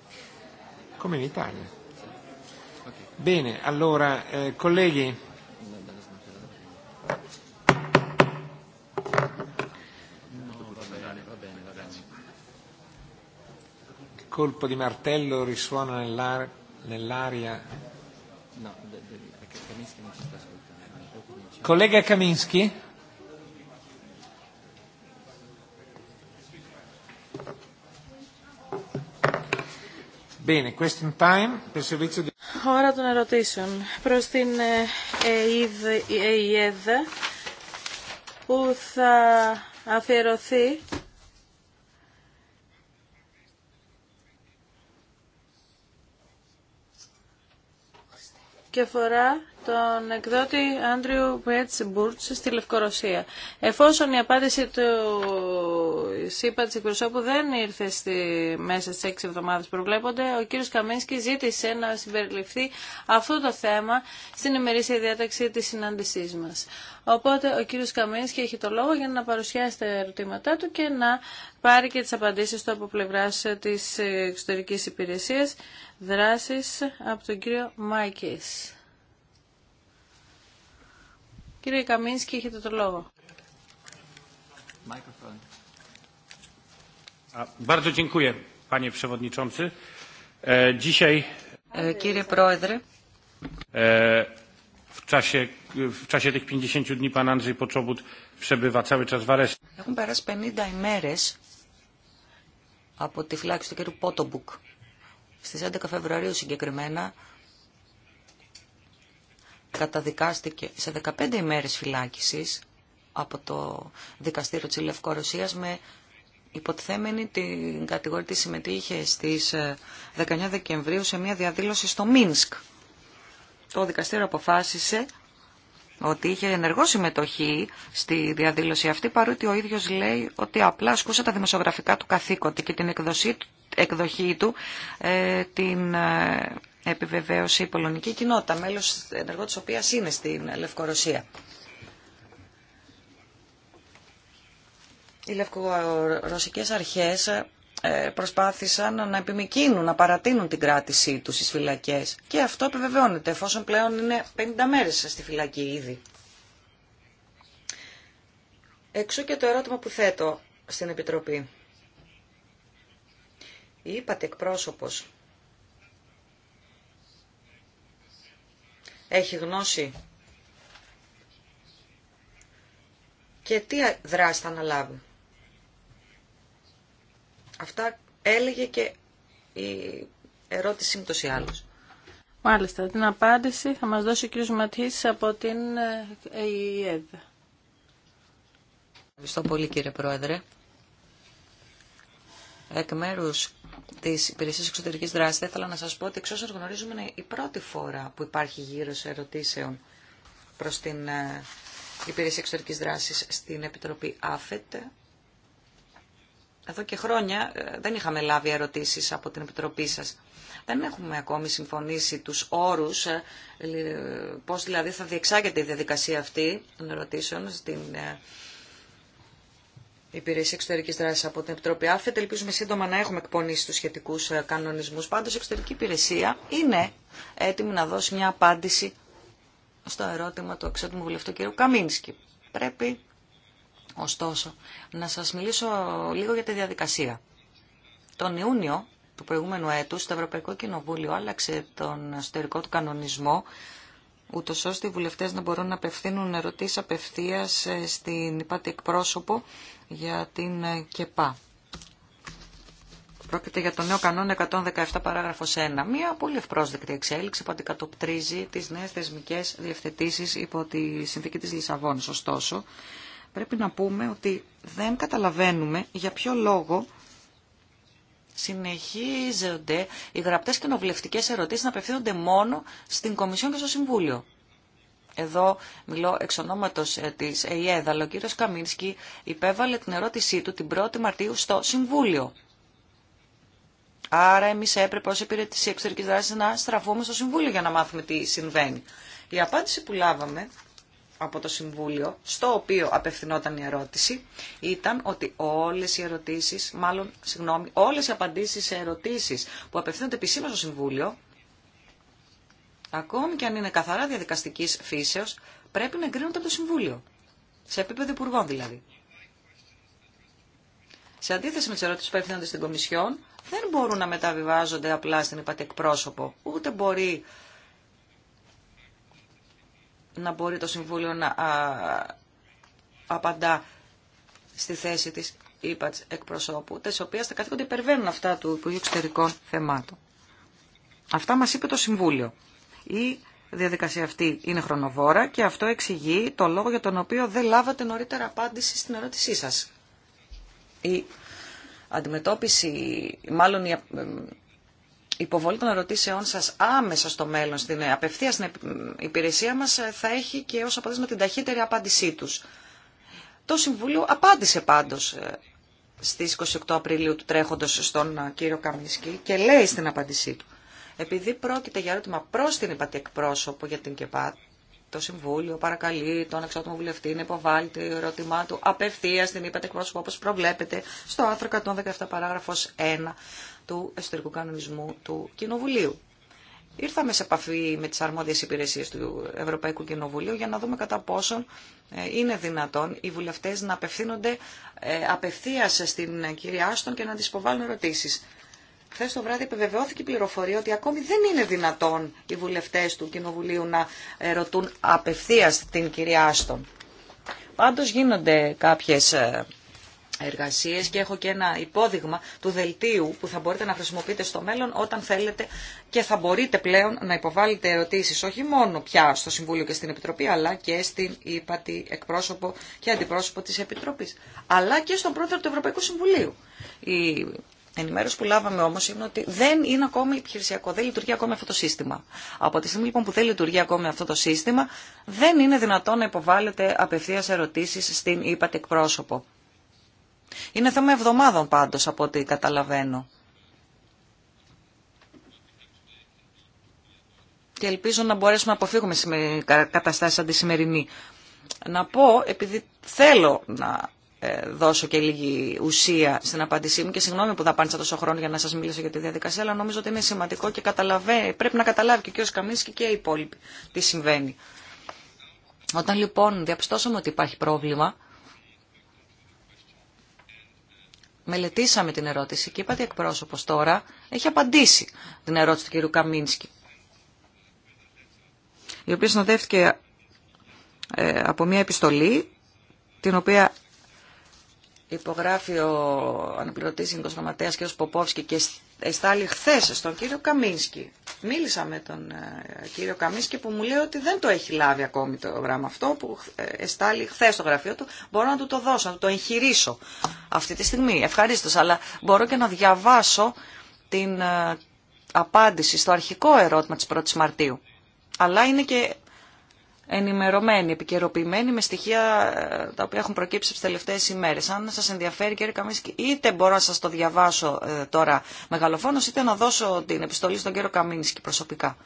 Sì. Come in Italia. Sì. Okay. Bene, allora, eh, colleghi. No, va bene, va bene, va Il colpo di martello risuona nell'ar- nell'aria. Nell no, perché Kaminsky non ci sta ascoltando. Collega Kaminsky? Bene, Ώρα των ερωτήσεων. Προς την ε, ΕΙΕΔ που θα αφιερωθεί και αφορά τον εκδότη Άντριου Βέτσμπουρτς στη Λευκορωσία. Εφόσον η απάντηση του ΣΥΠΑ της εκπροσώπου δεν ήρθε στη, μέσα στι έξι εβδομάδε που προβλέπονται. Ο κύριο Καμίνσκι ζήτησε να συμπεριληφθεί αυτό το θέμα στην ημερήσια διάταξη τη συναντησή μα. Οπότε ο κύριο Καμίνσκι έχει το λόγο για να παρουσιάσει τα ερωτήματά του και να πάρει και τι απαντήσει του από πλευρά τη εξωτερική υπηρεσία δράση από τον κύριο Μάικη. Κύριε Καμίνσκι, έχετε το λόγο. Microphone. E, e, κύριε Πρόεδρε, έχουν περάσει 50 ημέρε από τη φυλάξη του κύριου Πότομπουκ. Στι 11 Φεβρουαρίου συγκεκριμένα καταδικάστηκε σε 15 ημέρε φυλάκιση από το δικαστήριο τη Λευκορωσία με Υποτιθέμενη την κατηγορία της συμμετείχε στις 19 ε, Δεκεμβρίου σε μια διαδήλωση στο Μίνσκ. Το δικαστήριο αποφάσισε ότι είχε ενεργό συμμετοχή στη διαδήλωση αυτή, παρότι ο ίδιος λέει ότι απλά ασκούσε τα δημοσιογραφικά του καθήκοντα και την εκδοσή, εκδοχή του ε, την επιβεβαίωση επιβεβαίωσε η πολωνική κοινότητα, μέλος ενεργό της οποίας είναι στην Λευκορωσία. οι λευκορωσικές αρχές ε, προσπάθησαν να επιμηκύνουν, να παρατείνουν την κράτησή τους στις φυλακές. Και αυτό επιβεβαιώνεται, εφόσον πλέον είναι 50 μέρες στη φυλακή ήδη. Εξού και το ερώτημα που θέτω στην Επιτροπή. Είπατε εκπρόσωπος. Έχει γνώση. Και τι δράση θα αναλάβουν. Αυτά έλεγε και η ερώτησή μου τόσο Άλλος, Μάλιστα, την απάντηση θα μας δώσει ο κ. Ματής από την ε, ΕΙΕΔ. Ευχαριστώ πολύ κύριε Πρόεδρε. Εκ μέρου τη Υπηρεσία Εξωτερική Δράση, θα ήθελα να σα πω ότι εξ όσων γνωρίζουμε είναι η πρώτη φορά που υπάρχει γύρω σε ερωτήσεων προ την ε, Υπηρεσία Εξωτερική Δράση στην Επιτροπή ΑΦΕΤ εδώ και χρόνια ε, δεν είχαμε λάβει ερωτήσεις από την Επιτροπή σας. Δεν έχουμε ακόμη συμφωνήσει τους όρους, ε, πώς δηλαδή θα διεξάγεται η διαδικασία αυτή των ερωτήσεων στην ε, Υπηρεσία Εξωτερικής Δράσης από την Επιτροπή ΑΦΕΤ. Ελπίζουμε σύντομα να έχουμε εκπονήσει τους σχετικούς κανονισμούς. Πάντως η Εξωτερική Υπηρεσία είναι έτοιμη να δώσει μια απάντηση στο ερώτημα του εξώτημου βουλευτού κ. Καμίνσκι. Πρέπει Ωστόσο, να σας μιλήσω λίγο για τη διαδικασία. Τον Ιούνιο του προηγούμενου έτους, το Ευρωπαϊκό Κοινοβούλιο άλλαξε τον εσωτερικό του κανονισμό, ούτω ώστε οι βουλευτές να μπορούν να απευθύνουν ερωτήσει απευθεία ε, στην υπάτη εκπρόσωπο για την ε, ΚΕΠΑ. Πρόκειται για το νέο κανόνα 117 παράγραφος 1. Μία πολύ ευπρόσδεκτη εξέλιξη που αντικατοπτρίζει τι νέε θεσμικέ διευθετήσεις υπό τη συνθήκη τη Λισαβόνη. Ωστόσο, πρέπει να πούμε ότι δεν καταλαβαίνουμε για ποιο λόγο συνεχίζονται οι γραπτές νοβλευτικές ερωτήσεις να απευθύνονται μόνο στην Κομισιόν και στο Συμβούλιο. Εδώ μιλώ εξ ονόματος ε, της ΕΙΕΔ, αλλά ο κύριος Καμίνσκι υπέβαλε την ερώτησή του την 1η Μαρτίου στο Συμβούλιο. Άρα εμείς έπρεπε ως υπηρετησία εξωτερικής δράσης να στραφούμε στο Συμβούλιο για να μάθουμε τι συμβαίνει. Η απάντηση που λάβαμε από το Συμβούλιο, στο οποίο απευθυνόταν η ερώτηση, ήταν ότι όλες οι ερωτήσεις, μάλλον, συγγνώμη, όλες οι απαντήσεις σε ερωτήσεις που απευθύνονται επισήμως στο Συμβούλιο, ακόμη και αν είναι καθαρά διαδικαστικής φύσεως, πρέπει να εγκρίνονται από το Συμβούλιο. Σε επίπεδο υπουργών δηλαδή. Σε αντίθεση με τι ερωτήσει που απευθύνονται στην Κομισιόν, δεν μπορούν να μεταβιβάζονται απλά στην υπατή ούτε μπορεί να μπορεί το Συμβούλιο να απαντά στη θέση της ΥΠΑΤΣ εκπροσώπου, τις οποίες τα καθήκοντα υπερβαίνουν αυτά του Υπουργείου Εξωτερικών Θεμάτων. Αυτά μας είπε το Συμβούλιο. Η διαδικασία αυτή είναι χρονοβόρα και αυτό εξηγεί το λόγο για τον οποίο δεν λάβατε νωρίτερα απάντηση στην ερώτησή σας. Η αντιμετώπιση, μάλλον η υποβολή των ερωτήσεών σας άμεσα στο μέλλον, στην απευθεία στην υπηρεσία μας, ε, θα έχει και ως αποτέλεσμα την ταχύτερη απάντησή τους. Το Συμβούλιο απάντησε πάντως ε, στις 28 Απριλίου του τρέχοντος στον ε, κύριο Καμνισκή και λέει στην απάντησή του. Επειδή πρόκειται για ερώτημα προς την υπατή εκπρόσωπο για την ΚΕΠΑ. το Συμβούλιο παρακαλεί τον εξώτομο βουλευτή να υποβάλει το ερώτημά του απευθεία στην υπατή εκπρόσωπο όπω προβλέπετε στο άρθρο 117 παράγραφος 1 του εσωτερικού κανονισμού του Κοινοβουλίου. Ήρθαμε σε επαφή με τις αρμόδιες υπηρεσίες του Ευρωπαϊκού Κοινοβουλίου για να δούμε κατά πόσον ε, είναι δυνατόν οι βουλευτές να απευθύνονται ε, απευθείας στην κυρία Άστον και να της υποβάλουν ερωτήσεις. Χθε το βράδυ επιβεβαιώθηκε η πληροφορία ότι ακόμη δεν είναι δυνατόν οι βουλευτές του Κοινοβουλίου να ε, ρωτούν απευθείας την κυρία Άστον. Πάντως γίνονται κάποιες εργασίες και έχω και ένα υπόδειγμα του δελτίου που θα μπορείτε να χρησιμοποιείτε στο μέλλον όταν θέλετε και θα μπορείτε πλέον να υποβάλλετε ερωτήσεις όχι μόνο πια στο Συμβούλιο και στην Επιτροπή αλλά και στην ΥΠΑΤΗ εκπρόσωπο και αντιπρόσωπο της Επιτροπής αλλά και στον πρόεδρο του Ευρωπαϊκού Συμβουλίου. Η ενημέρωση που λάβαμε όμως είναι ότι δεν είναι ακόμη επιχειρησιακό, δεν λειτουργεί ακόμη αυτό το σύστημα. Από τη στιγμή λοιπόν που δεν λειτουργεί ακόμη αυτό το σύστημα δεν είναι δυνατόν να υποβάλλετε απευθεία ερωτήσεις στην ΥΠΑΤΗ εκπρόσωπο. Είναι θέμα εβδομάδων πάντως από ό,τι καταλαβαίνω. Και ελπίζω να μπορέσουμε να αποφύγουμε καταστάσεις σαν τη Να πω, επειδή θέλω να ε, δώσω και λίγη ουσία στην απάντησή μου και συγγνώμη που δαπάνησα τόσο χρόνο για να σας μιλήσω για τη διαδικασία, αλλά νομίζω ότι είναι σημαντικό και καταλαβαίνει, πρέπει να καταλάβει και ο κ. και, και οι υπόλοιποι τι συμβαίνει. Όταν λοιπόν διαπιστώσαμε ότι υπάρχει πρόβλημα, Μελετήσαμε την ερώτηση και είπατε εκπρόσωπο τώρα έχει απαντήσει την ερώτηση του κ. Καμίνσκι. Η οποία συνοδεύτηκε ε, από μια επιστολή την οποία υπογράφει ο αναπληρωτή Γενικός Γραμματέας κ. Ποπόφσκι και εστάλει χθε στον κύριο Καμίνσκι. Μίλησα με τον ε, κύριο Καμίνσκι που μου λέει ότι δεν το έχει λάβει ακόμη το γράμμα αυτό που ε, εστάλει χθε στο γραφείο του. Μπορώ να του το δώσω, να του το εγχειρήσω αυτή τη στιγμή. Ευχαρίστω, αλλά μπορώ και να διαβάσω την ε, απάντηση στο αρχικό ερώτημα τη 1 η Μαρτίου. Αλλά είναι και ενημερωμένοι, επικαιροποιημένοι με στοιχεία ε, τα οποία έχουν προκύψει τις τελευταίες ημέρες. Αν σας ενδιαφέρει κύριε Καμίσκη, είτε μπορώ να σας το διαβάσω ε, τώρα μεγαλοφόνος, είτε να δώσω την επιστολή στον κύριο Καμίνσκι προσωπικά.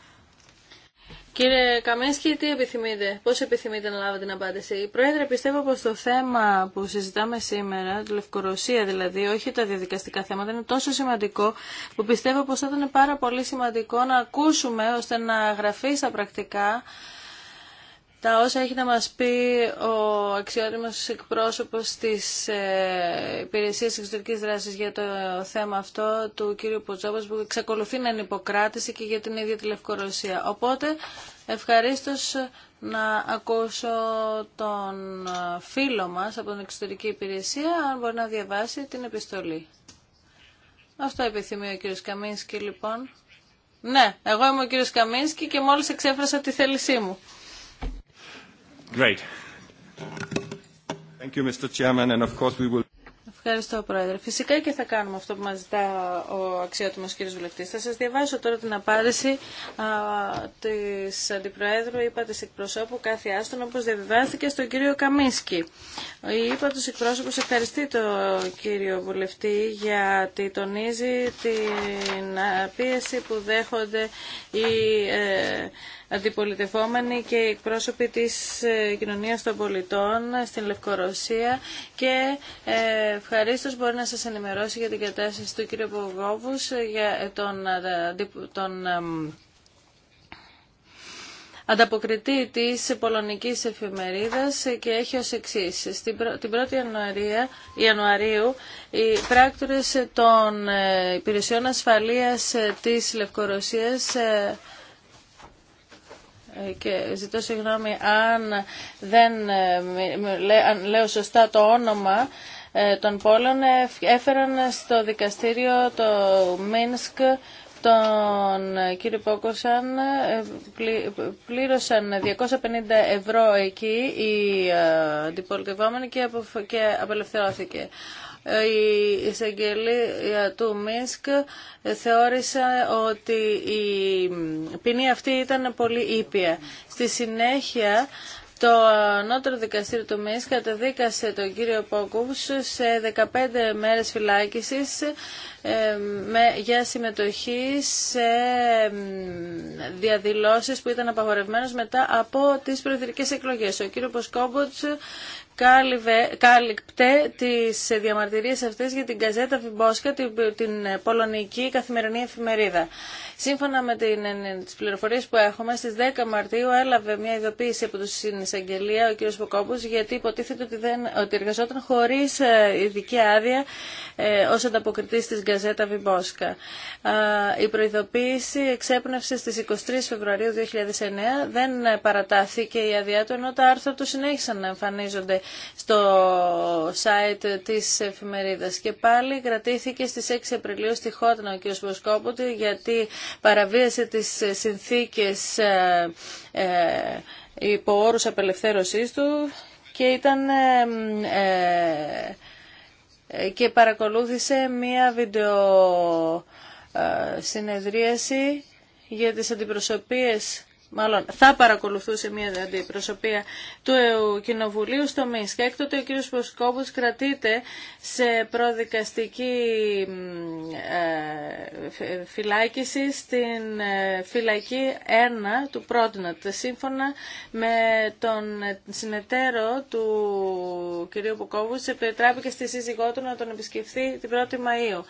Κύριε Καμίνσκι, τι επιθυμείτε, πώς επιθυμείτε να λάβετε την απάντηση. Πρόεδρε, πιστεύω πως το θέμα που συζητάμε σήμερα, τη Λευκορωσία δηλαδή, όχι τα διαδικαστικά θέματα, είναι τόσο σημαντικό που πιστεύω πως θα ήταν πάρα πολύ σημαντικό να ακούσουμε ώστε να γραφεί στα πρακτικά τα όσα έχει να μας πει ο αξιότιμος εκπρόσωπος της ε, Υπηρεσίας Εξωτερικής Δράσης για το θέμα αυτό του κ. Ποτσόπος που εξακολουθεί να είναι υποκράτηση και για την ίδια τη Λευκορωσία. Οπότε ευχαρίστως να ακούσω τον ε, φίλο μας από την Εξωτερική Υπηρεσία αν μπορεί να διαβάσει την επιστολή. Αυτό επιθυμεί ο κ. Καμίνσκι λοιπόν. Ναι, εγώ είμαι ο κ. Καμίνσκι και μόλις εξέφρασα τη θέλησή μου. Ευχαριστώ, Πρόεδρε. Φυσικά και θα κάνουμε αυτό που μας ζητά ο αξιότιμος κύριος Βουλευτής. Θα σας διαβάσω τώρα την απάντηση της Αντιπροέδρου, είπα της εκπροσώπου κάθε άστον, όπως διαβιβάστηκε στον κύριο Καμίσκι. Η είπα τους εκπρόσωπους ευχαριστεί τον κύριο Βουλευτή γιατί τονίζει την πίεση που δέχονται οι... Ε, αντιπολιτευόμενοι και εκπρόσωποι της ε, κοινωνίας των πολιτών στην Λευκορωσία και ε, ευχαρίστω μπορεί να σας ενημερώσει για την κατάσταση του κύριου Πογόβους, ε, για τον, τον ανταποκριτή της πολωνικής εφημερίδας και έχει ως εξή. την 1η Ιανουαρία, Ιανουαρίου οι πράκτορες των υπηρεσιών ασφαλείας της Λευκορωσίας και ζητώ συγγνώμη αν δεν ε, λέω σωστά το όνομα ε, των Πόλων, ε, έφεραν στο δικαστήριο το Μίνσκ τον κύριο Πόκοσαν πλήρωσαν 250 ευρώ εκεί οι αντιπολιτευόμενοι και απελευθερώθηκε η εισαγγελία του Μίσκ θεώρησε ότι η ποινή αυτή ήταν πολύ ήπια. Στη συνέχεια το ανώτερο δικαστήριο του ΜΙΣΚ καταδίκασε τον κύριο Πόκουβς σε 15 μέρες φυλάκισης για συμμετοχή σε διαδηλώσεις που ήταν απαγορευμένος μετά από τις προεδρικές εκλογές. Ο κύριο Ποσκόμποτς κάλυπτε τις διαμαρτυρίες αυτές για την καζέτα Βιμπόσκα, την πολωνική καθημερινή εφημερίδα. Σύμφωνα με την, τις πληροφορίες που έχουμε, στις 10 Μαρτίου έλαβε μια ειδοποίηση από τον συνεισαγγελία ο κ. Φωκόπους, γιατί υποτίθεται ότι, δεν, ότι εργαζόταν χωρίς ε, ειδική άδεια ε, ως ανταποκριτής της Γκαζέτα Βιμπόσκα. η προειδοποίηση εξέπνευσε στις 23 Φεβρουαρίου 2009, δεν παρατάθηκε η άδειά του, ενώ τα άρθρα του συνέχισαν να εμφανίζονται στο site της εφημερίδας. Και πάλι κρατήθηκε στις 6 Απριλίου στη Χότνα ο κ. Βοσκόποτη γιατί παραβίασε τις συνθήκες ε, ε, υπό όρους απελευθέρωσής του και ήταν... Ε, ε, ε, και παρακολούθησε μία βιντεοσυνεδρίαση για τις αντιπροσωπείες μάλλον θα παρακολουθούσε μια αντιπροσωπεία του Κοινοβουλίου στο ΜΙΣ. Και έκτοτε ο κ. Ποσκόπου κρατείται σε προδικαστική ε, φυλάκιση στην ε, φυλακή 1 του Πρότνατ, σύμφωνα με τον συνεταίρο του κυρίου ...σε επιτράπηκε στη σύζυγό του να τον επισκεφθεί την 1η Μαΐου.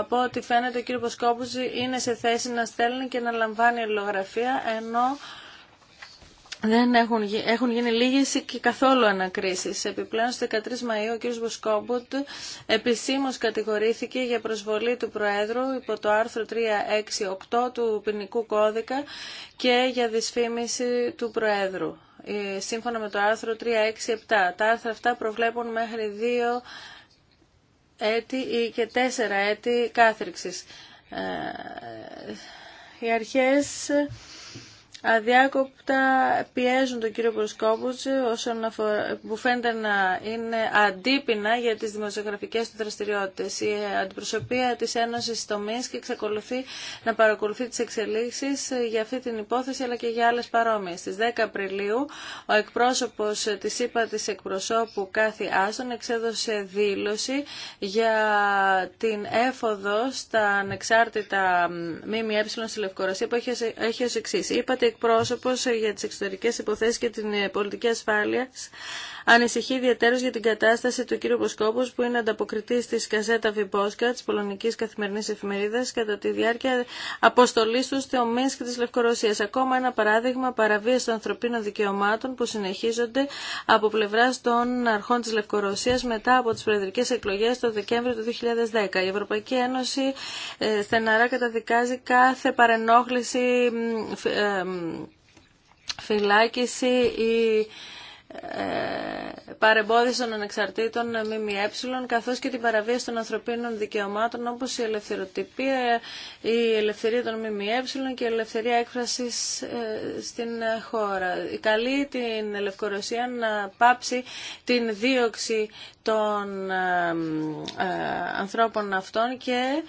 Από ό,τι φαίνεται ο κ. Ποσκόπους είναι σε θέση να στέλνει και να λαμβάνει η ενώ δεν έχουν, έχουν γίνει λίγες και καθόλου ανακρίσεις. Επιπλέον στις 13 Μαΐου ο κ. Βοσκόμπουτ επισήμως κατηγορήθηκε για προσβολή του Προέδρου υπό το άρθρο 368 του ποινικού κώδικα και για δυσφήμιση του Προέδρου ε, σύμφωνα με το άρθρο 367. Τα άρθρα αυτά προβλέπουν μέχρι δύο έτη ή και τέσσερα έτη κάθριξης. Ε, οι αρχές αδιάκοπτα πιέζουν τον κύριο Προσκόπους όσον αφορά, που φαίνεται να είναι αντίπεινα για τις δημοσιογραφικές του δραστηριότητες. Η αντιπροσωπεία της Ένωσης Τομής και εξακολουθεί να παρακολουθεί τις εξελίξεις για αυτή την υπόθεση αλλά και για άλλες παρόμοιες. Στις 10 Απριλίου ο εκπρόσωπος της ΥΠΑ της εκπροσώπου Κάθη Άστον εξέδωσε δήλωση για την έφοδο στα ανεξάρτητα ΜΜΕ στη που έχει ως εξής. Εκπρόσωπο ε, για τι εξωτερικέ υποθέσει και την ε, πολιτική ασφάλεια ανησυχεί ιδιαίτερω για την κατάσταση του κ. Ποσκόπου, που είναι ανταποκριτή τη Κασέτα Βιμπόσκα τη Πολωνική Καθημερινή Εφημερίδα κατά τη διάρκεια αποστολή του στο Μίνσκ τη Λευκορωσία. Ακόμα ένα παράδειγμα παραβίαση των ανθρωπίνων δικαιωμάτων που συνεχίζονται από πλευρά των αρχών τη Λευκορωσία μετά από τι προεδρικέ εκλογέ το Δεκέμβριο του 2010. Η Ευρωπαϊκή Ένωση ε, στεναρά καταδικάζει κάθε παρενόχληση φυλάκιση ή ε, παρεμπόδιση των ανεξαρτήτων ΜΜΕ καθώς και την παραβίαση των ανθρωπίνων δικαιωμάτων όπως η ελευθεροτυπία, η ελευθερία των ΜΜΕ και η ελευθερία έκφρασης ε, στην χώρα. Καλεί την Λευκορωσία να πάψει την δίωξη των ε, ανθρώπων αυτών και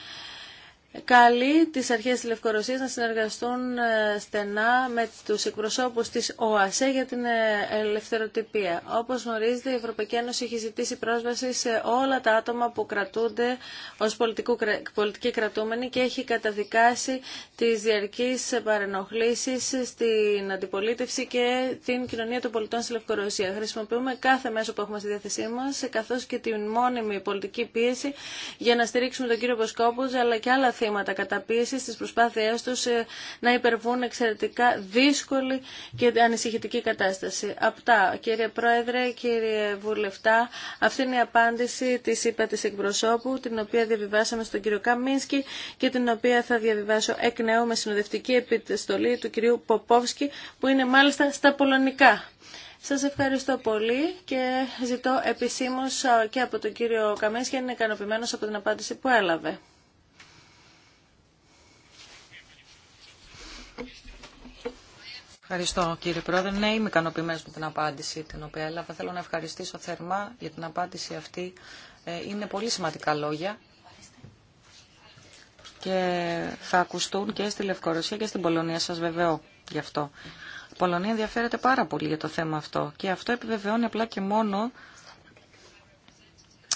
καλεί τις αρχές της Λευκορωσίας να συνεργαστούν ε, στενά με τους εκπροσώπους της ΟΑΣΕ για την ε, ελευθεροτυπία. Όπως γνωρίζετε, η Ευρωπαϊκή Ένωση έχει ζητήσει πρόσβαση σε όλα τα άτομα που κρατούνται ως πολιτικοί κρατούμενοι και έχει καταδικάσει τις διαρκείς παρενοχλήσεις στην αντιπολίτευση και την κοινωνία των πολιτών στη Λευκορωσία. Χρησιμοποιούμε κάθε μέσο που έχουμε στη διάθεσή μας, καθώς και την μόνιμη πολιτική πίεση για να στηρίξουμε τον κύριο Ποσκόπουζ αλλά και άλλα θύματα καταπίεσης στις προσπάθειές τους ε, να υπερβούν εξαιρετικά δύσκολη και ανησυχητική κατάσταση. Αυτά, κύριε Πρόεδρε, κύριε Βουλευτά, αυτή είναι η απάντηση της ΥΠΑ της εκπροσώπου, την οποία διαβιβάσαμε στον κύριο Καμίνσκι και την οποία θα διαβιβάσω εκ νέου με συνοδευτική επιστολή του κυρίου Ποπόφσκι, που είναι μάλιστα στα πολωνικά. Σας ευχαριστώ πολύ και ζητώ επισήμως ε, και από τον κύριο Καμίνσκι να είναι ικανοποιημένος από την απάντηση που έλαβε. Ευχαριστώ κύριε Πρόεδρε. Ναι, είμαι ικανοποιημένο με την απάντηση την οποία έλαβα. Θέλω να ευχαριστήσω θερμά για την απάντηση αυτή. Ε, είναι πολύ σημαντικά λόγια και θα ακουστούν και στη Λευκορωσία και στην Πολωνία. Σας βεβαιώ γι' αυτό. Η Πολωνία ενδιαφέρεται πάρα πολύ για το θέμα αυτό και αυτό επιβεβαιώνει απλά και μόνο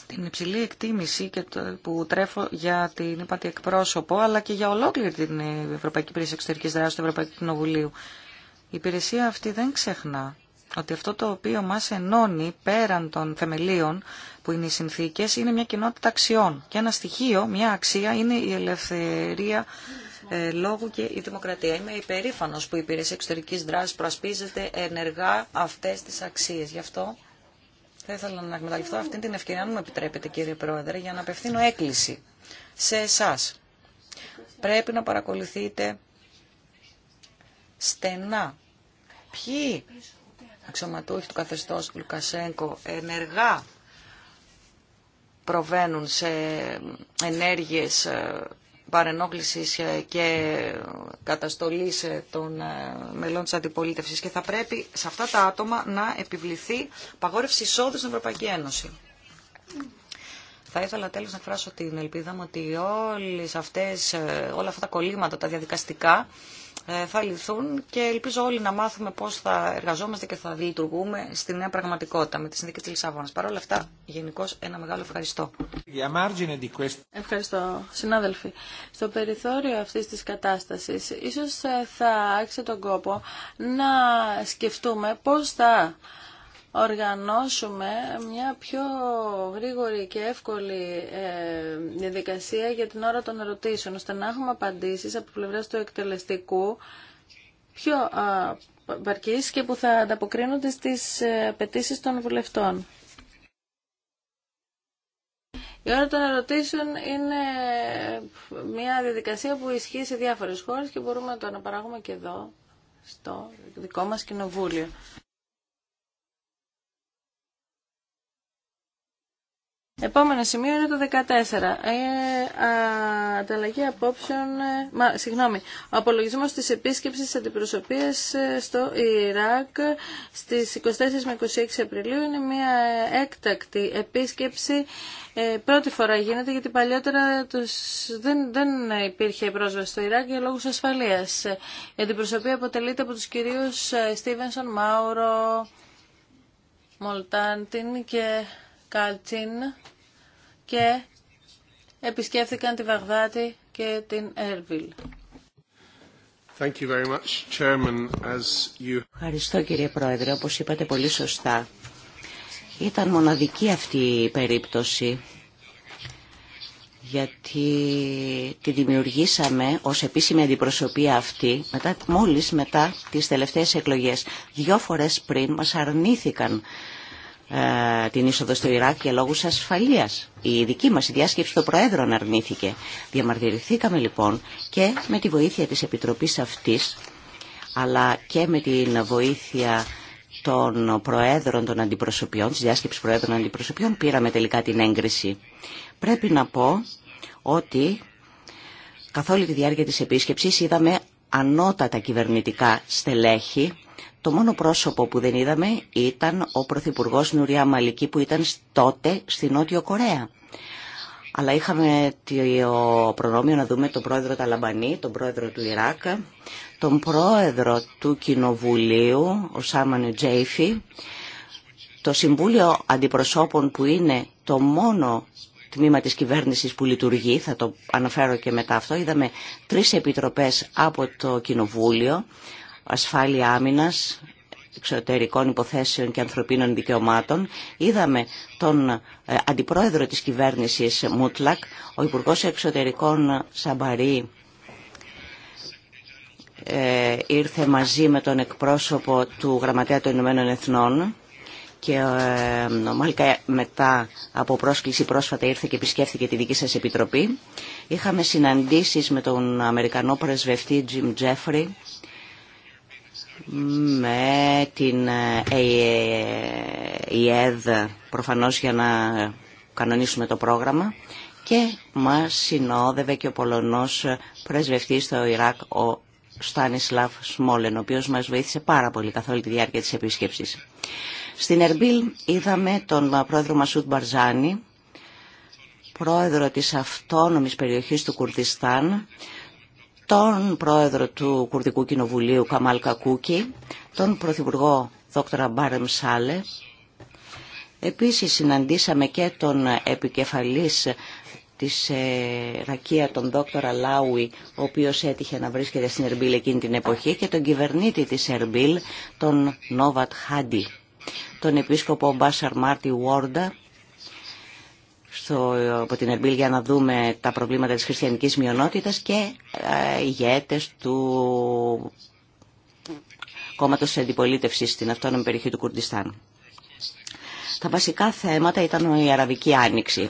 την υψηλή εκτίμηση και που τρέφω για την είπατε εκπρόσωπο αλλά και για ολόκληρη την Ευρωπαϊκή Υπηρεσία Εξωτερικής Δράσης του Ευρωπαϊκού Κοινοβουλίου. Η υπηρεσία αυτή δεν ξεχνά ότι αυτό το οποίο μας ενώνει πέραν των θεμελίων που είναι οι συνθήκες είναι μια κοινότητα αξιών και ένα στοιχείο, μια αξία είναι η ελευθερία ε, λόγου και η δημοκρατία. Είμαι υπερήφανος που η υπηρεσία εξωτερικής δράσης προσπίζεται ενεργά αυτές τις αξίες. Γι' αυτό θα ήθελα να εκμεταλλευτώ αυτή την ευκαιρία, αν μου επιτρέπετε κύριε Πρόεδρε, για να απευθύνω έκκληση σε εσάς. Πρέπει να παρακολουθείτε στενά. Ποιοι αξιωματούχοι του καθεστώς Λουκασέγκο ενεργά προβαίνουν σε ενέργειες ε, παρενόχλησης ε, και καταστολής ε, των μελών της αντιπολίτευσης και θα πρέπει σε αυτά τα άτομα να επιβληθεί παγόρευση εισόδου στην Ευρωπαϊκή Ένωση. Θα ήθελα τέλος να εκφράσω την ελπίδα μου ότι όλες αυτές, όλα αυτά τα κολλήματα, τα διαδικαστικά, ε, θα λυθούν και ελπίζω όλοι να μάθουμε πώ θα εργαζόμαστε και θα λειτουργούμε στη νέα πραγματικότητα με τη Συνδίκη τη Λισαβόνα. Παρ' όλα αυτά, γενικώ ένα μεγάλο ευχαριστώ. Ευχαριστώ, συνάδελφοι. Στο περιθώριο αυτή τη κατάσταση ίσω ε, θα άξιζε τον κόπο να σκεφτούμε πώ θα οργανώσουμε μια πιο γρήγορη και εύκολη ε, διαδικασία για την ώρα των ερωτήσεων, ώστε να έχουμε απαντήσεις από πλευρά του εκτελεστικού πιο παρκής και που θα ανταποκρίνονται στις ε, απαιτήσει των βουλευτών. Η ώρα των ερωτήσεων είναι μια διαδικασία που ισχύει σε διάφορες χώρες και μπορούμε να το αναπαράγουμε και εδώ, στο δικό μας κοινοβούλιο. Επόμενο σημείο είναι το 14. Ε, α, ανταλλαγή απόψεων, ε, μα, συγγνώμη, ο απολογισμός της επίσκεψης ε, στο Ιράκ στις 24 με 26 Απριλίου είναι μια έκτακτη επίσκεψη. Ε, πρώτη φορά γίνεται γιατί παλιότερα τους, δεν, δεν υπήρχε πρόσβαση στο Ιράκ για λόγους ασφαλείας. Η αντιπροσωπεία αποτελείται από τους κυρίους Στίβενσον, Μάουρο, Μολτάντιν και Κάλτσιν και επισκέφθηκαν τη Βαγδάτη και την Έρβιλ. Ευχαριστώ κύριε Πρόεδρε, όπως είπατε πολύ σωστά. Ήταν μοναδική αυτή η περίπτωση γιατί τη δημιουργήσαμε ως επίσημη αντιπροσωπεία αυτή μετά, μόλις μετά τις τελευταίες εκλογές. Δυο φορές πριν μας αρνήθηκαν ε, την είσοδο στο Ιράκ για λόγους ασφαλείας. Η δική μας η διάσκεψη των Προέδρων αρνήθηκε. Διαμαρτυρηθήκαμε λοιπόν και με τη βοήθεια της Επιτροπής αυτής αλλά και με τη βοήθεια των Προέδρων των Αντιπροσωπιών, της διάσκεψης Προέδρων Αντιπροσωπιών πήραμε τελικά την έγκριση. Πρέπει να πω ότι καθ' όλη τη διάρκεια της επίσκεψης είδαμε ανώτατα κυβερνητικά στελέχη το μόνο πρόσωπο που δεν είδαμε ήταν ο Πρωθυπουργό Νουριά Μαλική που ήταν τότε στη Νότιο Κορέα. Αλλά είχαμε το προνόμιο να δούμε τον πρόεδρο Ταλαμπανή, τον πρόεδρο του Ιράκ, τον πρόεδρο του Κοινοβουλίου, ο Σάμαν Τζέιφι, το Συμβούλιο Αντιπροσώπων που είναι το μόνο τμήμα της κυβέρνησης που λειτουργεί, θα το αναφέρω και μετά αυτό, είδαμε τρεις επιτροπές από το Κοινοβούλιο, ασφάλεια άμυνας, εξωτερικών υποθέσεων και ανθρωπίνων δικαιωμάτων. Είδαμε τον ε, αντιπρόεδρο της κυβέρνησης Μούτλακ, ο Υπουργός Εξωτερικών Σαμπαρή, ε, ήρθε μαζί με τον εκπρόσωπο του Γραμματέα των Ηνωμένων Εθνών και ε, μάλιστα μετά από πρόσκληση πρόσφατα ήρθε και επισκέφθηκε τη δική σας επιτροπή. Είχαμε συναντήσεις με τον Αμερικανό πρεσβευτή Jim Jeffrey με την ΕΕΔ ε, προφανώς για να κανονίσουμε το πρόγραμμα και μας συνόδευε και ο Πολωνός πρεσβευτής στο Ιράκ ο Στάνισλαβ Σμόλεν ο οποίος μας βοήθησε πάρα πολύ καθ' όλη τη διάρκεια της επίσκεψης. Στην Ερμπίλ είδαμε τον πρόεδρο Μασούτ Μπαρζάνη πρόεδρο της αυτόνομης περιοχής του Κουρδιστάν τον πρόεδρο του Κουρδικού Κοινοβουλίου Καμάλ Κακούκη, τον πρωθυπουργό Δόκτωρα Μπάρεμ Σάλε. Επίσης συναντήσαμε και τον επικεφαλής της ε, Ρακία, τον Δόκτωρα Λάουι, ο οποίος έτυχε να βρίσκεται στην Ερμπίλ εκείνη την εποχή, και τον κυβερνήτη της Ερμπίλ, τον Νόβατ Χάντι, τον επίσκοπο Μπάσαρ Μάρτι Βόρντα, στο, από την Ερμπίλ για να δούμε τα προβλήματα της χριστιανικής μειονότητας και ε, ηγέτες του κόμματος της αντιπολίτευσης στην αυτόνομη περιοχή του Κουρδιστάν. Τα βασικά θέματα ήταν η Αραβική Άνοιξη,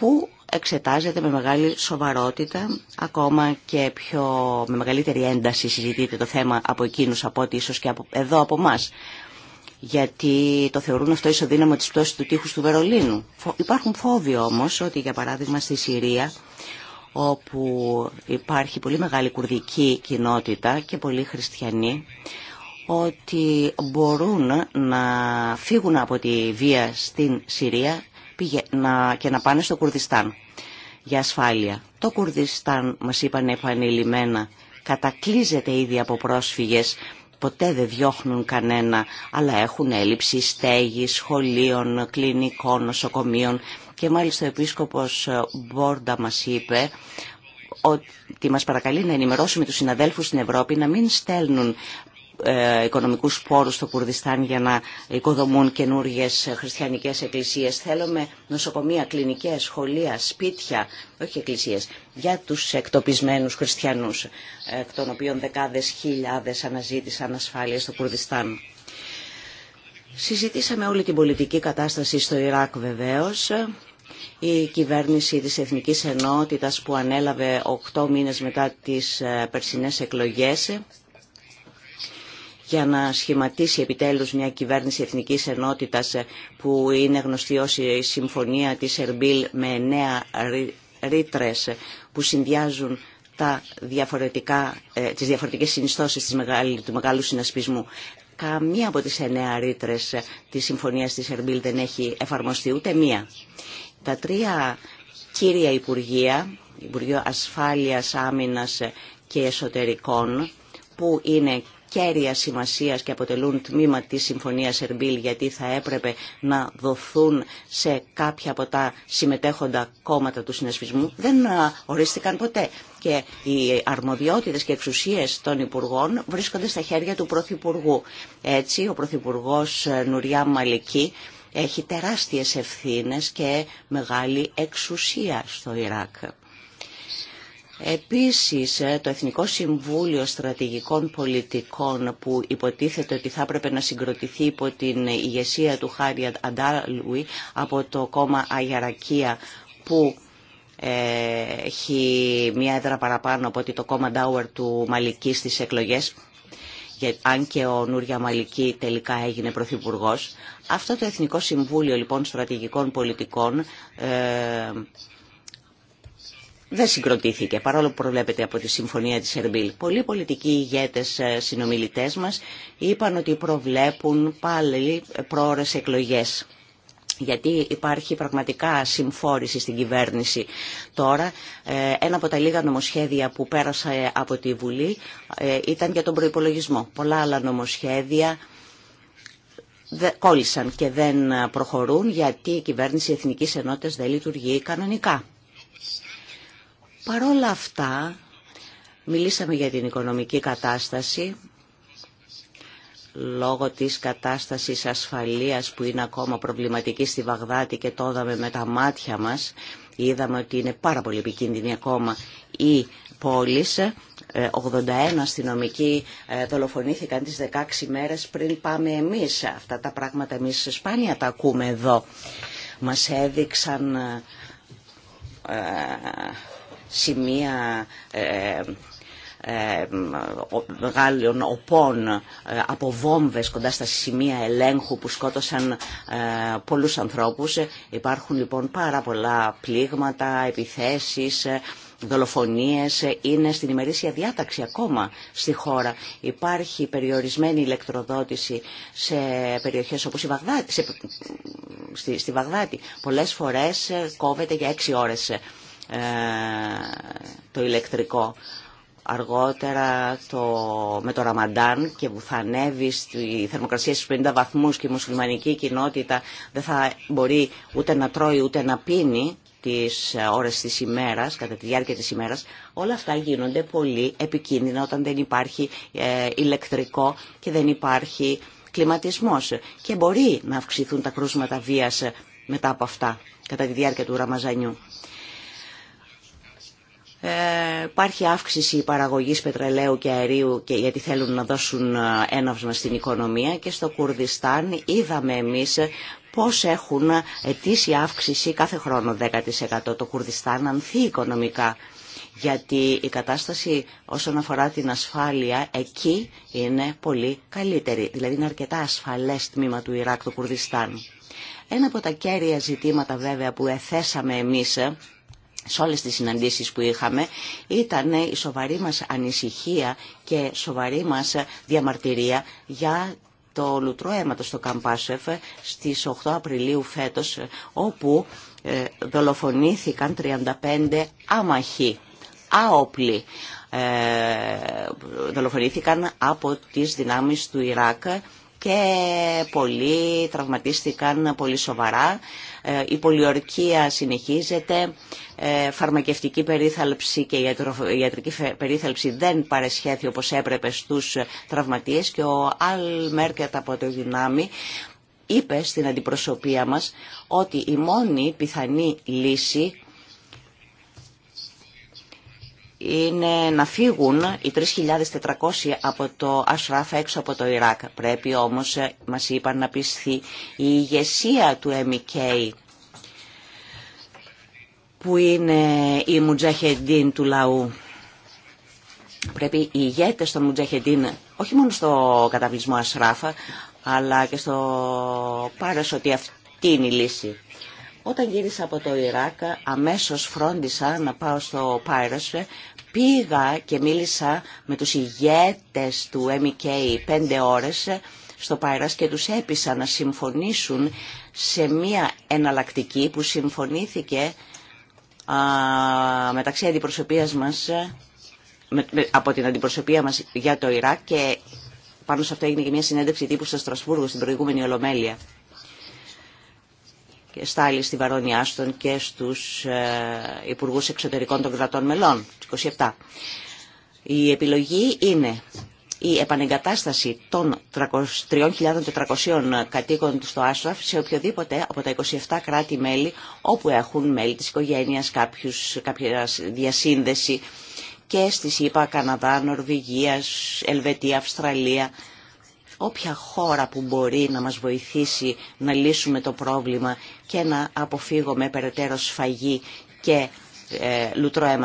που εξετάζεται με μεγάλη σοβαρότητα, ακόμα και πιο, με μεγαλύτερη ένταση συζητείται το θέμα από εκείνους, από ό,τι ίσως και από, εδώ από εμά γιατί το θεωρούν αυτό ισοδύναμο της πτώσης του τείχους του Βερολίνου. Υπάρχουν φόβοι όμως ότι για παράδειγμα στη Συρία όπου υπάρχει πολύ μεγάλη κουρδική κοινότητα και πολλοί χριστιανοί ότι μπορούν να φύγουν από τη βία στην Συρία και να πάνε στο Κουρδιστάν για ασφάλεια. Το Κουρδιστάν, μας είπαν επανειλημμένα, κατακλείζεται ήδη από πρόσφυγες ποτέ δεν διώχνουν κανένα, αλλά έχουν έλλειψη στέγη, σχολείων, κλινικών, νοσοκομείων. Και μάλιστα ο Επίσκοπος ε, Μπόρντα μας είπε ότι μας παρακαλεί να ενημερώσουμε τους συναδέλφους στην Ευρώπη να μην στέλνουν ε, οικονομικούς πόρους στο Κουρδιστάν για να οικοδομούν καινούργιες χριστιανικέ εκκλησίες. Θέλουμε νοσοκομεία, κλινικές, σχολεία, σπίτια, όχι εκκλησίες, για τους εκτοπισμένους χριστιανούς, εκ των οποίων δεκάδες χιλιάδες αναζήτησαν ασφάλεια στο Κουρδιστάν. Συζητήσαμε όλη την πολιτική κατάσταση στο Ιράκ βεβαίω, Η κυβέρνηση της Εθνικής Ενότητας που ανέλαβε 8 μήνες μετά τις ε, περσινές εκλογές για να σχηματίσει επιτέλους μια κυβέρνηση εθνικής ενότητας που είναι γνωστή ως η συμφωνία της Ερμπίλ με νέα ρήτρες που συνδυάζουν τα διαφορετικά, ε, τις διαφορετικές συνιστώσεις της του μεγάλου συνασπισμού. Καμία από τις εννέα ρήτρες της συμφωνίας της Ερμπίλ δεν έχει εφαρμοστεί, ούτε μία. Τα τρία κύρια Υπουργεία, Υπουργείο Ασφάλειας, Άμυνας και Εσωτερικών, που είναι κέρια σημασίας και αποτελούν τμήμα της Συμφωνίας Ερμπίλ γιατί θα έπρεπε να δοθούν σε κάποια από τα συμμετέχοντα κόμματα του συνασπισμού δεν ε, ορίστηκαν ποτέ και οι αρμοδιότητες και εξουσίες των Υπουργών βρίσκονται στα χέρια του Πρωθυπουργού. Έτσι ο Πρωθυπουργό ε, Νουριά Μαλική έχει τεράστιες ευθύνες και μεγάλη εξουσία στο Ιράκ. Επίσης, ε, το Εθνικό Συμβούλιο Στρατηγικών Πολιτικών που υποτίθεται ότι θα έπρεπε να συγκροτηθεί υπό την ηγεσία του Χάρια Αντάλουι από το κόμμα Αγιαρακία που ε, έχει μία έδρα παραπάνω από το κόμμα Ντάουερ του Μαλική στις εκλογές αν και ο Νούρια Μαλική τελικά έγινε πρωθυπουργό. Αυτό το Εθνικό Συμβούλιο λοιπόν Στρατηγικών Πολιτικών ε, δεν συγκροτήθηκε, παρόλο που προβλέπεται από τη Συμφωνία της Ερμπίλ. Πολλοί πολιτικοί ηγέτες, ε, συνομιλητές μας, είπαν ότι προβλέπουν πάλι πρόορες εκλογές. Γιατί υπάρχει πραγματικά συμφόρηση στην κυβέρνηση τώρα. Ε, ένα από τα λίγα νομοσχέδια που πέρασε από τη Βουλή ε, ήταν για τον προϋπολογισμό. Πολλά άλλα νομοσχέδια κόλλησαν και δεν προχωρούν γιατί η κυβέρνηση Εθνικής Ενότητας δεν λειτουργεί κανονικά. Παρόλα αυτά, μιλήσαμε για την οικονομική κατάσταση, λόγω της κατάστασης ασφαλείας που είναι ακόμα προβληματική στη Βαγδάτη και το είδαμε με τα μάτια μας. Είδαμε ότι είναι πάρα πολύ επικίνδυνη ακόμα η πόλη. 81 ε, αστυνομικοί ε, δολοφονήθηκαν τις 16 μέρες πριν πάμε εμείς. Αυτά τα πράγματα εμείς σπάνια τα ακούμε εδώ. Μας έδειξαν ε, σημεία ε, ε, μεγάλων οπών ε, από βόμβες κοντά στα σημεία ελέγχου που σκότωσαν πολλούς ανθρώπους. Υπάρχουν λοιπόν πάρα πολλά πλήγματα, επιθέσεις, δολοφονίες. Είναι στην ημερήσια διάταξη ακόμα στη χώρα. Υπάρχει περιορισμένη ηλεκτροδότηση σε περιοχές όπως η Βαγδάτη, στη, στη Βαγδάτη. Πολλές φορές κόβεται για έξι ώρες ε, το ηλεκτρικό. Αργότερα το, με το Ραμαντάν και που θα ανέβει στη θερμοκρασία στους 50 βαθμούς και η μουσουλμανική κοινότητα δεν θα μπορεί ούτε να τρώει ούτε να πίνει τις ε, ώρες της ημέρας, κατά τη διάρκεια της ημέρας, όλα αυτά γίνονται πολύ επικίνδυνα όταν δεν υπάρχει ε, ηλεκτρικό και δεν υπάρχει κλιματισμός. Και μπορεί να αυξηθούν τα κρούσματα βίας μετά από αυτά, κατά τη διάρκεια του Ραμαζανιού. Ε, υπάρχει αύξηση παραγωγής πετρελαίου και αερίου και γιατί θέλουν να δώσουν ε, έναυσμα στην οικονομία και στο Κουρδιστάν είδαμε εμείς πώς έχουν αιτήσει αύξηση κάθε χρόνο 10%. Το Κουρδιστάν ανθεί οικονομικά γιατί η κατάσταση όσον αφορά την ασφάλεια εκεί είναι πολύ καλύτερη. Δηλαδή είναι αρκετά ασφαλές τμήμα του Ιράκ, του Κουρδιστάν. Ένα από τα κέρια ζητήματα βέβαια που εθέσαμε εμείς σε όλες τις συναντήσεις που είχαμε ήταν η σοβαρή μας ανησυχία και σοβαρή μας διαμαρτυρία για το λουτρό αίματο στο Καμπάσεφ στις 8 Απριλίου φέτος όπου ε, δολοφονήθηκαν 35 άμαχοι, άοπλοι. Ε, δολοφονήθηκαν από τις δυνάμεις του Ιράκ και πολλοί τραυματίστηκαν πολύ σοβαρά. Ε, η πολιορκία συνεχίζεται, ε, φαρμακευτική περίθαλψη και ιατρική περίθαλψη δεν παρεσχέθη όπως έπρεπε στους τραυματίες και ο Αλ Μέρκετ από το Δυνάμι είπε στην αντιπροσωπεία μας ότι η μόνη πιθανή λύση είναι να φύγουν οι 3.400 από το Ασράφ έξω από το Ιράκ. Πρέπει όμως, ε, μας είπαν, να πιστεί η ηγεσία του MK που είναι η Μουτζαχεντίν του λαού. Πρέπει οι ηγέτες των Μουτζαχεντίν, όχι μόνο στο καταβλισμό Ασράφα, αλλά και στο Πάρες ότι αυτή είναι η λύση. Όταν γύρισα από το Ιράκ, αμέσως φρόντισα να πάω στο Πάιρος. Πήγα και μίλησα με τους ηγέτες του MK πέντε ώρες στο Πάιρας και τους έπεισα να συμφωνήσουν σε μια εναλλακτική που συμφωνήθηκε α, μεταξύ αντιπροσωπείας μας, από την αντιπροσωπεία μας για το Ιράκ και πάνω σε αυτό έγινε και μια συνέντευξη τύπου στο Στρασβούργο στην προηγούμενη Ολομέλεια στα άλλη στη Βαρόνια Άστον και στους ε, υπουργούς εξωτερικών των κρατών μελών, 27. Η επιλογή είναι η επανεγκατάσταση των 3.400 κατοίκων του στο Άστραφ σε οποιοδήποτε από τα 27 κράτη-μέλη όπου έχουν μέλη της οικογένειας, κάποιους, κάποια διασύνδεση και στις ΗΠΑ, Καναδά, Νορβηγία, Ελβετία, Αυστραλία, όποια χώρα που μπορεί να μας βοηθήσει να λύσουμε το πρόβλημα και να αποφύγουμε περαιτέρω σφαγή και ε,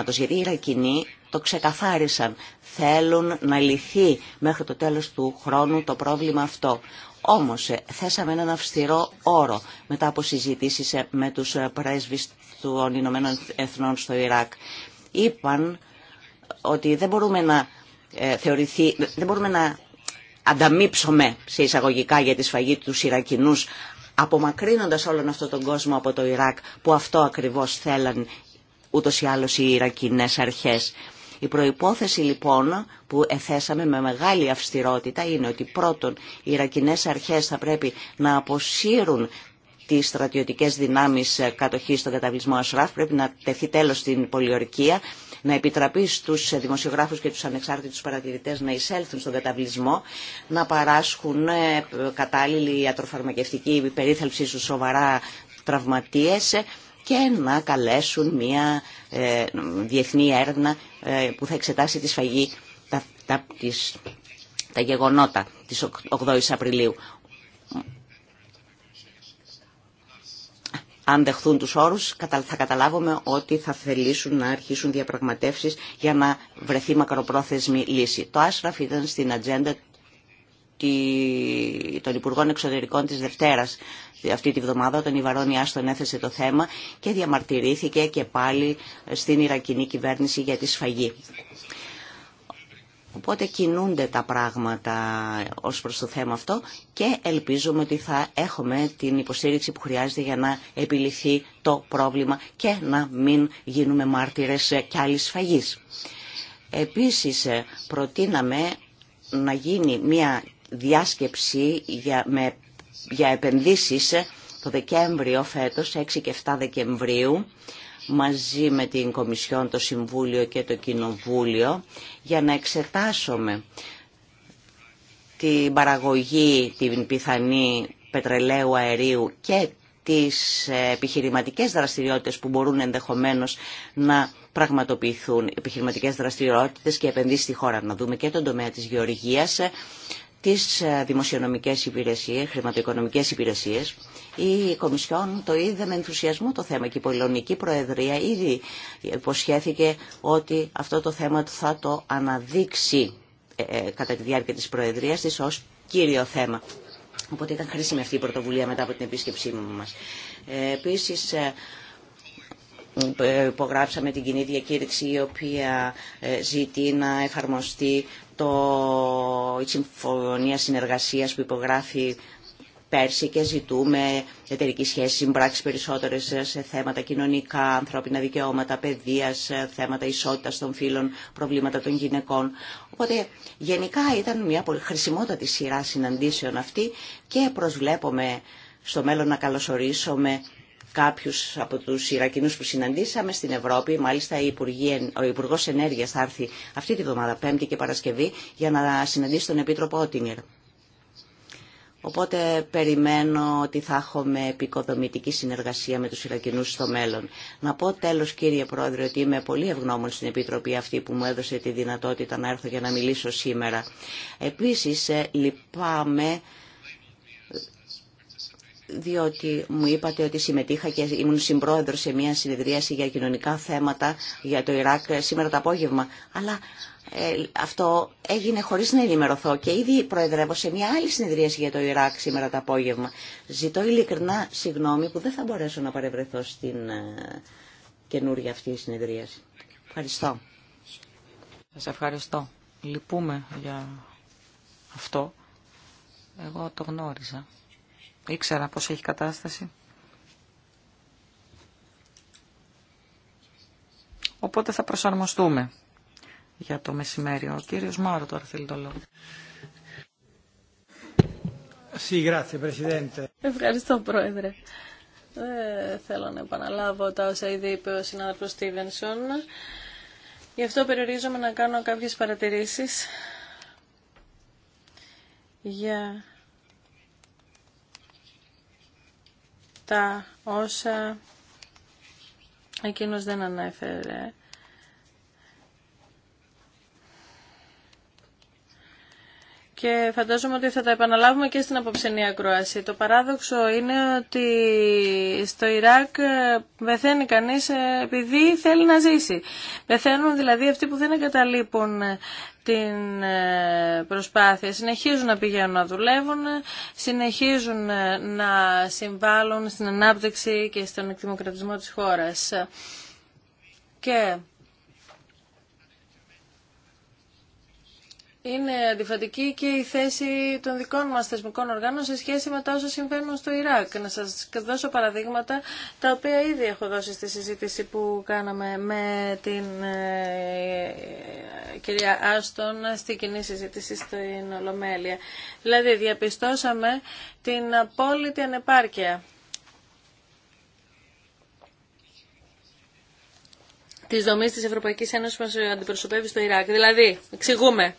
Γιατί οι Ιρακινοί το ξεκαθάρισαν. Θέλουν να λυθεί μέχρι το τέλος του χρόνου το πρόβλημα αυτό. Όμως ε, θέσαμε έναν αυστηρό όρο μετά από συζητήσεις ε, με τους ε, πρέσβεις των Ηνωμένων Εθνών στο Ιράκ. Είπαν ότι δεν μπορούμε να θεωρηθεί, δεν μπορούμε να Ανταμείψομαι σε εισαγωγικά για τη σφαγή του Ιρακινού, απομακρύνοντας όλον αυτόν τον κόσμο από το Ιράκ που αυτό ακριβώς θέλαν ούτως ή άλλως οι Ιρακινέ αρχέ. Η λοιπόν, άλλω οι ιρακινέ αρχες η προυποθεση λοιπον που εθεσαμε με αρχές θα πρέπει να αποσύρουν τις στρατιωτικές δυνάμεις ε, κατοχής στον καταβλισμό Ασράφ, πρέπει να τεθεί τέλος στην πολιορκία να επιτραπεί στους δημοσιογράφους και τους ανεξάρτητους παρατηρητές να εισέλθουν στον καταβλισμό, να παράσχουν ε, κατάλληλη ιατροφαρμακευτική περίθαλψη στους σοβαρά τραυματίες και να καλέσουν μια ε, διεθνή έρευνα ε, που θα εξετάσει τη σφαγή τα, τα, τα γεγονότα της 8ης Απριλίου. αν δεχθούν τους όρους θα καταλάβουμε ότι θα θελήσουν να αρχίσουν διαπραγματεύσεις για να βρεθεί μακροπρόθεσμη λύση. Το Άσραφ ήταν στην ατζέντα των Υπουργών Εξωτερικών της Δευτέρας αυτή τη βδομάδα όταν η Βαρόνι Άστον έθεσε το θέμα και διαμαρτυρήθηκε και πάλι στην Ιρακινή κυβέρνηση για τη σφαγή. Οπότε κινούνται τα πράγματα ως προς το θέμα αυτό και ελπίζουμε ότι θα έχουμε την υποστήριξη που χρειάζεται για να επιληθεί το πρόβλημα και να μην γίνουμε μάρτυρες κι άλλης φαγής. Επίσης προτείναμε να γίνει μια διάσκεψη για, με, για επενδύσεις το Δεκέμβριο φέτος, 6 και 7 Δεκεμβρίου, μαζί με την Κομισιόν, το Συμβούλιο και το Κοινοβούλιο για να εξετάσουμε την παραγωγή, την πιθανή πετρελαίου αερίου και τις επιχειρηματικές δραστηριότητες που μπορούν ενδεχομένως να πραγματοποιηθούν επιχειρηματικές δραστηριότητες και επενδύσεις στη χώρα. Να δούμε και τον τομέα της γεωργίας τις ε, δημοσιονομικές υπηρεσίες, χρηματοοικονομικές υπηρεσίες. Η Κομισιόν το είδε με ενθουσιασμό το θέμα και η Πολωνική Προεδρία ήδη υποσχέθηκε ότι αυτό το θέμα θα το αναδείξει ε, ε, κατά τη διάρκεια της Προεδρίας της ως κύριο θέμα. Οπότε ήταν χρήσιμη αυτή η πρωτοβουλία μετά από την επίσκεψή μας. Επίσης, υπογράψαμε την κοινή διακήρυξη η οποία ζητεί να εφαρμοστεί το, η συμφωνία συνεργασίας που υπογράφει πέρσι και ζητούμε εταιρική σχέση, συμπράξει περισσότερε σε θέματα κοινωνικά, ανθρώπινα δικαιώματα, παιδεία, θέματα ισότητα των φύλων, προβλήματα των γυναικών. Οπότε γενικά ήταν μια πολύ χρησιμότατη σειρά συναντήσεων αυτή και προσβλέπουμε στο μέλλον να καλωσορίσουμε κάποιους από τους Ιρακινούς που συναντήσαμε στην Ευρώπη, μάλιστα η Υπουργή, ο Υπουργό Ενέργειας θα έρθει αυτή τη βδομάδα, Πέμπτη και Παρασκευή, για να συναντήσει τον Επίτροπο Ότιμιρ. Οπότε περιμένω ότι θα έχουμε επικοδομητική συνεργασία με τους Ιρακινούς στο μέλλον. Να πω τέλος κύριε Πρόεδρε ότι είμαι πολύ ευγνώμων στην Επιτροπή αυτή που μου έδωσε τη δυνατότητα να έρθω για να μιλήσω σήμερα. Επίσης ε, λυπάμαι διότι μου είπατε ότι συμμετείχα και ήμουν συμπρόεδρος σε μια συνεδρίαση για κοινωνικά θέματα για το Ιράκ σήμερα το απόγευμα. Αλλά ε, αυτό έγινε χωρίς να ενημερωθώ και ήδη προεδρεύω σε μια άλλη συνεδρίαση για το Ιράκ σήμερα το απόγευμα. Ζητώ ειλικρινά συγγνώμη που δεν θα μπορέσω να παρευρεθώ στην ε, καινούργια αυτή συνεδρίαση. Ευχαριστώ. Σας ευχαριστώ. Λυπούμε για αυτό. Εγώ το γνώριζα. Ήξερα πώς έχει κατάσταση. Οπότε θα προσαρμοστούμε για το μεσημέρι. Ο κύριος Μάρο τώρα θέλει το λόγο. Ευχαριστώ, Πρόεδρε. Δεν θέλω να επαναλάβω τα όσα ήδη είπε ο συνάδελφος Στίβενσον. Γι' αυτό περιορίζομαι να κάνω κάποιες παρατηρήσεις για τα όσα εκείνος δεν ανέφερε και φαντάζομαι ότι θα τα επαναλάβουμε και στην απόψενή ακρόαση. Το παράδοξο είναι ότι στο Ιράκ πεθαίνει ε, κανείς ε, επειδή θέλει να ζήσει. Πεθαίνουν δηλαδή αυτοί που δεν εγκαταλείπουν ε, την προσπάθεια. Συνεχίζουν να πηγαίνουν να δουλεύουν, συνεχίζουν να συμβάλλουν στην ανάπτυξη και στον εκδημοκρατισμό της χώρας. Και είναι αντιφατική και η θέση των δικών μας θεσμικών οργάνων σε σχέση με τα όσα συμβαίνουν στο Ιράκ. Να σας δώσω παραδείγματα τα οποία ήδη έχω δώσει στη συζήτηση που κάναμε με την ε, κυρία Άστον στη κοινή συζήτηση στην Ολομέλεια. Δηλαδή διαπιστώσαμε την απόλυτη ανεπάρκεια της δομής της Ευρωπαϊκής Ένωσης που αντιπροσωπεύει στο Ιράκ. Δηλαδή, εξηγούμε,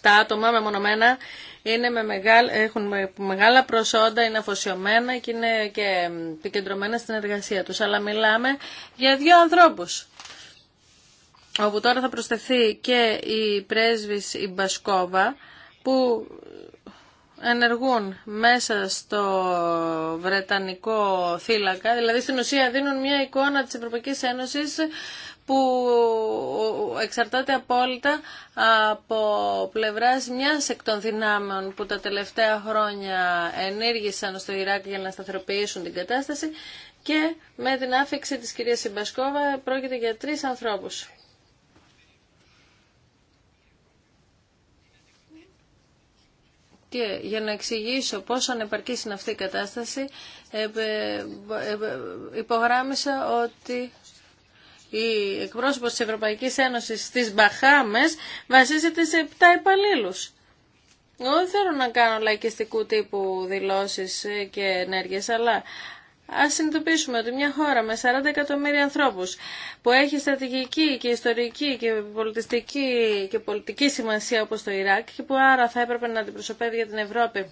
τα άτομα μεμονωμένα είναι με μεγάλ, έχουν μεγάλα προσόντα, είναι αφοσιωμένα και είναι και επικεντρωμένα στην εργασία τους. Αλλά μιλάμε για δύο ανθρώπους όπου τώρα θα προσθεθεί και η πρέσβης η Μπασκόβα που ενεργούν μέσα στο βρετανικό θύλακα, δηλαδή στην ουσία δίνουν μια εικόνα της Ευρωπαϊκής Ένωσης που εξαρτάται απόλυτα από πλευράς μιας εκ των δυνάμεων που τα τελευταία χρόνια ενήργησαν στο Ιράκ για να σταθεροποιήσουν την κατάσταση και με την άφηξη της κυρίας Συμπασκόβα πρόκειται για τρεις ανθρώπους. Και για να εξηγήσω πόσο ανεπαρκής είναι αυτή η κατάσταση, ε, ε, ε, υπογράμμισα ότι η εκπρόσωπος της Ευρωπαϊκής Ένωσης στις Μπαχάμες βασίζεται σε 7 υπαλλήλου. Εγώ δεν θέλω να κάνω λαϊκιστικού τύπου δηλώσεις και ενέργειες, αλλά Α συνειδητοποιήσουμε ότι μια χώρα με 40 εκατομμύρια ανθρώπου που έχει στρατηγική και ιστορική και πολιτιστική και πολιτική σημασία όπω το Ιράκ και που άρα θα έπρεπε να αντιπροσωπεύει για την Ευρώπη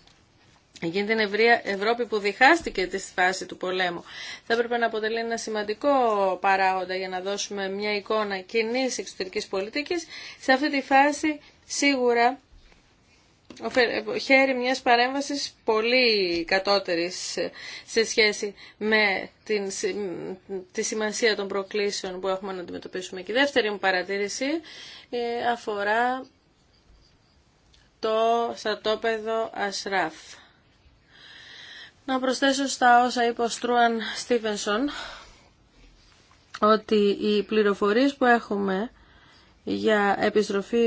Εκείνη την Ευρώπη που διχάστηκε τη φάση του πολέμου θα έπρεπε να αποτελεί ένα σημαντικό παράγοντα για να δώσουμε μια εικόνα κοινή εξωτερικής πολιτικής. Σε αυτή τη φάση σίγουρα ε, χαίρει μιας παρέμβασης πολύ κατώτερης ε, σε σχέση με την, τη σημασία των προκλήσεων που έχουμε να αντιμετωπίσουμε. Και η δεύτερη μου παρατήρηση ε, αφορά το στρατόπεδο Ασράφ. Να προσθέσω στα όσα είπε ο Στρούαν Στίβενσον ότι οι πληροφορίες που έχουμε για επιστροφή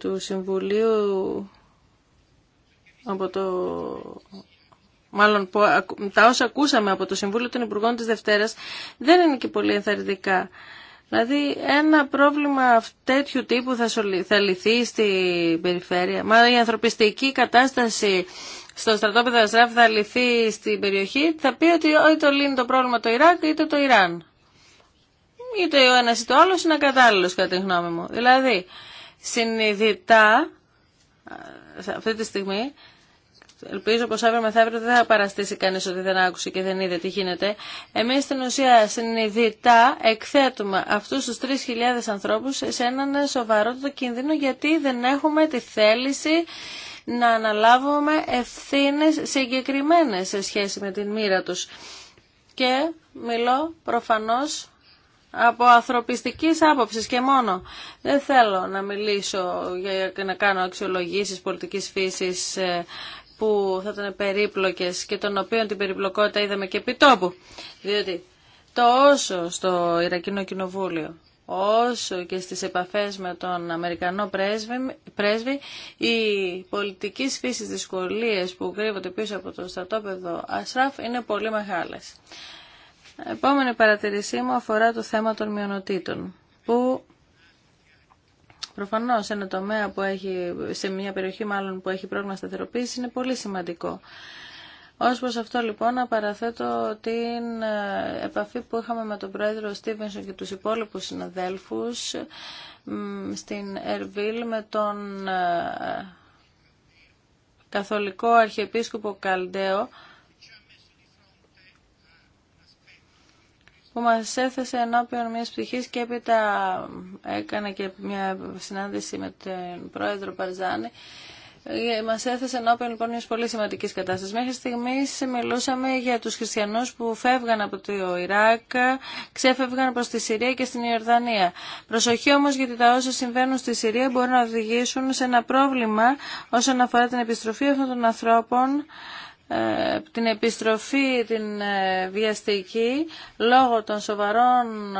του Συμβουλίου από το... Μάλλον τα όσα ακούσαμε από το Συμβούλιο των Υπουργών της Δευτέρας δεν είναι και πολύ ενθαρρυντικά. Δηλαδή ένα πρόβλημα τέτοιου τύπου θα, λυθεί στην περιφέρεια. Μα η ανθρωπιστική κατάσταση στο στρατόπεδο Ασράφ θα λυθεί στην περιοχή, θα πει ότι είτε λύνει το πρόβλημα το Ιράκ είτε το Ιράν. Είτε ο ένα είτε ο άλλο είναι ακατάλληλο, κατά τη γνώμη μου. Δηλαδή, συνειδητά, αυτή τη στιγμή, ελπίζω πως αύριο μεθαύριο δεν θα παραστήσει κανεί ότι δεν άκουσε και δεν είδε τι γίνεται. Εμείς στην ουσία συνειδητά εκθέτουμε αυτού του 3.000 ανθρώπου σε έναν σοβαρό κίνδυνο γιατί δεν έχουμε τη θέληση να αναλάβουμε ευθύνες συγκεκριμένες σε σχέση με την μοίρα τους. Και μιλώ προφανώς από ανθρωπιστικής άποψης και μόνο. Δεν θέλω να μιλήσω για να κάνω αξιολογήσεις πολιτικής φύσης ε, που θα ήταν περίπλοκες και των οποίων την περιπλοκότητα είδαμε και επί Διότι το όσο στο Ιρακινό Κοινοβούλιο όσο και στις επαφές με τον Αμερικανό πρέσβη, πρέσβη οι πολιτικής φύσης δυσκολίες που κρύβονται πίσω από το στρατόπεδο Ασράφ είναι πολύ μεγάλες. Επόμενη παρατηρήσή μου αφορά το θέμα των μειονοτήτων που προφανώς σε ένα που έχει, σε μια περιοχή μάλλον που έχει πρόβλημα σταθεροποίηση είναι πολύ σημαντικό. Ως προς αυτό λοιπόν να παραθέτω την ε, επαφή που είχαμε με τον πρόεδρο Στίβενσον και τους υπόλοιπους συναδέλφους στην Ερβίλ με τον ε, καθολικό αρχιεπίσκοπο Καλντέο που μας έθεσε ενώπιον μιας ψυχής και έπειτα ε, έκανε και μια συνάντηση με τον πρόεδρο Παρζάνη ε, Μα έθεσε ενώπιον λοιπόν μια πολύ σημαντική κατάσταση. Μέχρι στιγμή μιλούσαμε για του χριστιανού που φεύγαν από το Ιράκ, ξέφευγαν προ τη Συρία και στην Ιορδανία. Προσοχή όμω γιατί τα όσα συμβαίνουν στη Συρία μπορούν να οδηγήσουν σε ένα πρόβλημα όσον αφορά την επιστροφή αυτών των ανθρώπων ε, την επιστροφή την ε, βιαστική λόγω των σοβαρών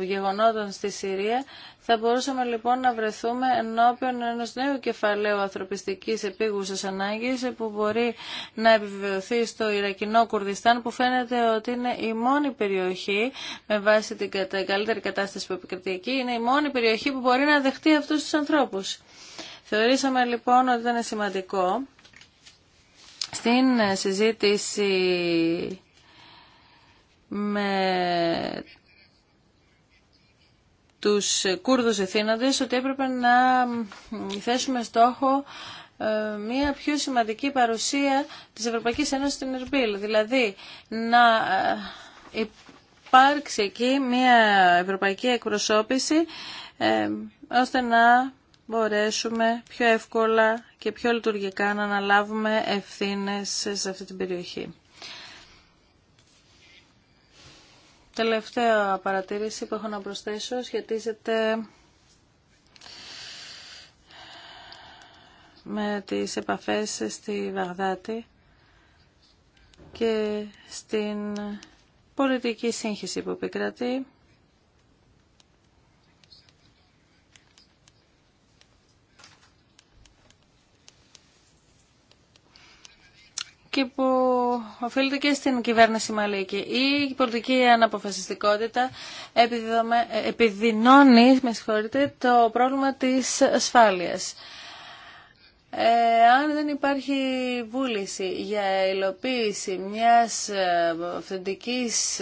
ε, γεγονότων στη Συρία θα μπορούσαμε λοιπόν να βρεθούμε ενώπιον ενός νέου κεφαλαίου ανθρωπιστικής επίγουσας ανάγκης που μπορεί να επιβεβαιωθεί στο Ιρακινό Κουρδιστάν που φαίνεται ότι είναι η μόνη περιοχή με βάση την καλύτερη κατάσταση που επικρατεί εκεί είναι η μόνη περιοχή που μπορεί να δεχτεί αυτούς τους ανθρώπους. Θεωρήσαμε λοιπόν ότι ήταν σημαντικό στην συζήτηση με τους Κούρδους εθήνοντες ότι έπρεπε να θέσουμε στόχο ε, μια πιο σημαντική παρουσία της Ευρωπαϊκής Ένωσης στην Ερμπίλ. Δηλαδή να ε, υπάρξει εκεί μια ευρωπαϊκή εκπροσώπηση ε, ώστε να μπορέσουμε πιο εύκολα και πιο λειτουργικά να αναλάβουμε ευθύνες σε αυτή την περιοχή. Τελευταία παρατήρηση που έχω να προσθέσω σχετίζεται με τις επαφές στη Βαγδάτη και στην πολιτική σύγχυση που επικρατεί και που οφείλεται και στην κυβέρνηση Μαλίκη. Η πολιτική αναποφασιστικότητα επιδεινώνει με το πρόβλημα της ασφάλειας. Ε, αν δεν υπάρχει βούληση για υλοποίηση μιας ε, αυθεντικής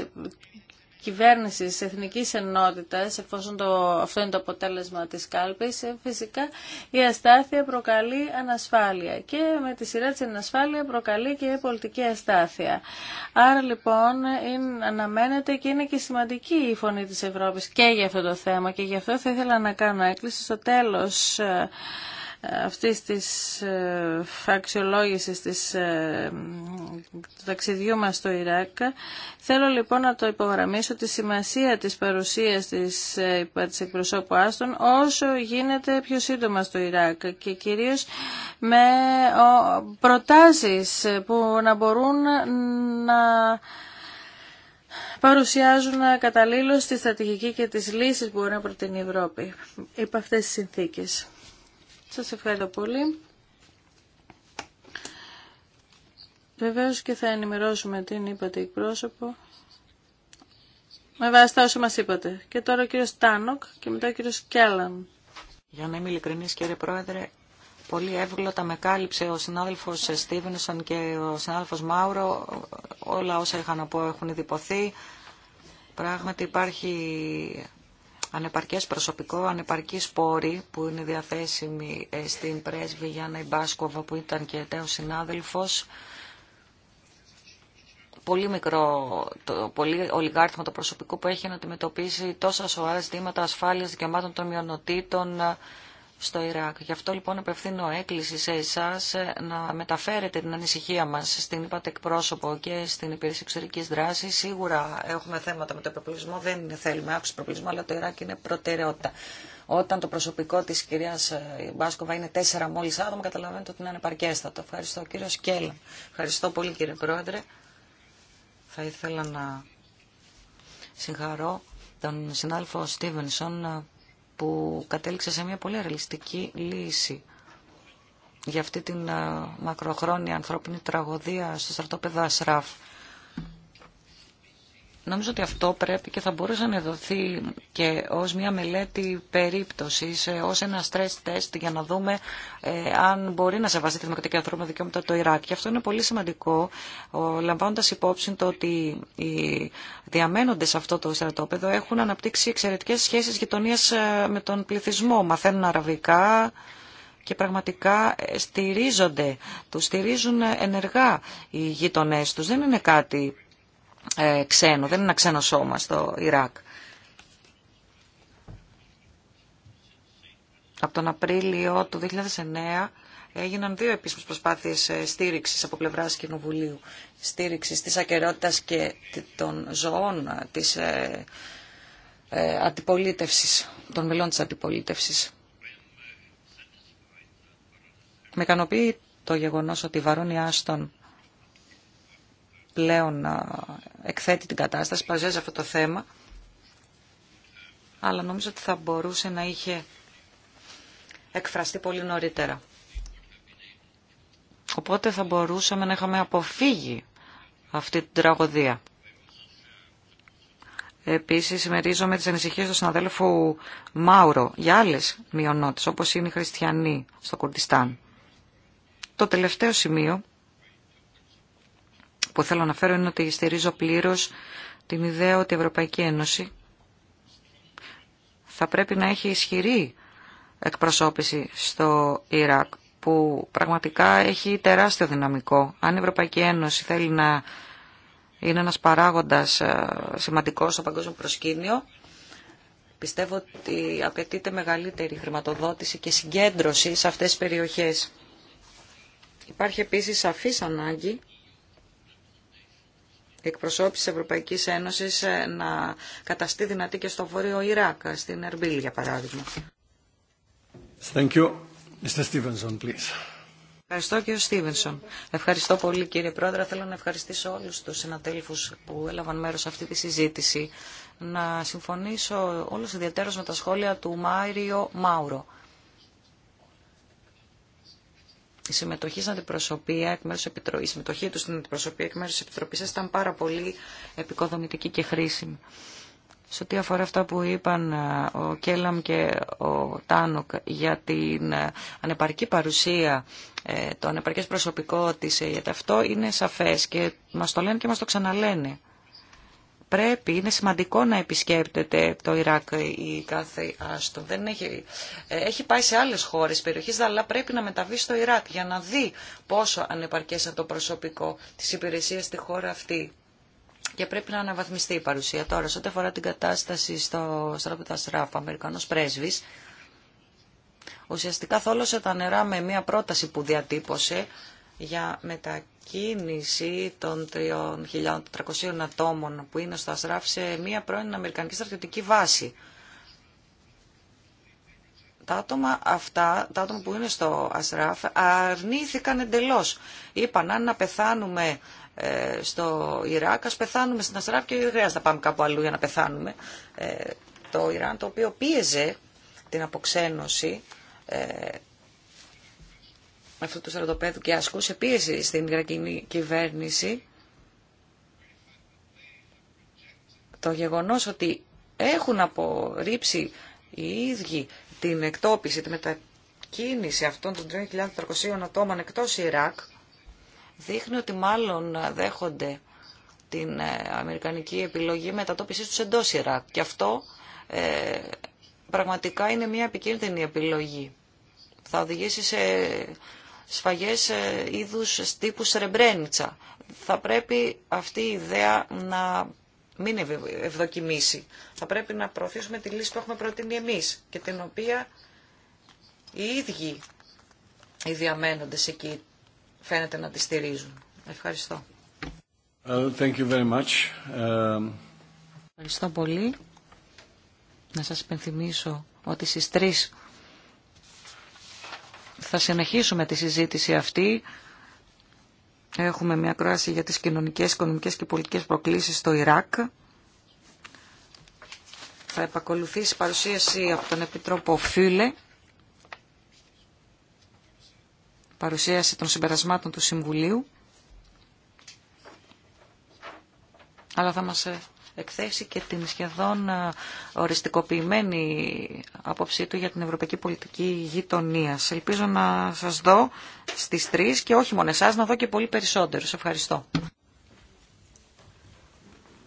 κυβέρνησης εθνικής ενότητας, εφόσον το, αυτό είναι το αποτέλεσμα της κάλπης, ε, φυσικά η αστάθεια προκαλεί ανασφάλεια και με τη σειρά της ανασφάλεια προκαλεί και πολιτική αστάθεια. Άρα λοιπόν είναι, αναμένεται και είναι και σημαντική η φωνή της Ευρώπης και για αυτό το θέμα και γι' αυτό θα ήθελα να κάνω έκκληση στο τέλος ε, αυτής της ε, αξιολόγησης της, ε, του ταξιδιού μας στο Ιράκ. Θέλω λοιπόν να το υπογραμμίσω τη σημασία της παρουσίας της, ε, της εκπροσώπου Άστον όσο γίνεται πιο σύντομα στο Ιράκ και κυρίως με προτάσεις που να μπορούν να παρουσιάζουν καταλήλως τη στρατηγική και τις λύσεις που μπορεί να προτείνει η Ευρώπη υπό αυτές τις συνθήκες. Σας ευχαριστώ πολύ. Βεβαίως και θα ενημερώσουμε την είπατε εκπρόσωπο. Με βάση τα όσα μας είπατε. Και τώρα ο κύριος Τάνοκ και μετά ο κύριος Κέλλαν. Για να είμαι ειλικρινής κύριε Πρόεδρε, πολύ εύγλωτα με κάλυψε ο συνάδελφος Στίβενσον και ο συνάδελφος Μάουρο. Όλα όσα είχαν να πω έχουν διποθεί. Πράγματι υπάρχει ανεπαρκές προσωπικό, ανεπαρκείς πόροι που είναι διαθέσιμη ε, στην πρέσβη Γιάννα Ιμπάσκοβα που ήταν και τέος συνάδελφος. Πολύ μικρό, το, πολύ ολιγάριθμο το προσωπικό που έχει να αντιμετωπίσει τόσα σοβαρά ζητήματα ασφάλειας δικαιωμάτων των μειονοτήτων, στο Ιράκ. Γι' αυτό λοιπόν απευθύνω έκκληση σε εσά να μεταφέρετε την ανησυχία μα στην είπατε εκπρόσωπο και στην υπηρεσία εξωτερική δράση. Σίγουρα έχουμε θέματα με το προπλησμό, δεν θέλουμε άξιο προπλησμό, αλλά το Ιράκ είναι προτεραιότητα. Όταν το προσωπικό τη κυρία ε, Μπάσκοβα είναι τέσσερα μόλι άτομα, καταλαβαίνετε ότι είναι ανεπαρκέστατο. Ευχαριστώ κύριο Σκέλα. Ευχαριστώ πολύ κύριε Πρόεδρε. Θα ήθελα να συγχαρώ τον συνάδελφο Στίβενσον που κατέληξε σε μια πολύ ρεαλιστική λύση για αυτή την ε, μακροχρόνια ανθρώπινη τραγωδία στο στρατόπεδο Ασράφ. Νομίζω ότι αυτό πρέπει και θα μπορούσε να δοθεί και ως μια μελέτη περίπτωσης, ε, ως ένα stress test για να δούμε ε, αν μπορεί να σεβαστεί τη δημοκρατική ανθρώπινα δικαιώματα το Ιράκ. Και αυτό είναι πολύ σημαντικό, λαμβάνοντας υπόψη το ότι οι διαμένοντες σε αυτό το στρατόπεδο έχουν αναπτύξει εξαιρετικές σχέσεις γειτονίας ε, με τον πληθυσμό. Μαθαίνουν αραβικά, και πραγματικά στηρίζονται, τους στηρίζουν ενεργά οι γείτονές τους. Δεν είναι κάτι ε, ξένο δεν είναι ένα ξένο σώμα στο Ιράκ. Από τον Απρίλιο του 2009 έγιναν δύο επίσημες προσπάθειες ε, στήριξης από πλευράς Κοινοβουλίου, στήριξης της ακαιρότητας και των ζωών ε, της ε, αντιπολίτευσης, των μελών της αντιπολίτευσης. Με ικανοποιεί το γεγονός ότι η Βαρόνια Άστον πλέον εκθέτει την κατάσταση, παζέζει αυτό το θέμα. Αλλά νομίζω ότι θα μπορούσε να είχε εκφραστεί πολύ νωρίτερα. Οπότε θα μπορούσαμε να είχαμε αποφύγει αυτή την τραγωδία. Επίσης, συμμερίζομαι τις ανησυχίες του συναδέλφου Μάουρο για άλλες μειονότητες, όπως είναι οι χριστιανοί στο Κουρδιστάν. Το τελευταίο σημείο που θέλω να φέρω είναι ότι στηρίζω πλήρως την ιδέα ότι η Ευρωπαϊκή Ένωση θα πρέπει να έχει ισχυρή εκπροσώπηση στο Ιράκ που πραγματικά έχει τεράστιο δυναμικό. Αν η Ευρωπαϊκή Ένωση θέλει να είναι ένας παράγοντας ε, σημαντικός στο παγκόσμιο προσκήνιο, πιστεύω ότι απαιτείται μεγαλύτερη χρηματοδότηση και συγκέντρωση σε αυτές τις περιοχές. Υπάρχει επίσης σαφής ανάγκη εκπροσώπηση Ευρωπαϊκής Ένωσης ε, να καταστεί δυνατή και στο Βόρειο Ιράκ, ε, στην Ερμπίλ για παράδειγμα. Thank you. Mr. Stevenson, please. Ευχαριστώ κύριο Στίβενσον. Ευχαριστώ πολύ κύριε Πρόεδρε. Θέλω να ευχαριστήσω όλους τους συναδέλφους που έλαβαν μέρος σε αυτή τη συζήτηση. Να συμφωνήσω όλους ιδιαίτερως με τα σχόλια του Μάριο Μάουρο η συμμετοχή στην αντιπροσωπεία, εκ μέρους, η συμμετοχή του στην αντιπροσωπεία εκ μέρους της Επιτροπής ήταν πάρα πολύ επικοδομητική και χρήσιμη. Σε ό,τι αφορά αυτά που είπαν ε, ο Κέλαμ και ο Τάνοκ για την ε, ανεπαρκή παρουσία, ε, το ανεπαρκές προσωπικό της γιατί ΕΕ, αυτό είναι σαφές και μας το λένε και μας το ξαναλένε πρέπει, είναι σημαντικό να επισκέπτεται το Ιράκ η κάθε άστο. Δεν έχει, ε, έχει πάει σε άλλες χώρες περιοχής, αλλά πρέπει να μεταβεί στο Ιράκ για να δει πόσο ανεπαρκές το προσωπικό της υπηρεσίας στη χώρα αυτή. Και πρέπει να αναβαθμιστεί η παρουσία. Τώρα, σε ό,τι αφορά την κατάσταση στο στράπετα ο Αμερικανό πρέσβης, ουσιαστικά θόλωσε τα νερά με μια πρόταση που διατύπωσε για μετακίνηση των 3.400 ατόμων που είναι στο Ασράφ σε μια πρώην Αμερικανική στρατιωτική βάση. Τα άτομα αυτά, τα άτομα που είναι στο Ασράφ, αρνήθηκαν εντελώς. Είπαν αν να πεθάνουμε ε, στο Ιράκ, ας πεθάνουμε στην Ασράφ και δεν χρειάζεται να πάμε κάπου αλλού για να πεθάνουμε. Ε, το Ιράν το οποίο πίεζε την αποξένωση ε, αυτού του στρατοπέδου και ασκούσε πίεση στην Ιρακινή κυβέρνηση το γεγονός ότι έχουν απορρίψει οι ίδιοι την εκτόπιση, τη μετακίνηση αυτών των 3.400 ατόμων εκτός Ιράκ δείχνει ότι μάλλον δέχονται την ε, αμερικανική επιλογή μετατόπισης τους εντός Ιράκ. Και αυτό ε, πραγματικά είναι μια επικίνδυνη επιλογή. Θα οδηγήσει σε σφαγές ε, είδους τύπου Σρεμπρένιτσα. Θα πρέπει αυτή η ιδέα να μην ευδοκιμήσει. Θα πρέπει να προωθήσουμε τη λύση που έχουμε προτείνει εμείς και την οποία οι ίδιοι οι διαμένοντες εκεί φαίνεται να τη στηρίζουν. Ευχαριστώ. Thank you um, Ευχαριστώ πολύ. Να σας υπενθυμίσω ότι στις 3 θα συνεχίσουμε τη συζήτηση αυτή. Έχουμε μια κράση για τις κοινωνικές, οικονομικές και πολιτικές προκλήσεις στο Ιράκ. Θα επακολουθήσει παρουσίαση από τον Επιτρόπο Φίλε. Παρουσίαση των συμπερασμάτων του Συμβουλίου. Αλλά θα μας ε, εκθέσει και την σχεδόν οριστικοποιημένη άποψή του για την ευρωπαϊκή πολιτική γειτονία. Ελπίζω να σας δω στις τρεις και όχι μόνο εσάς, να δω και πολύ περισσότερους. Ευχαριστώ.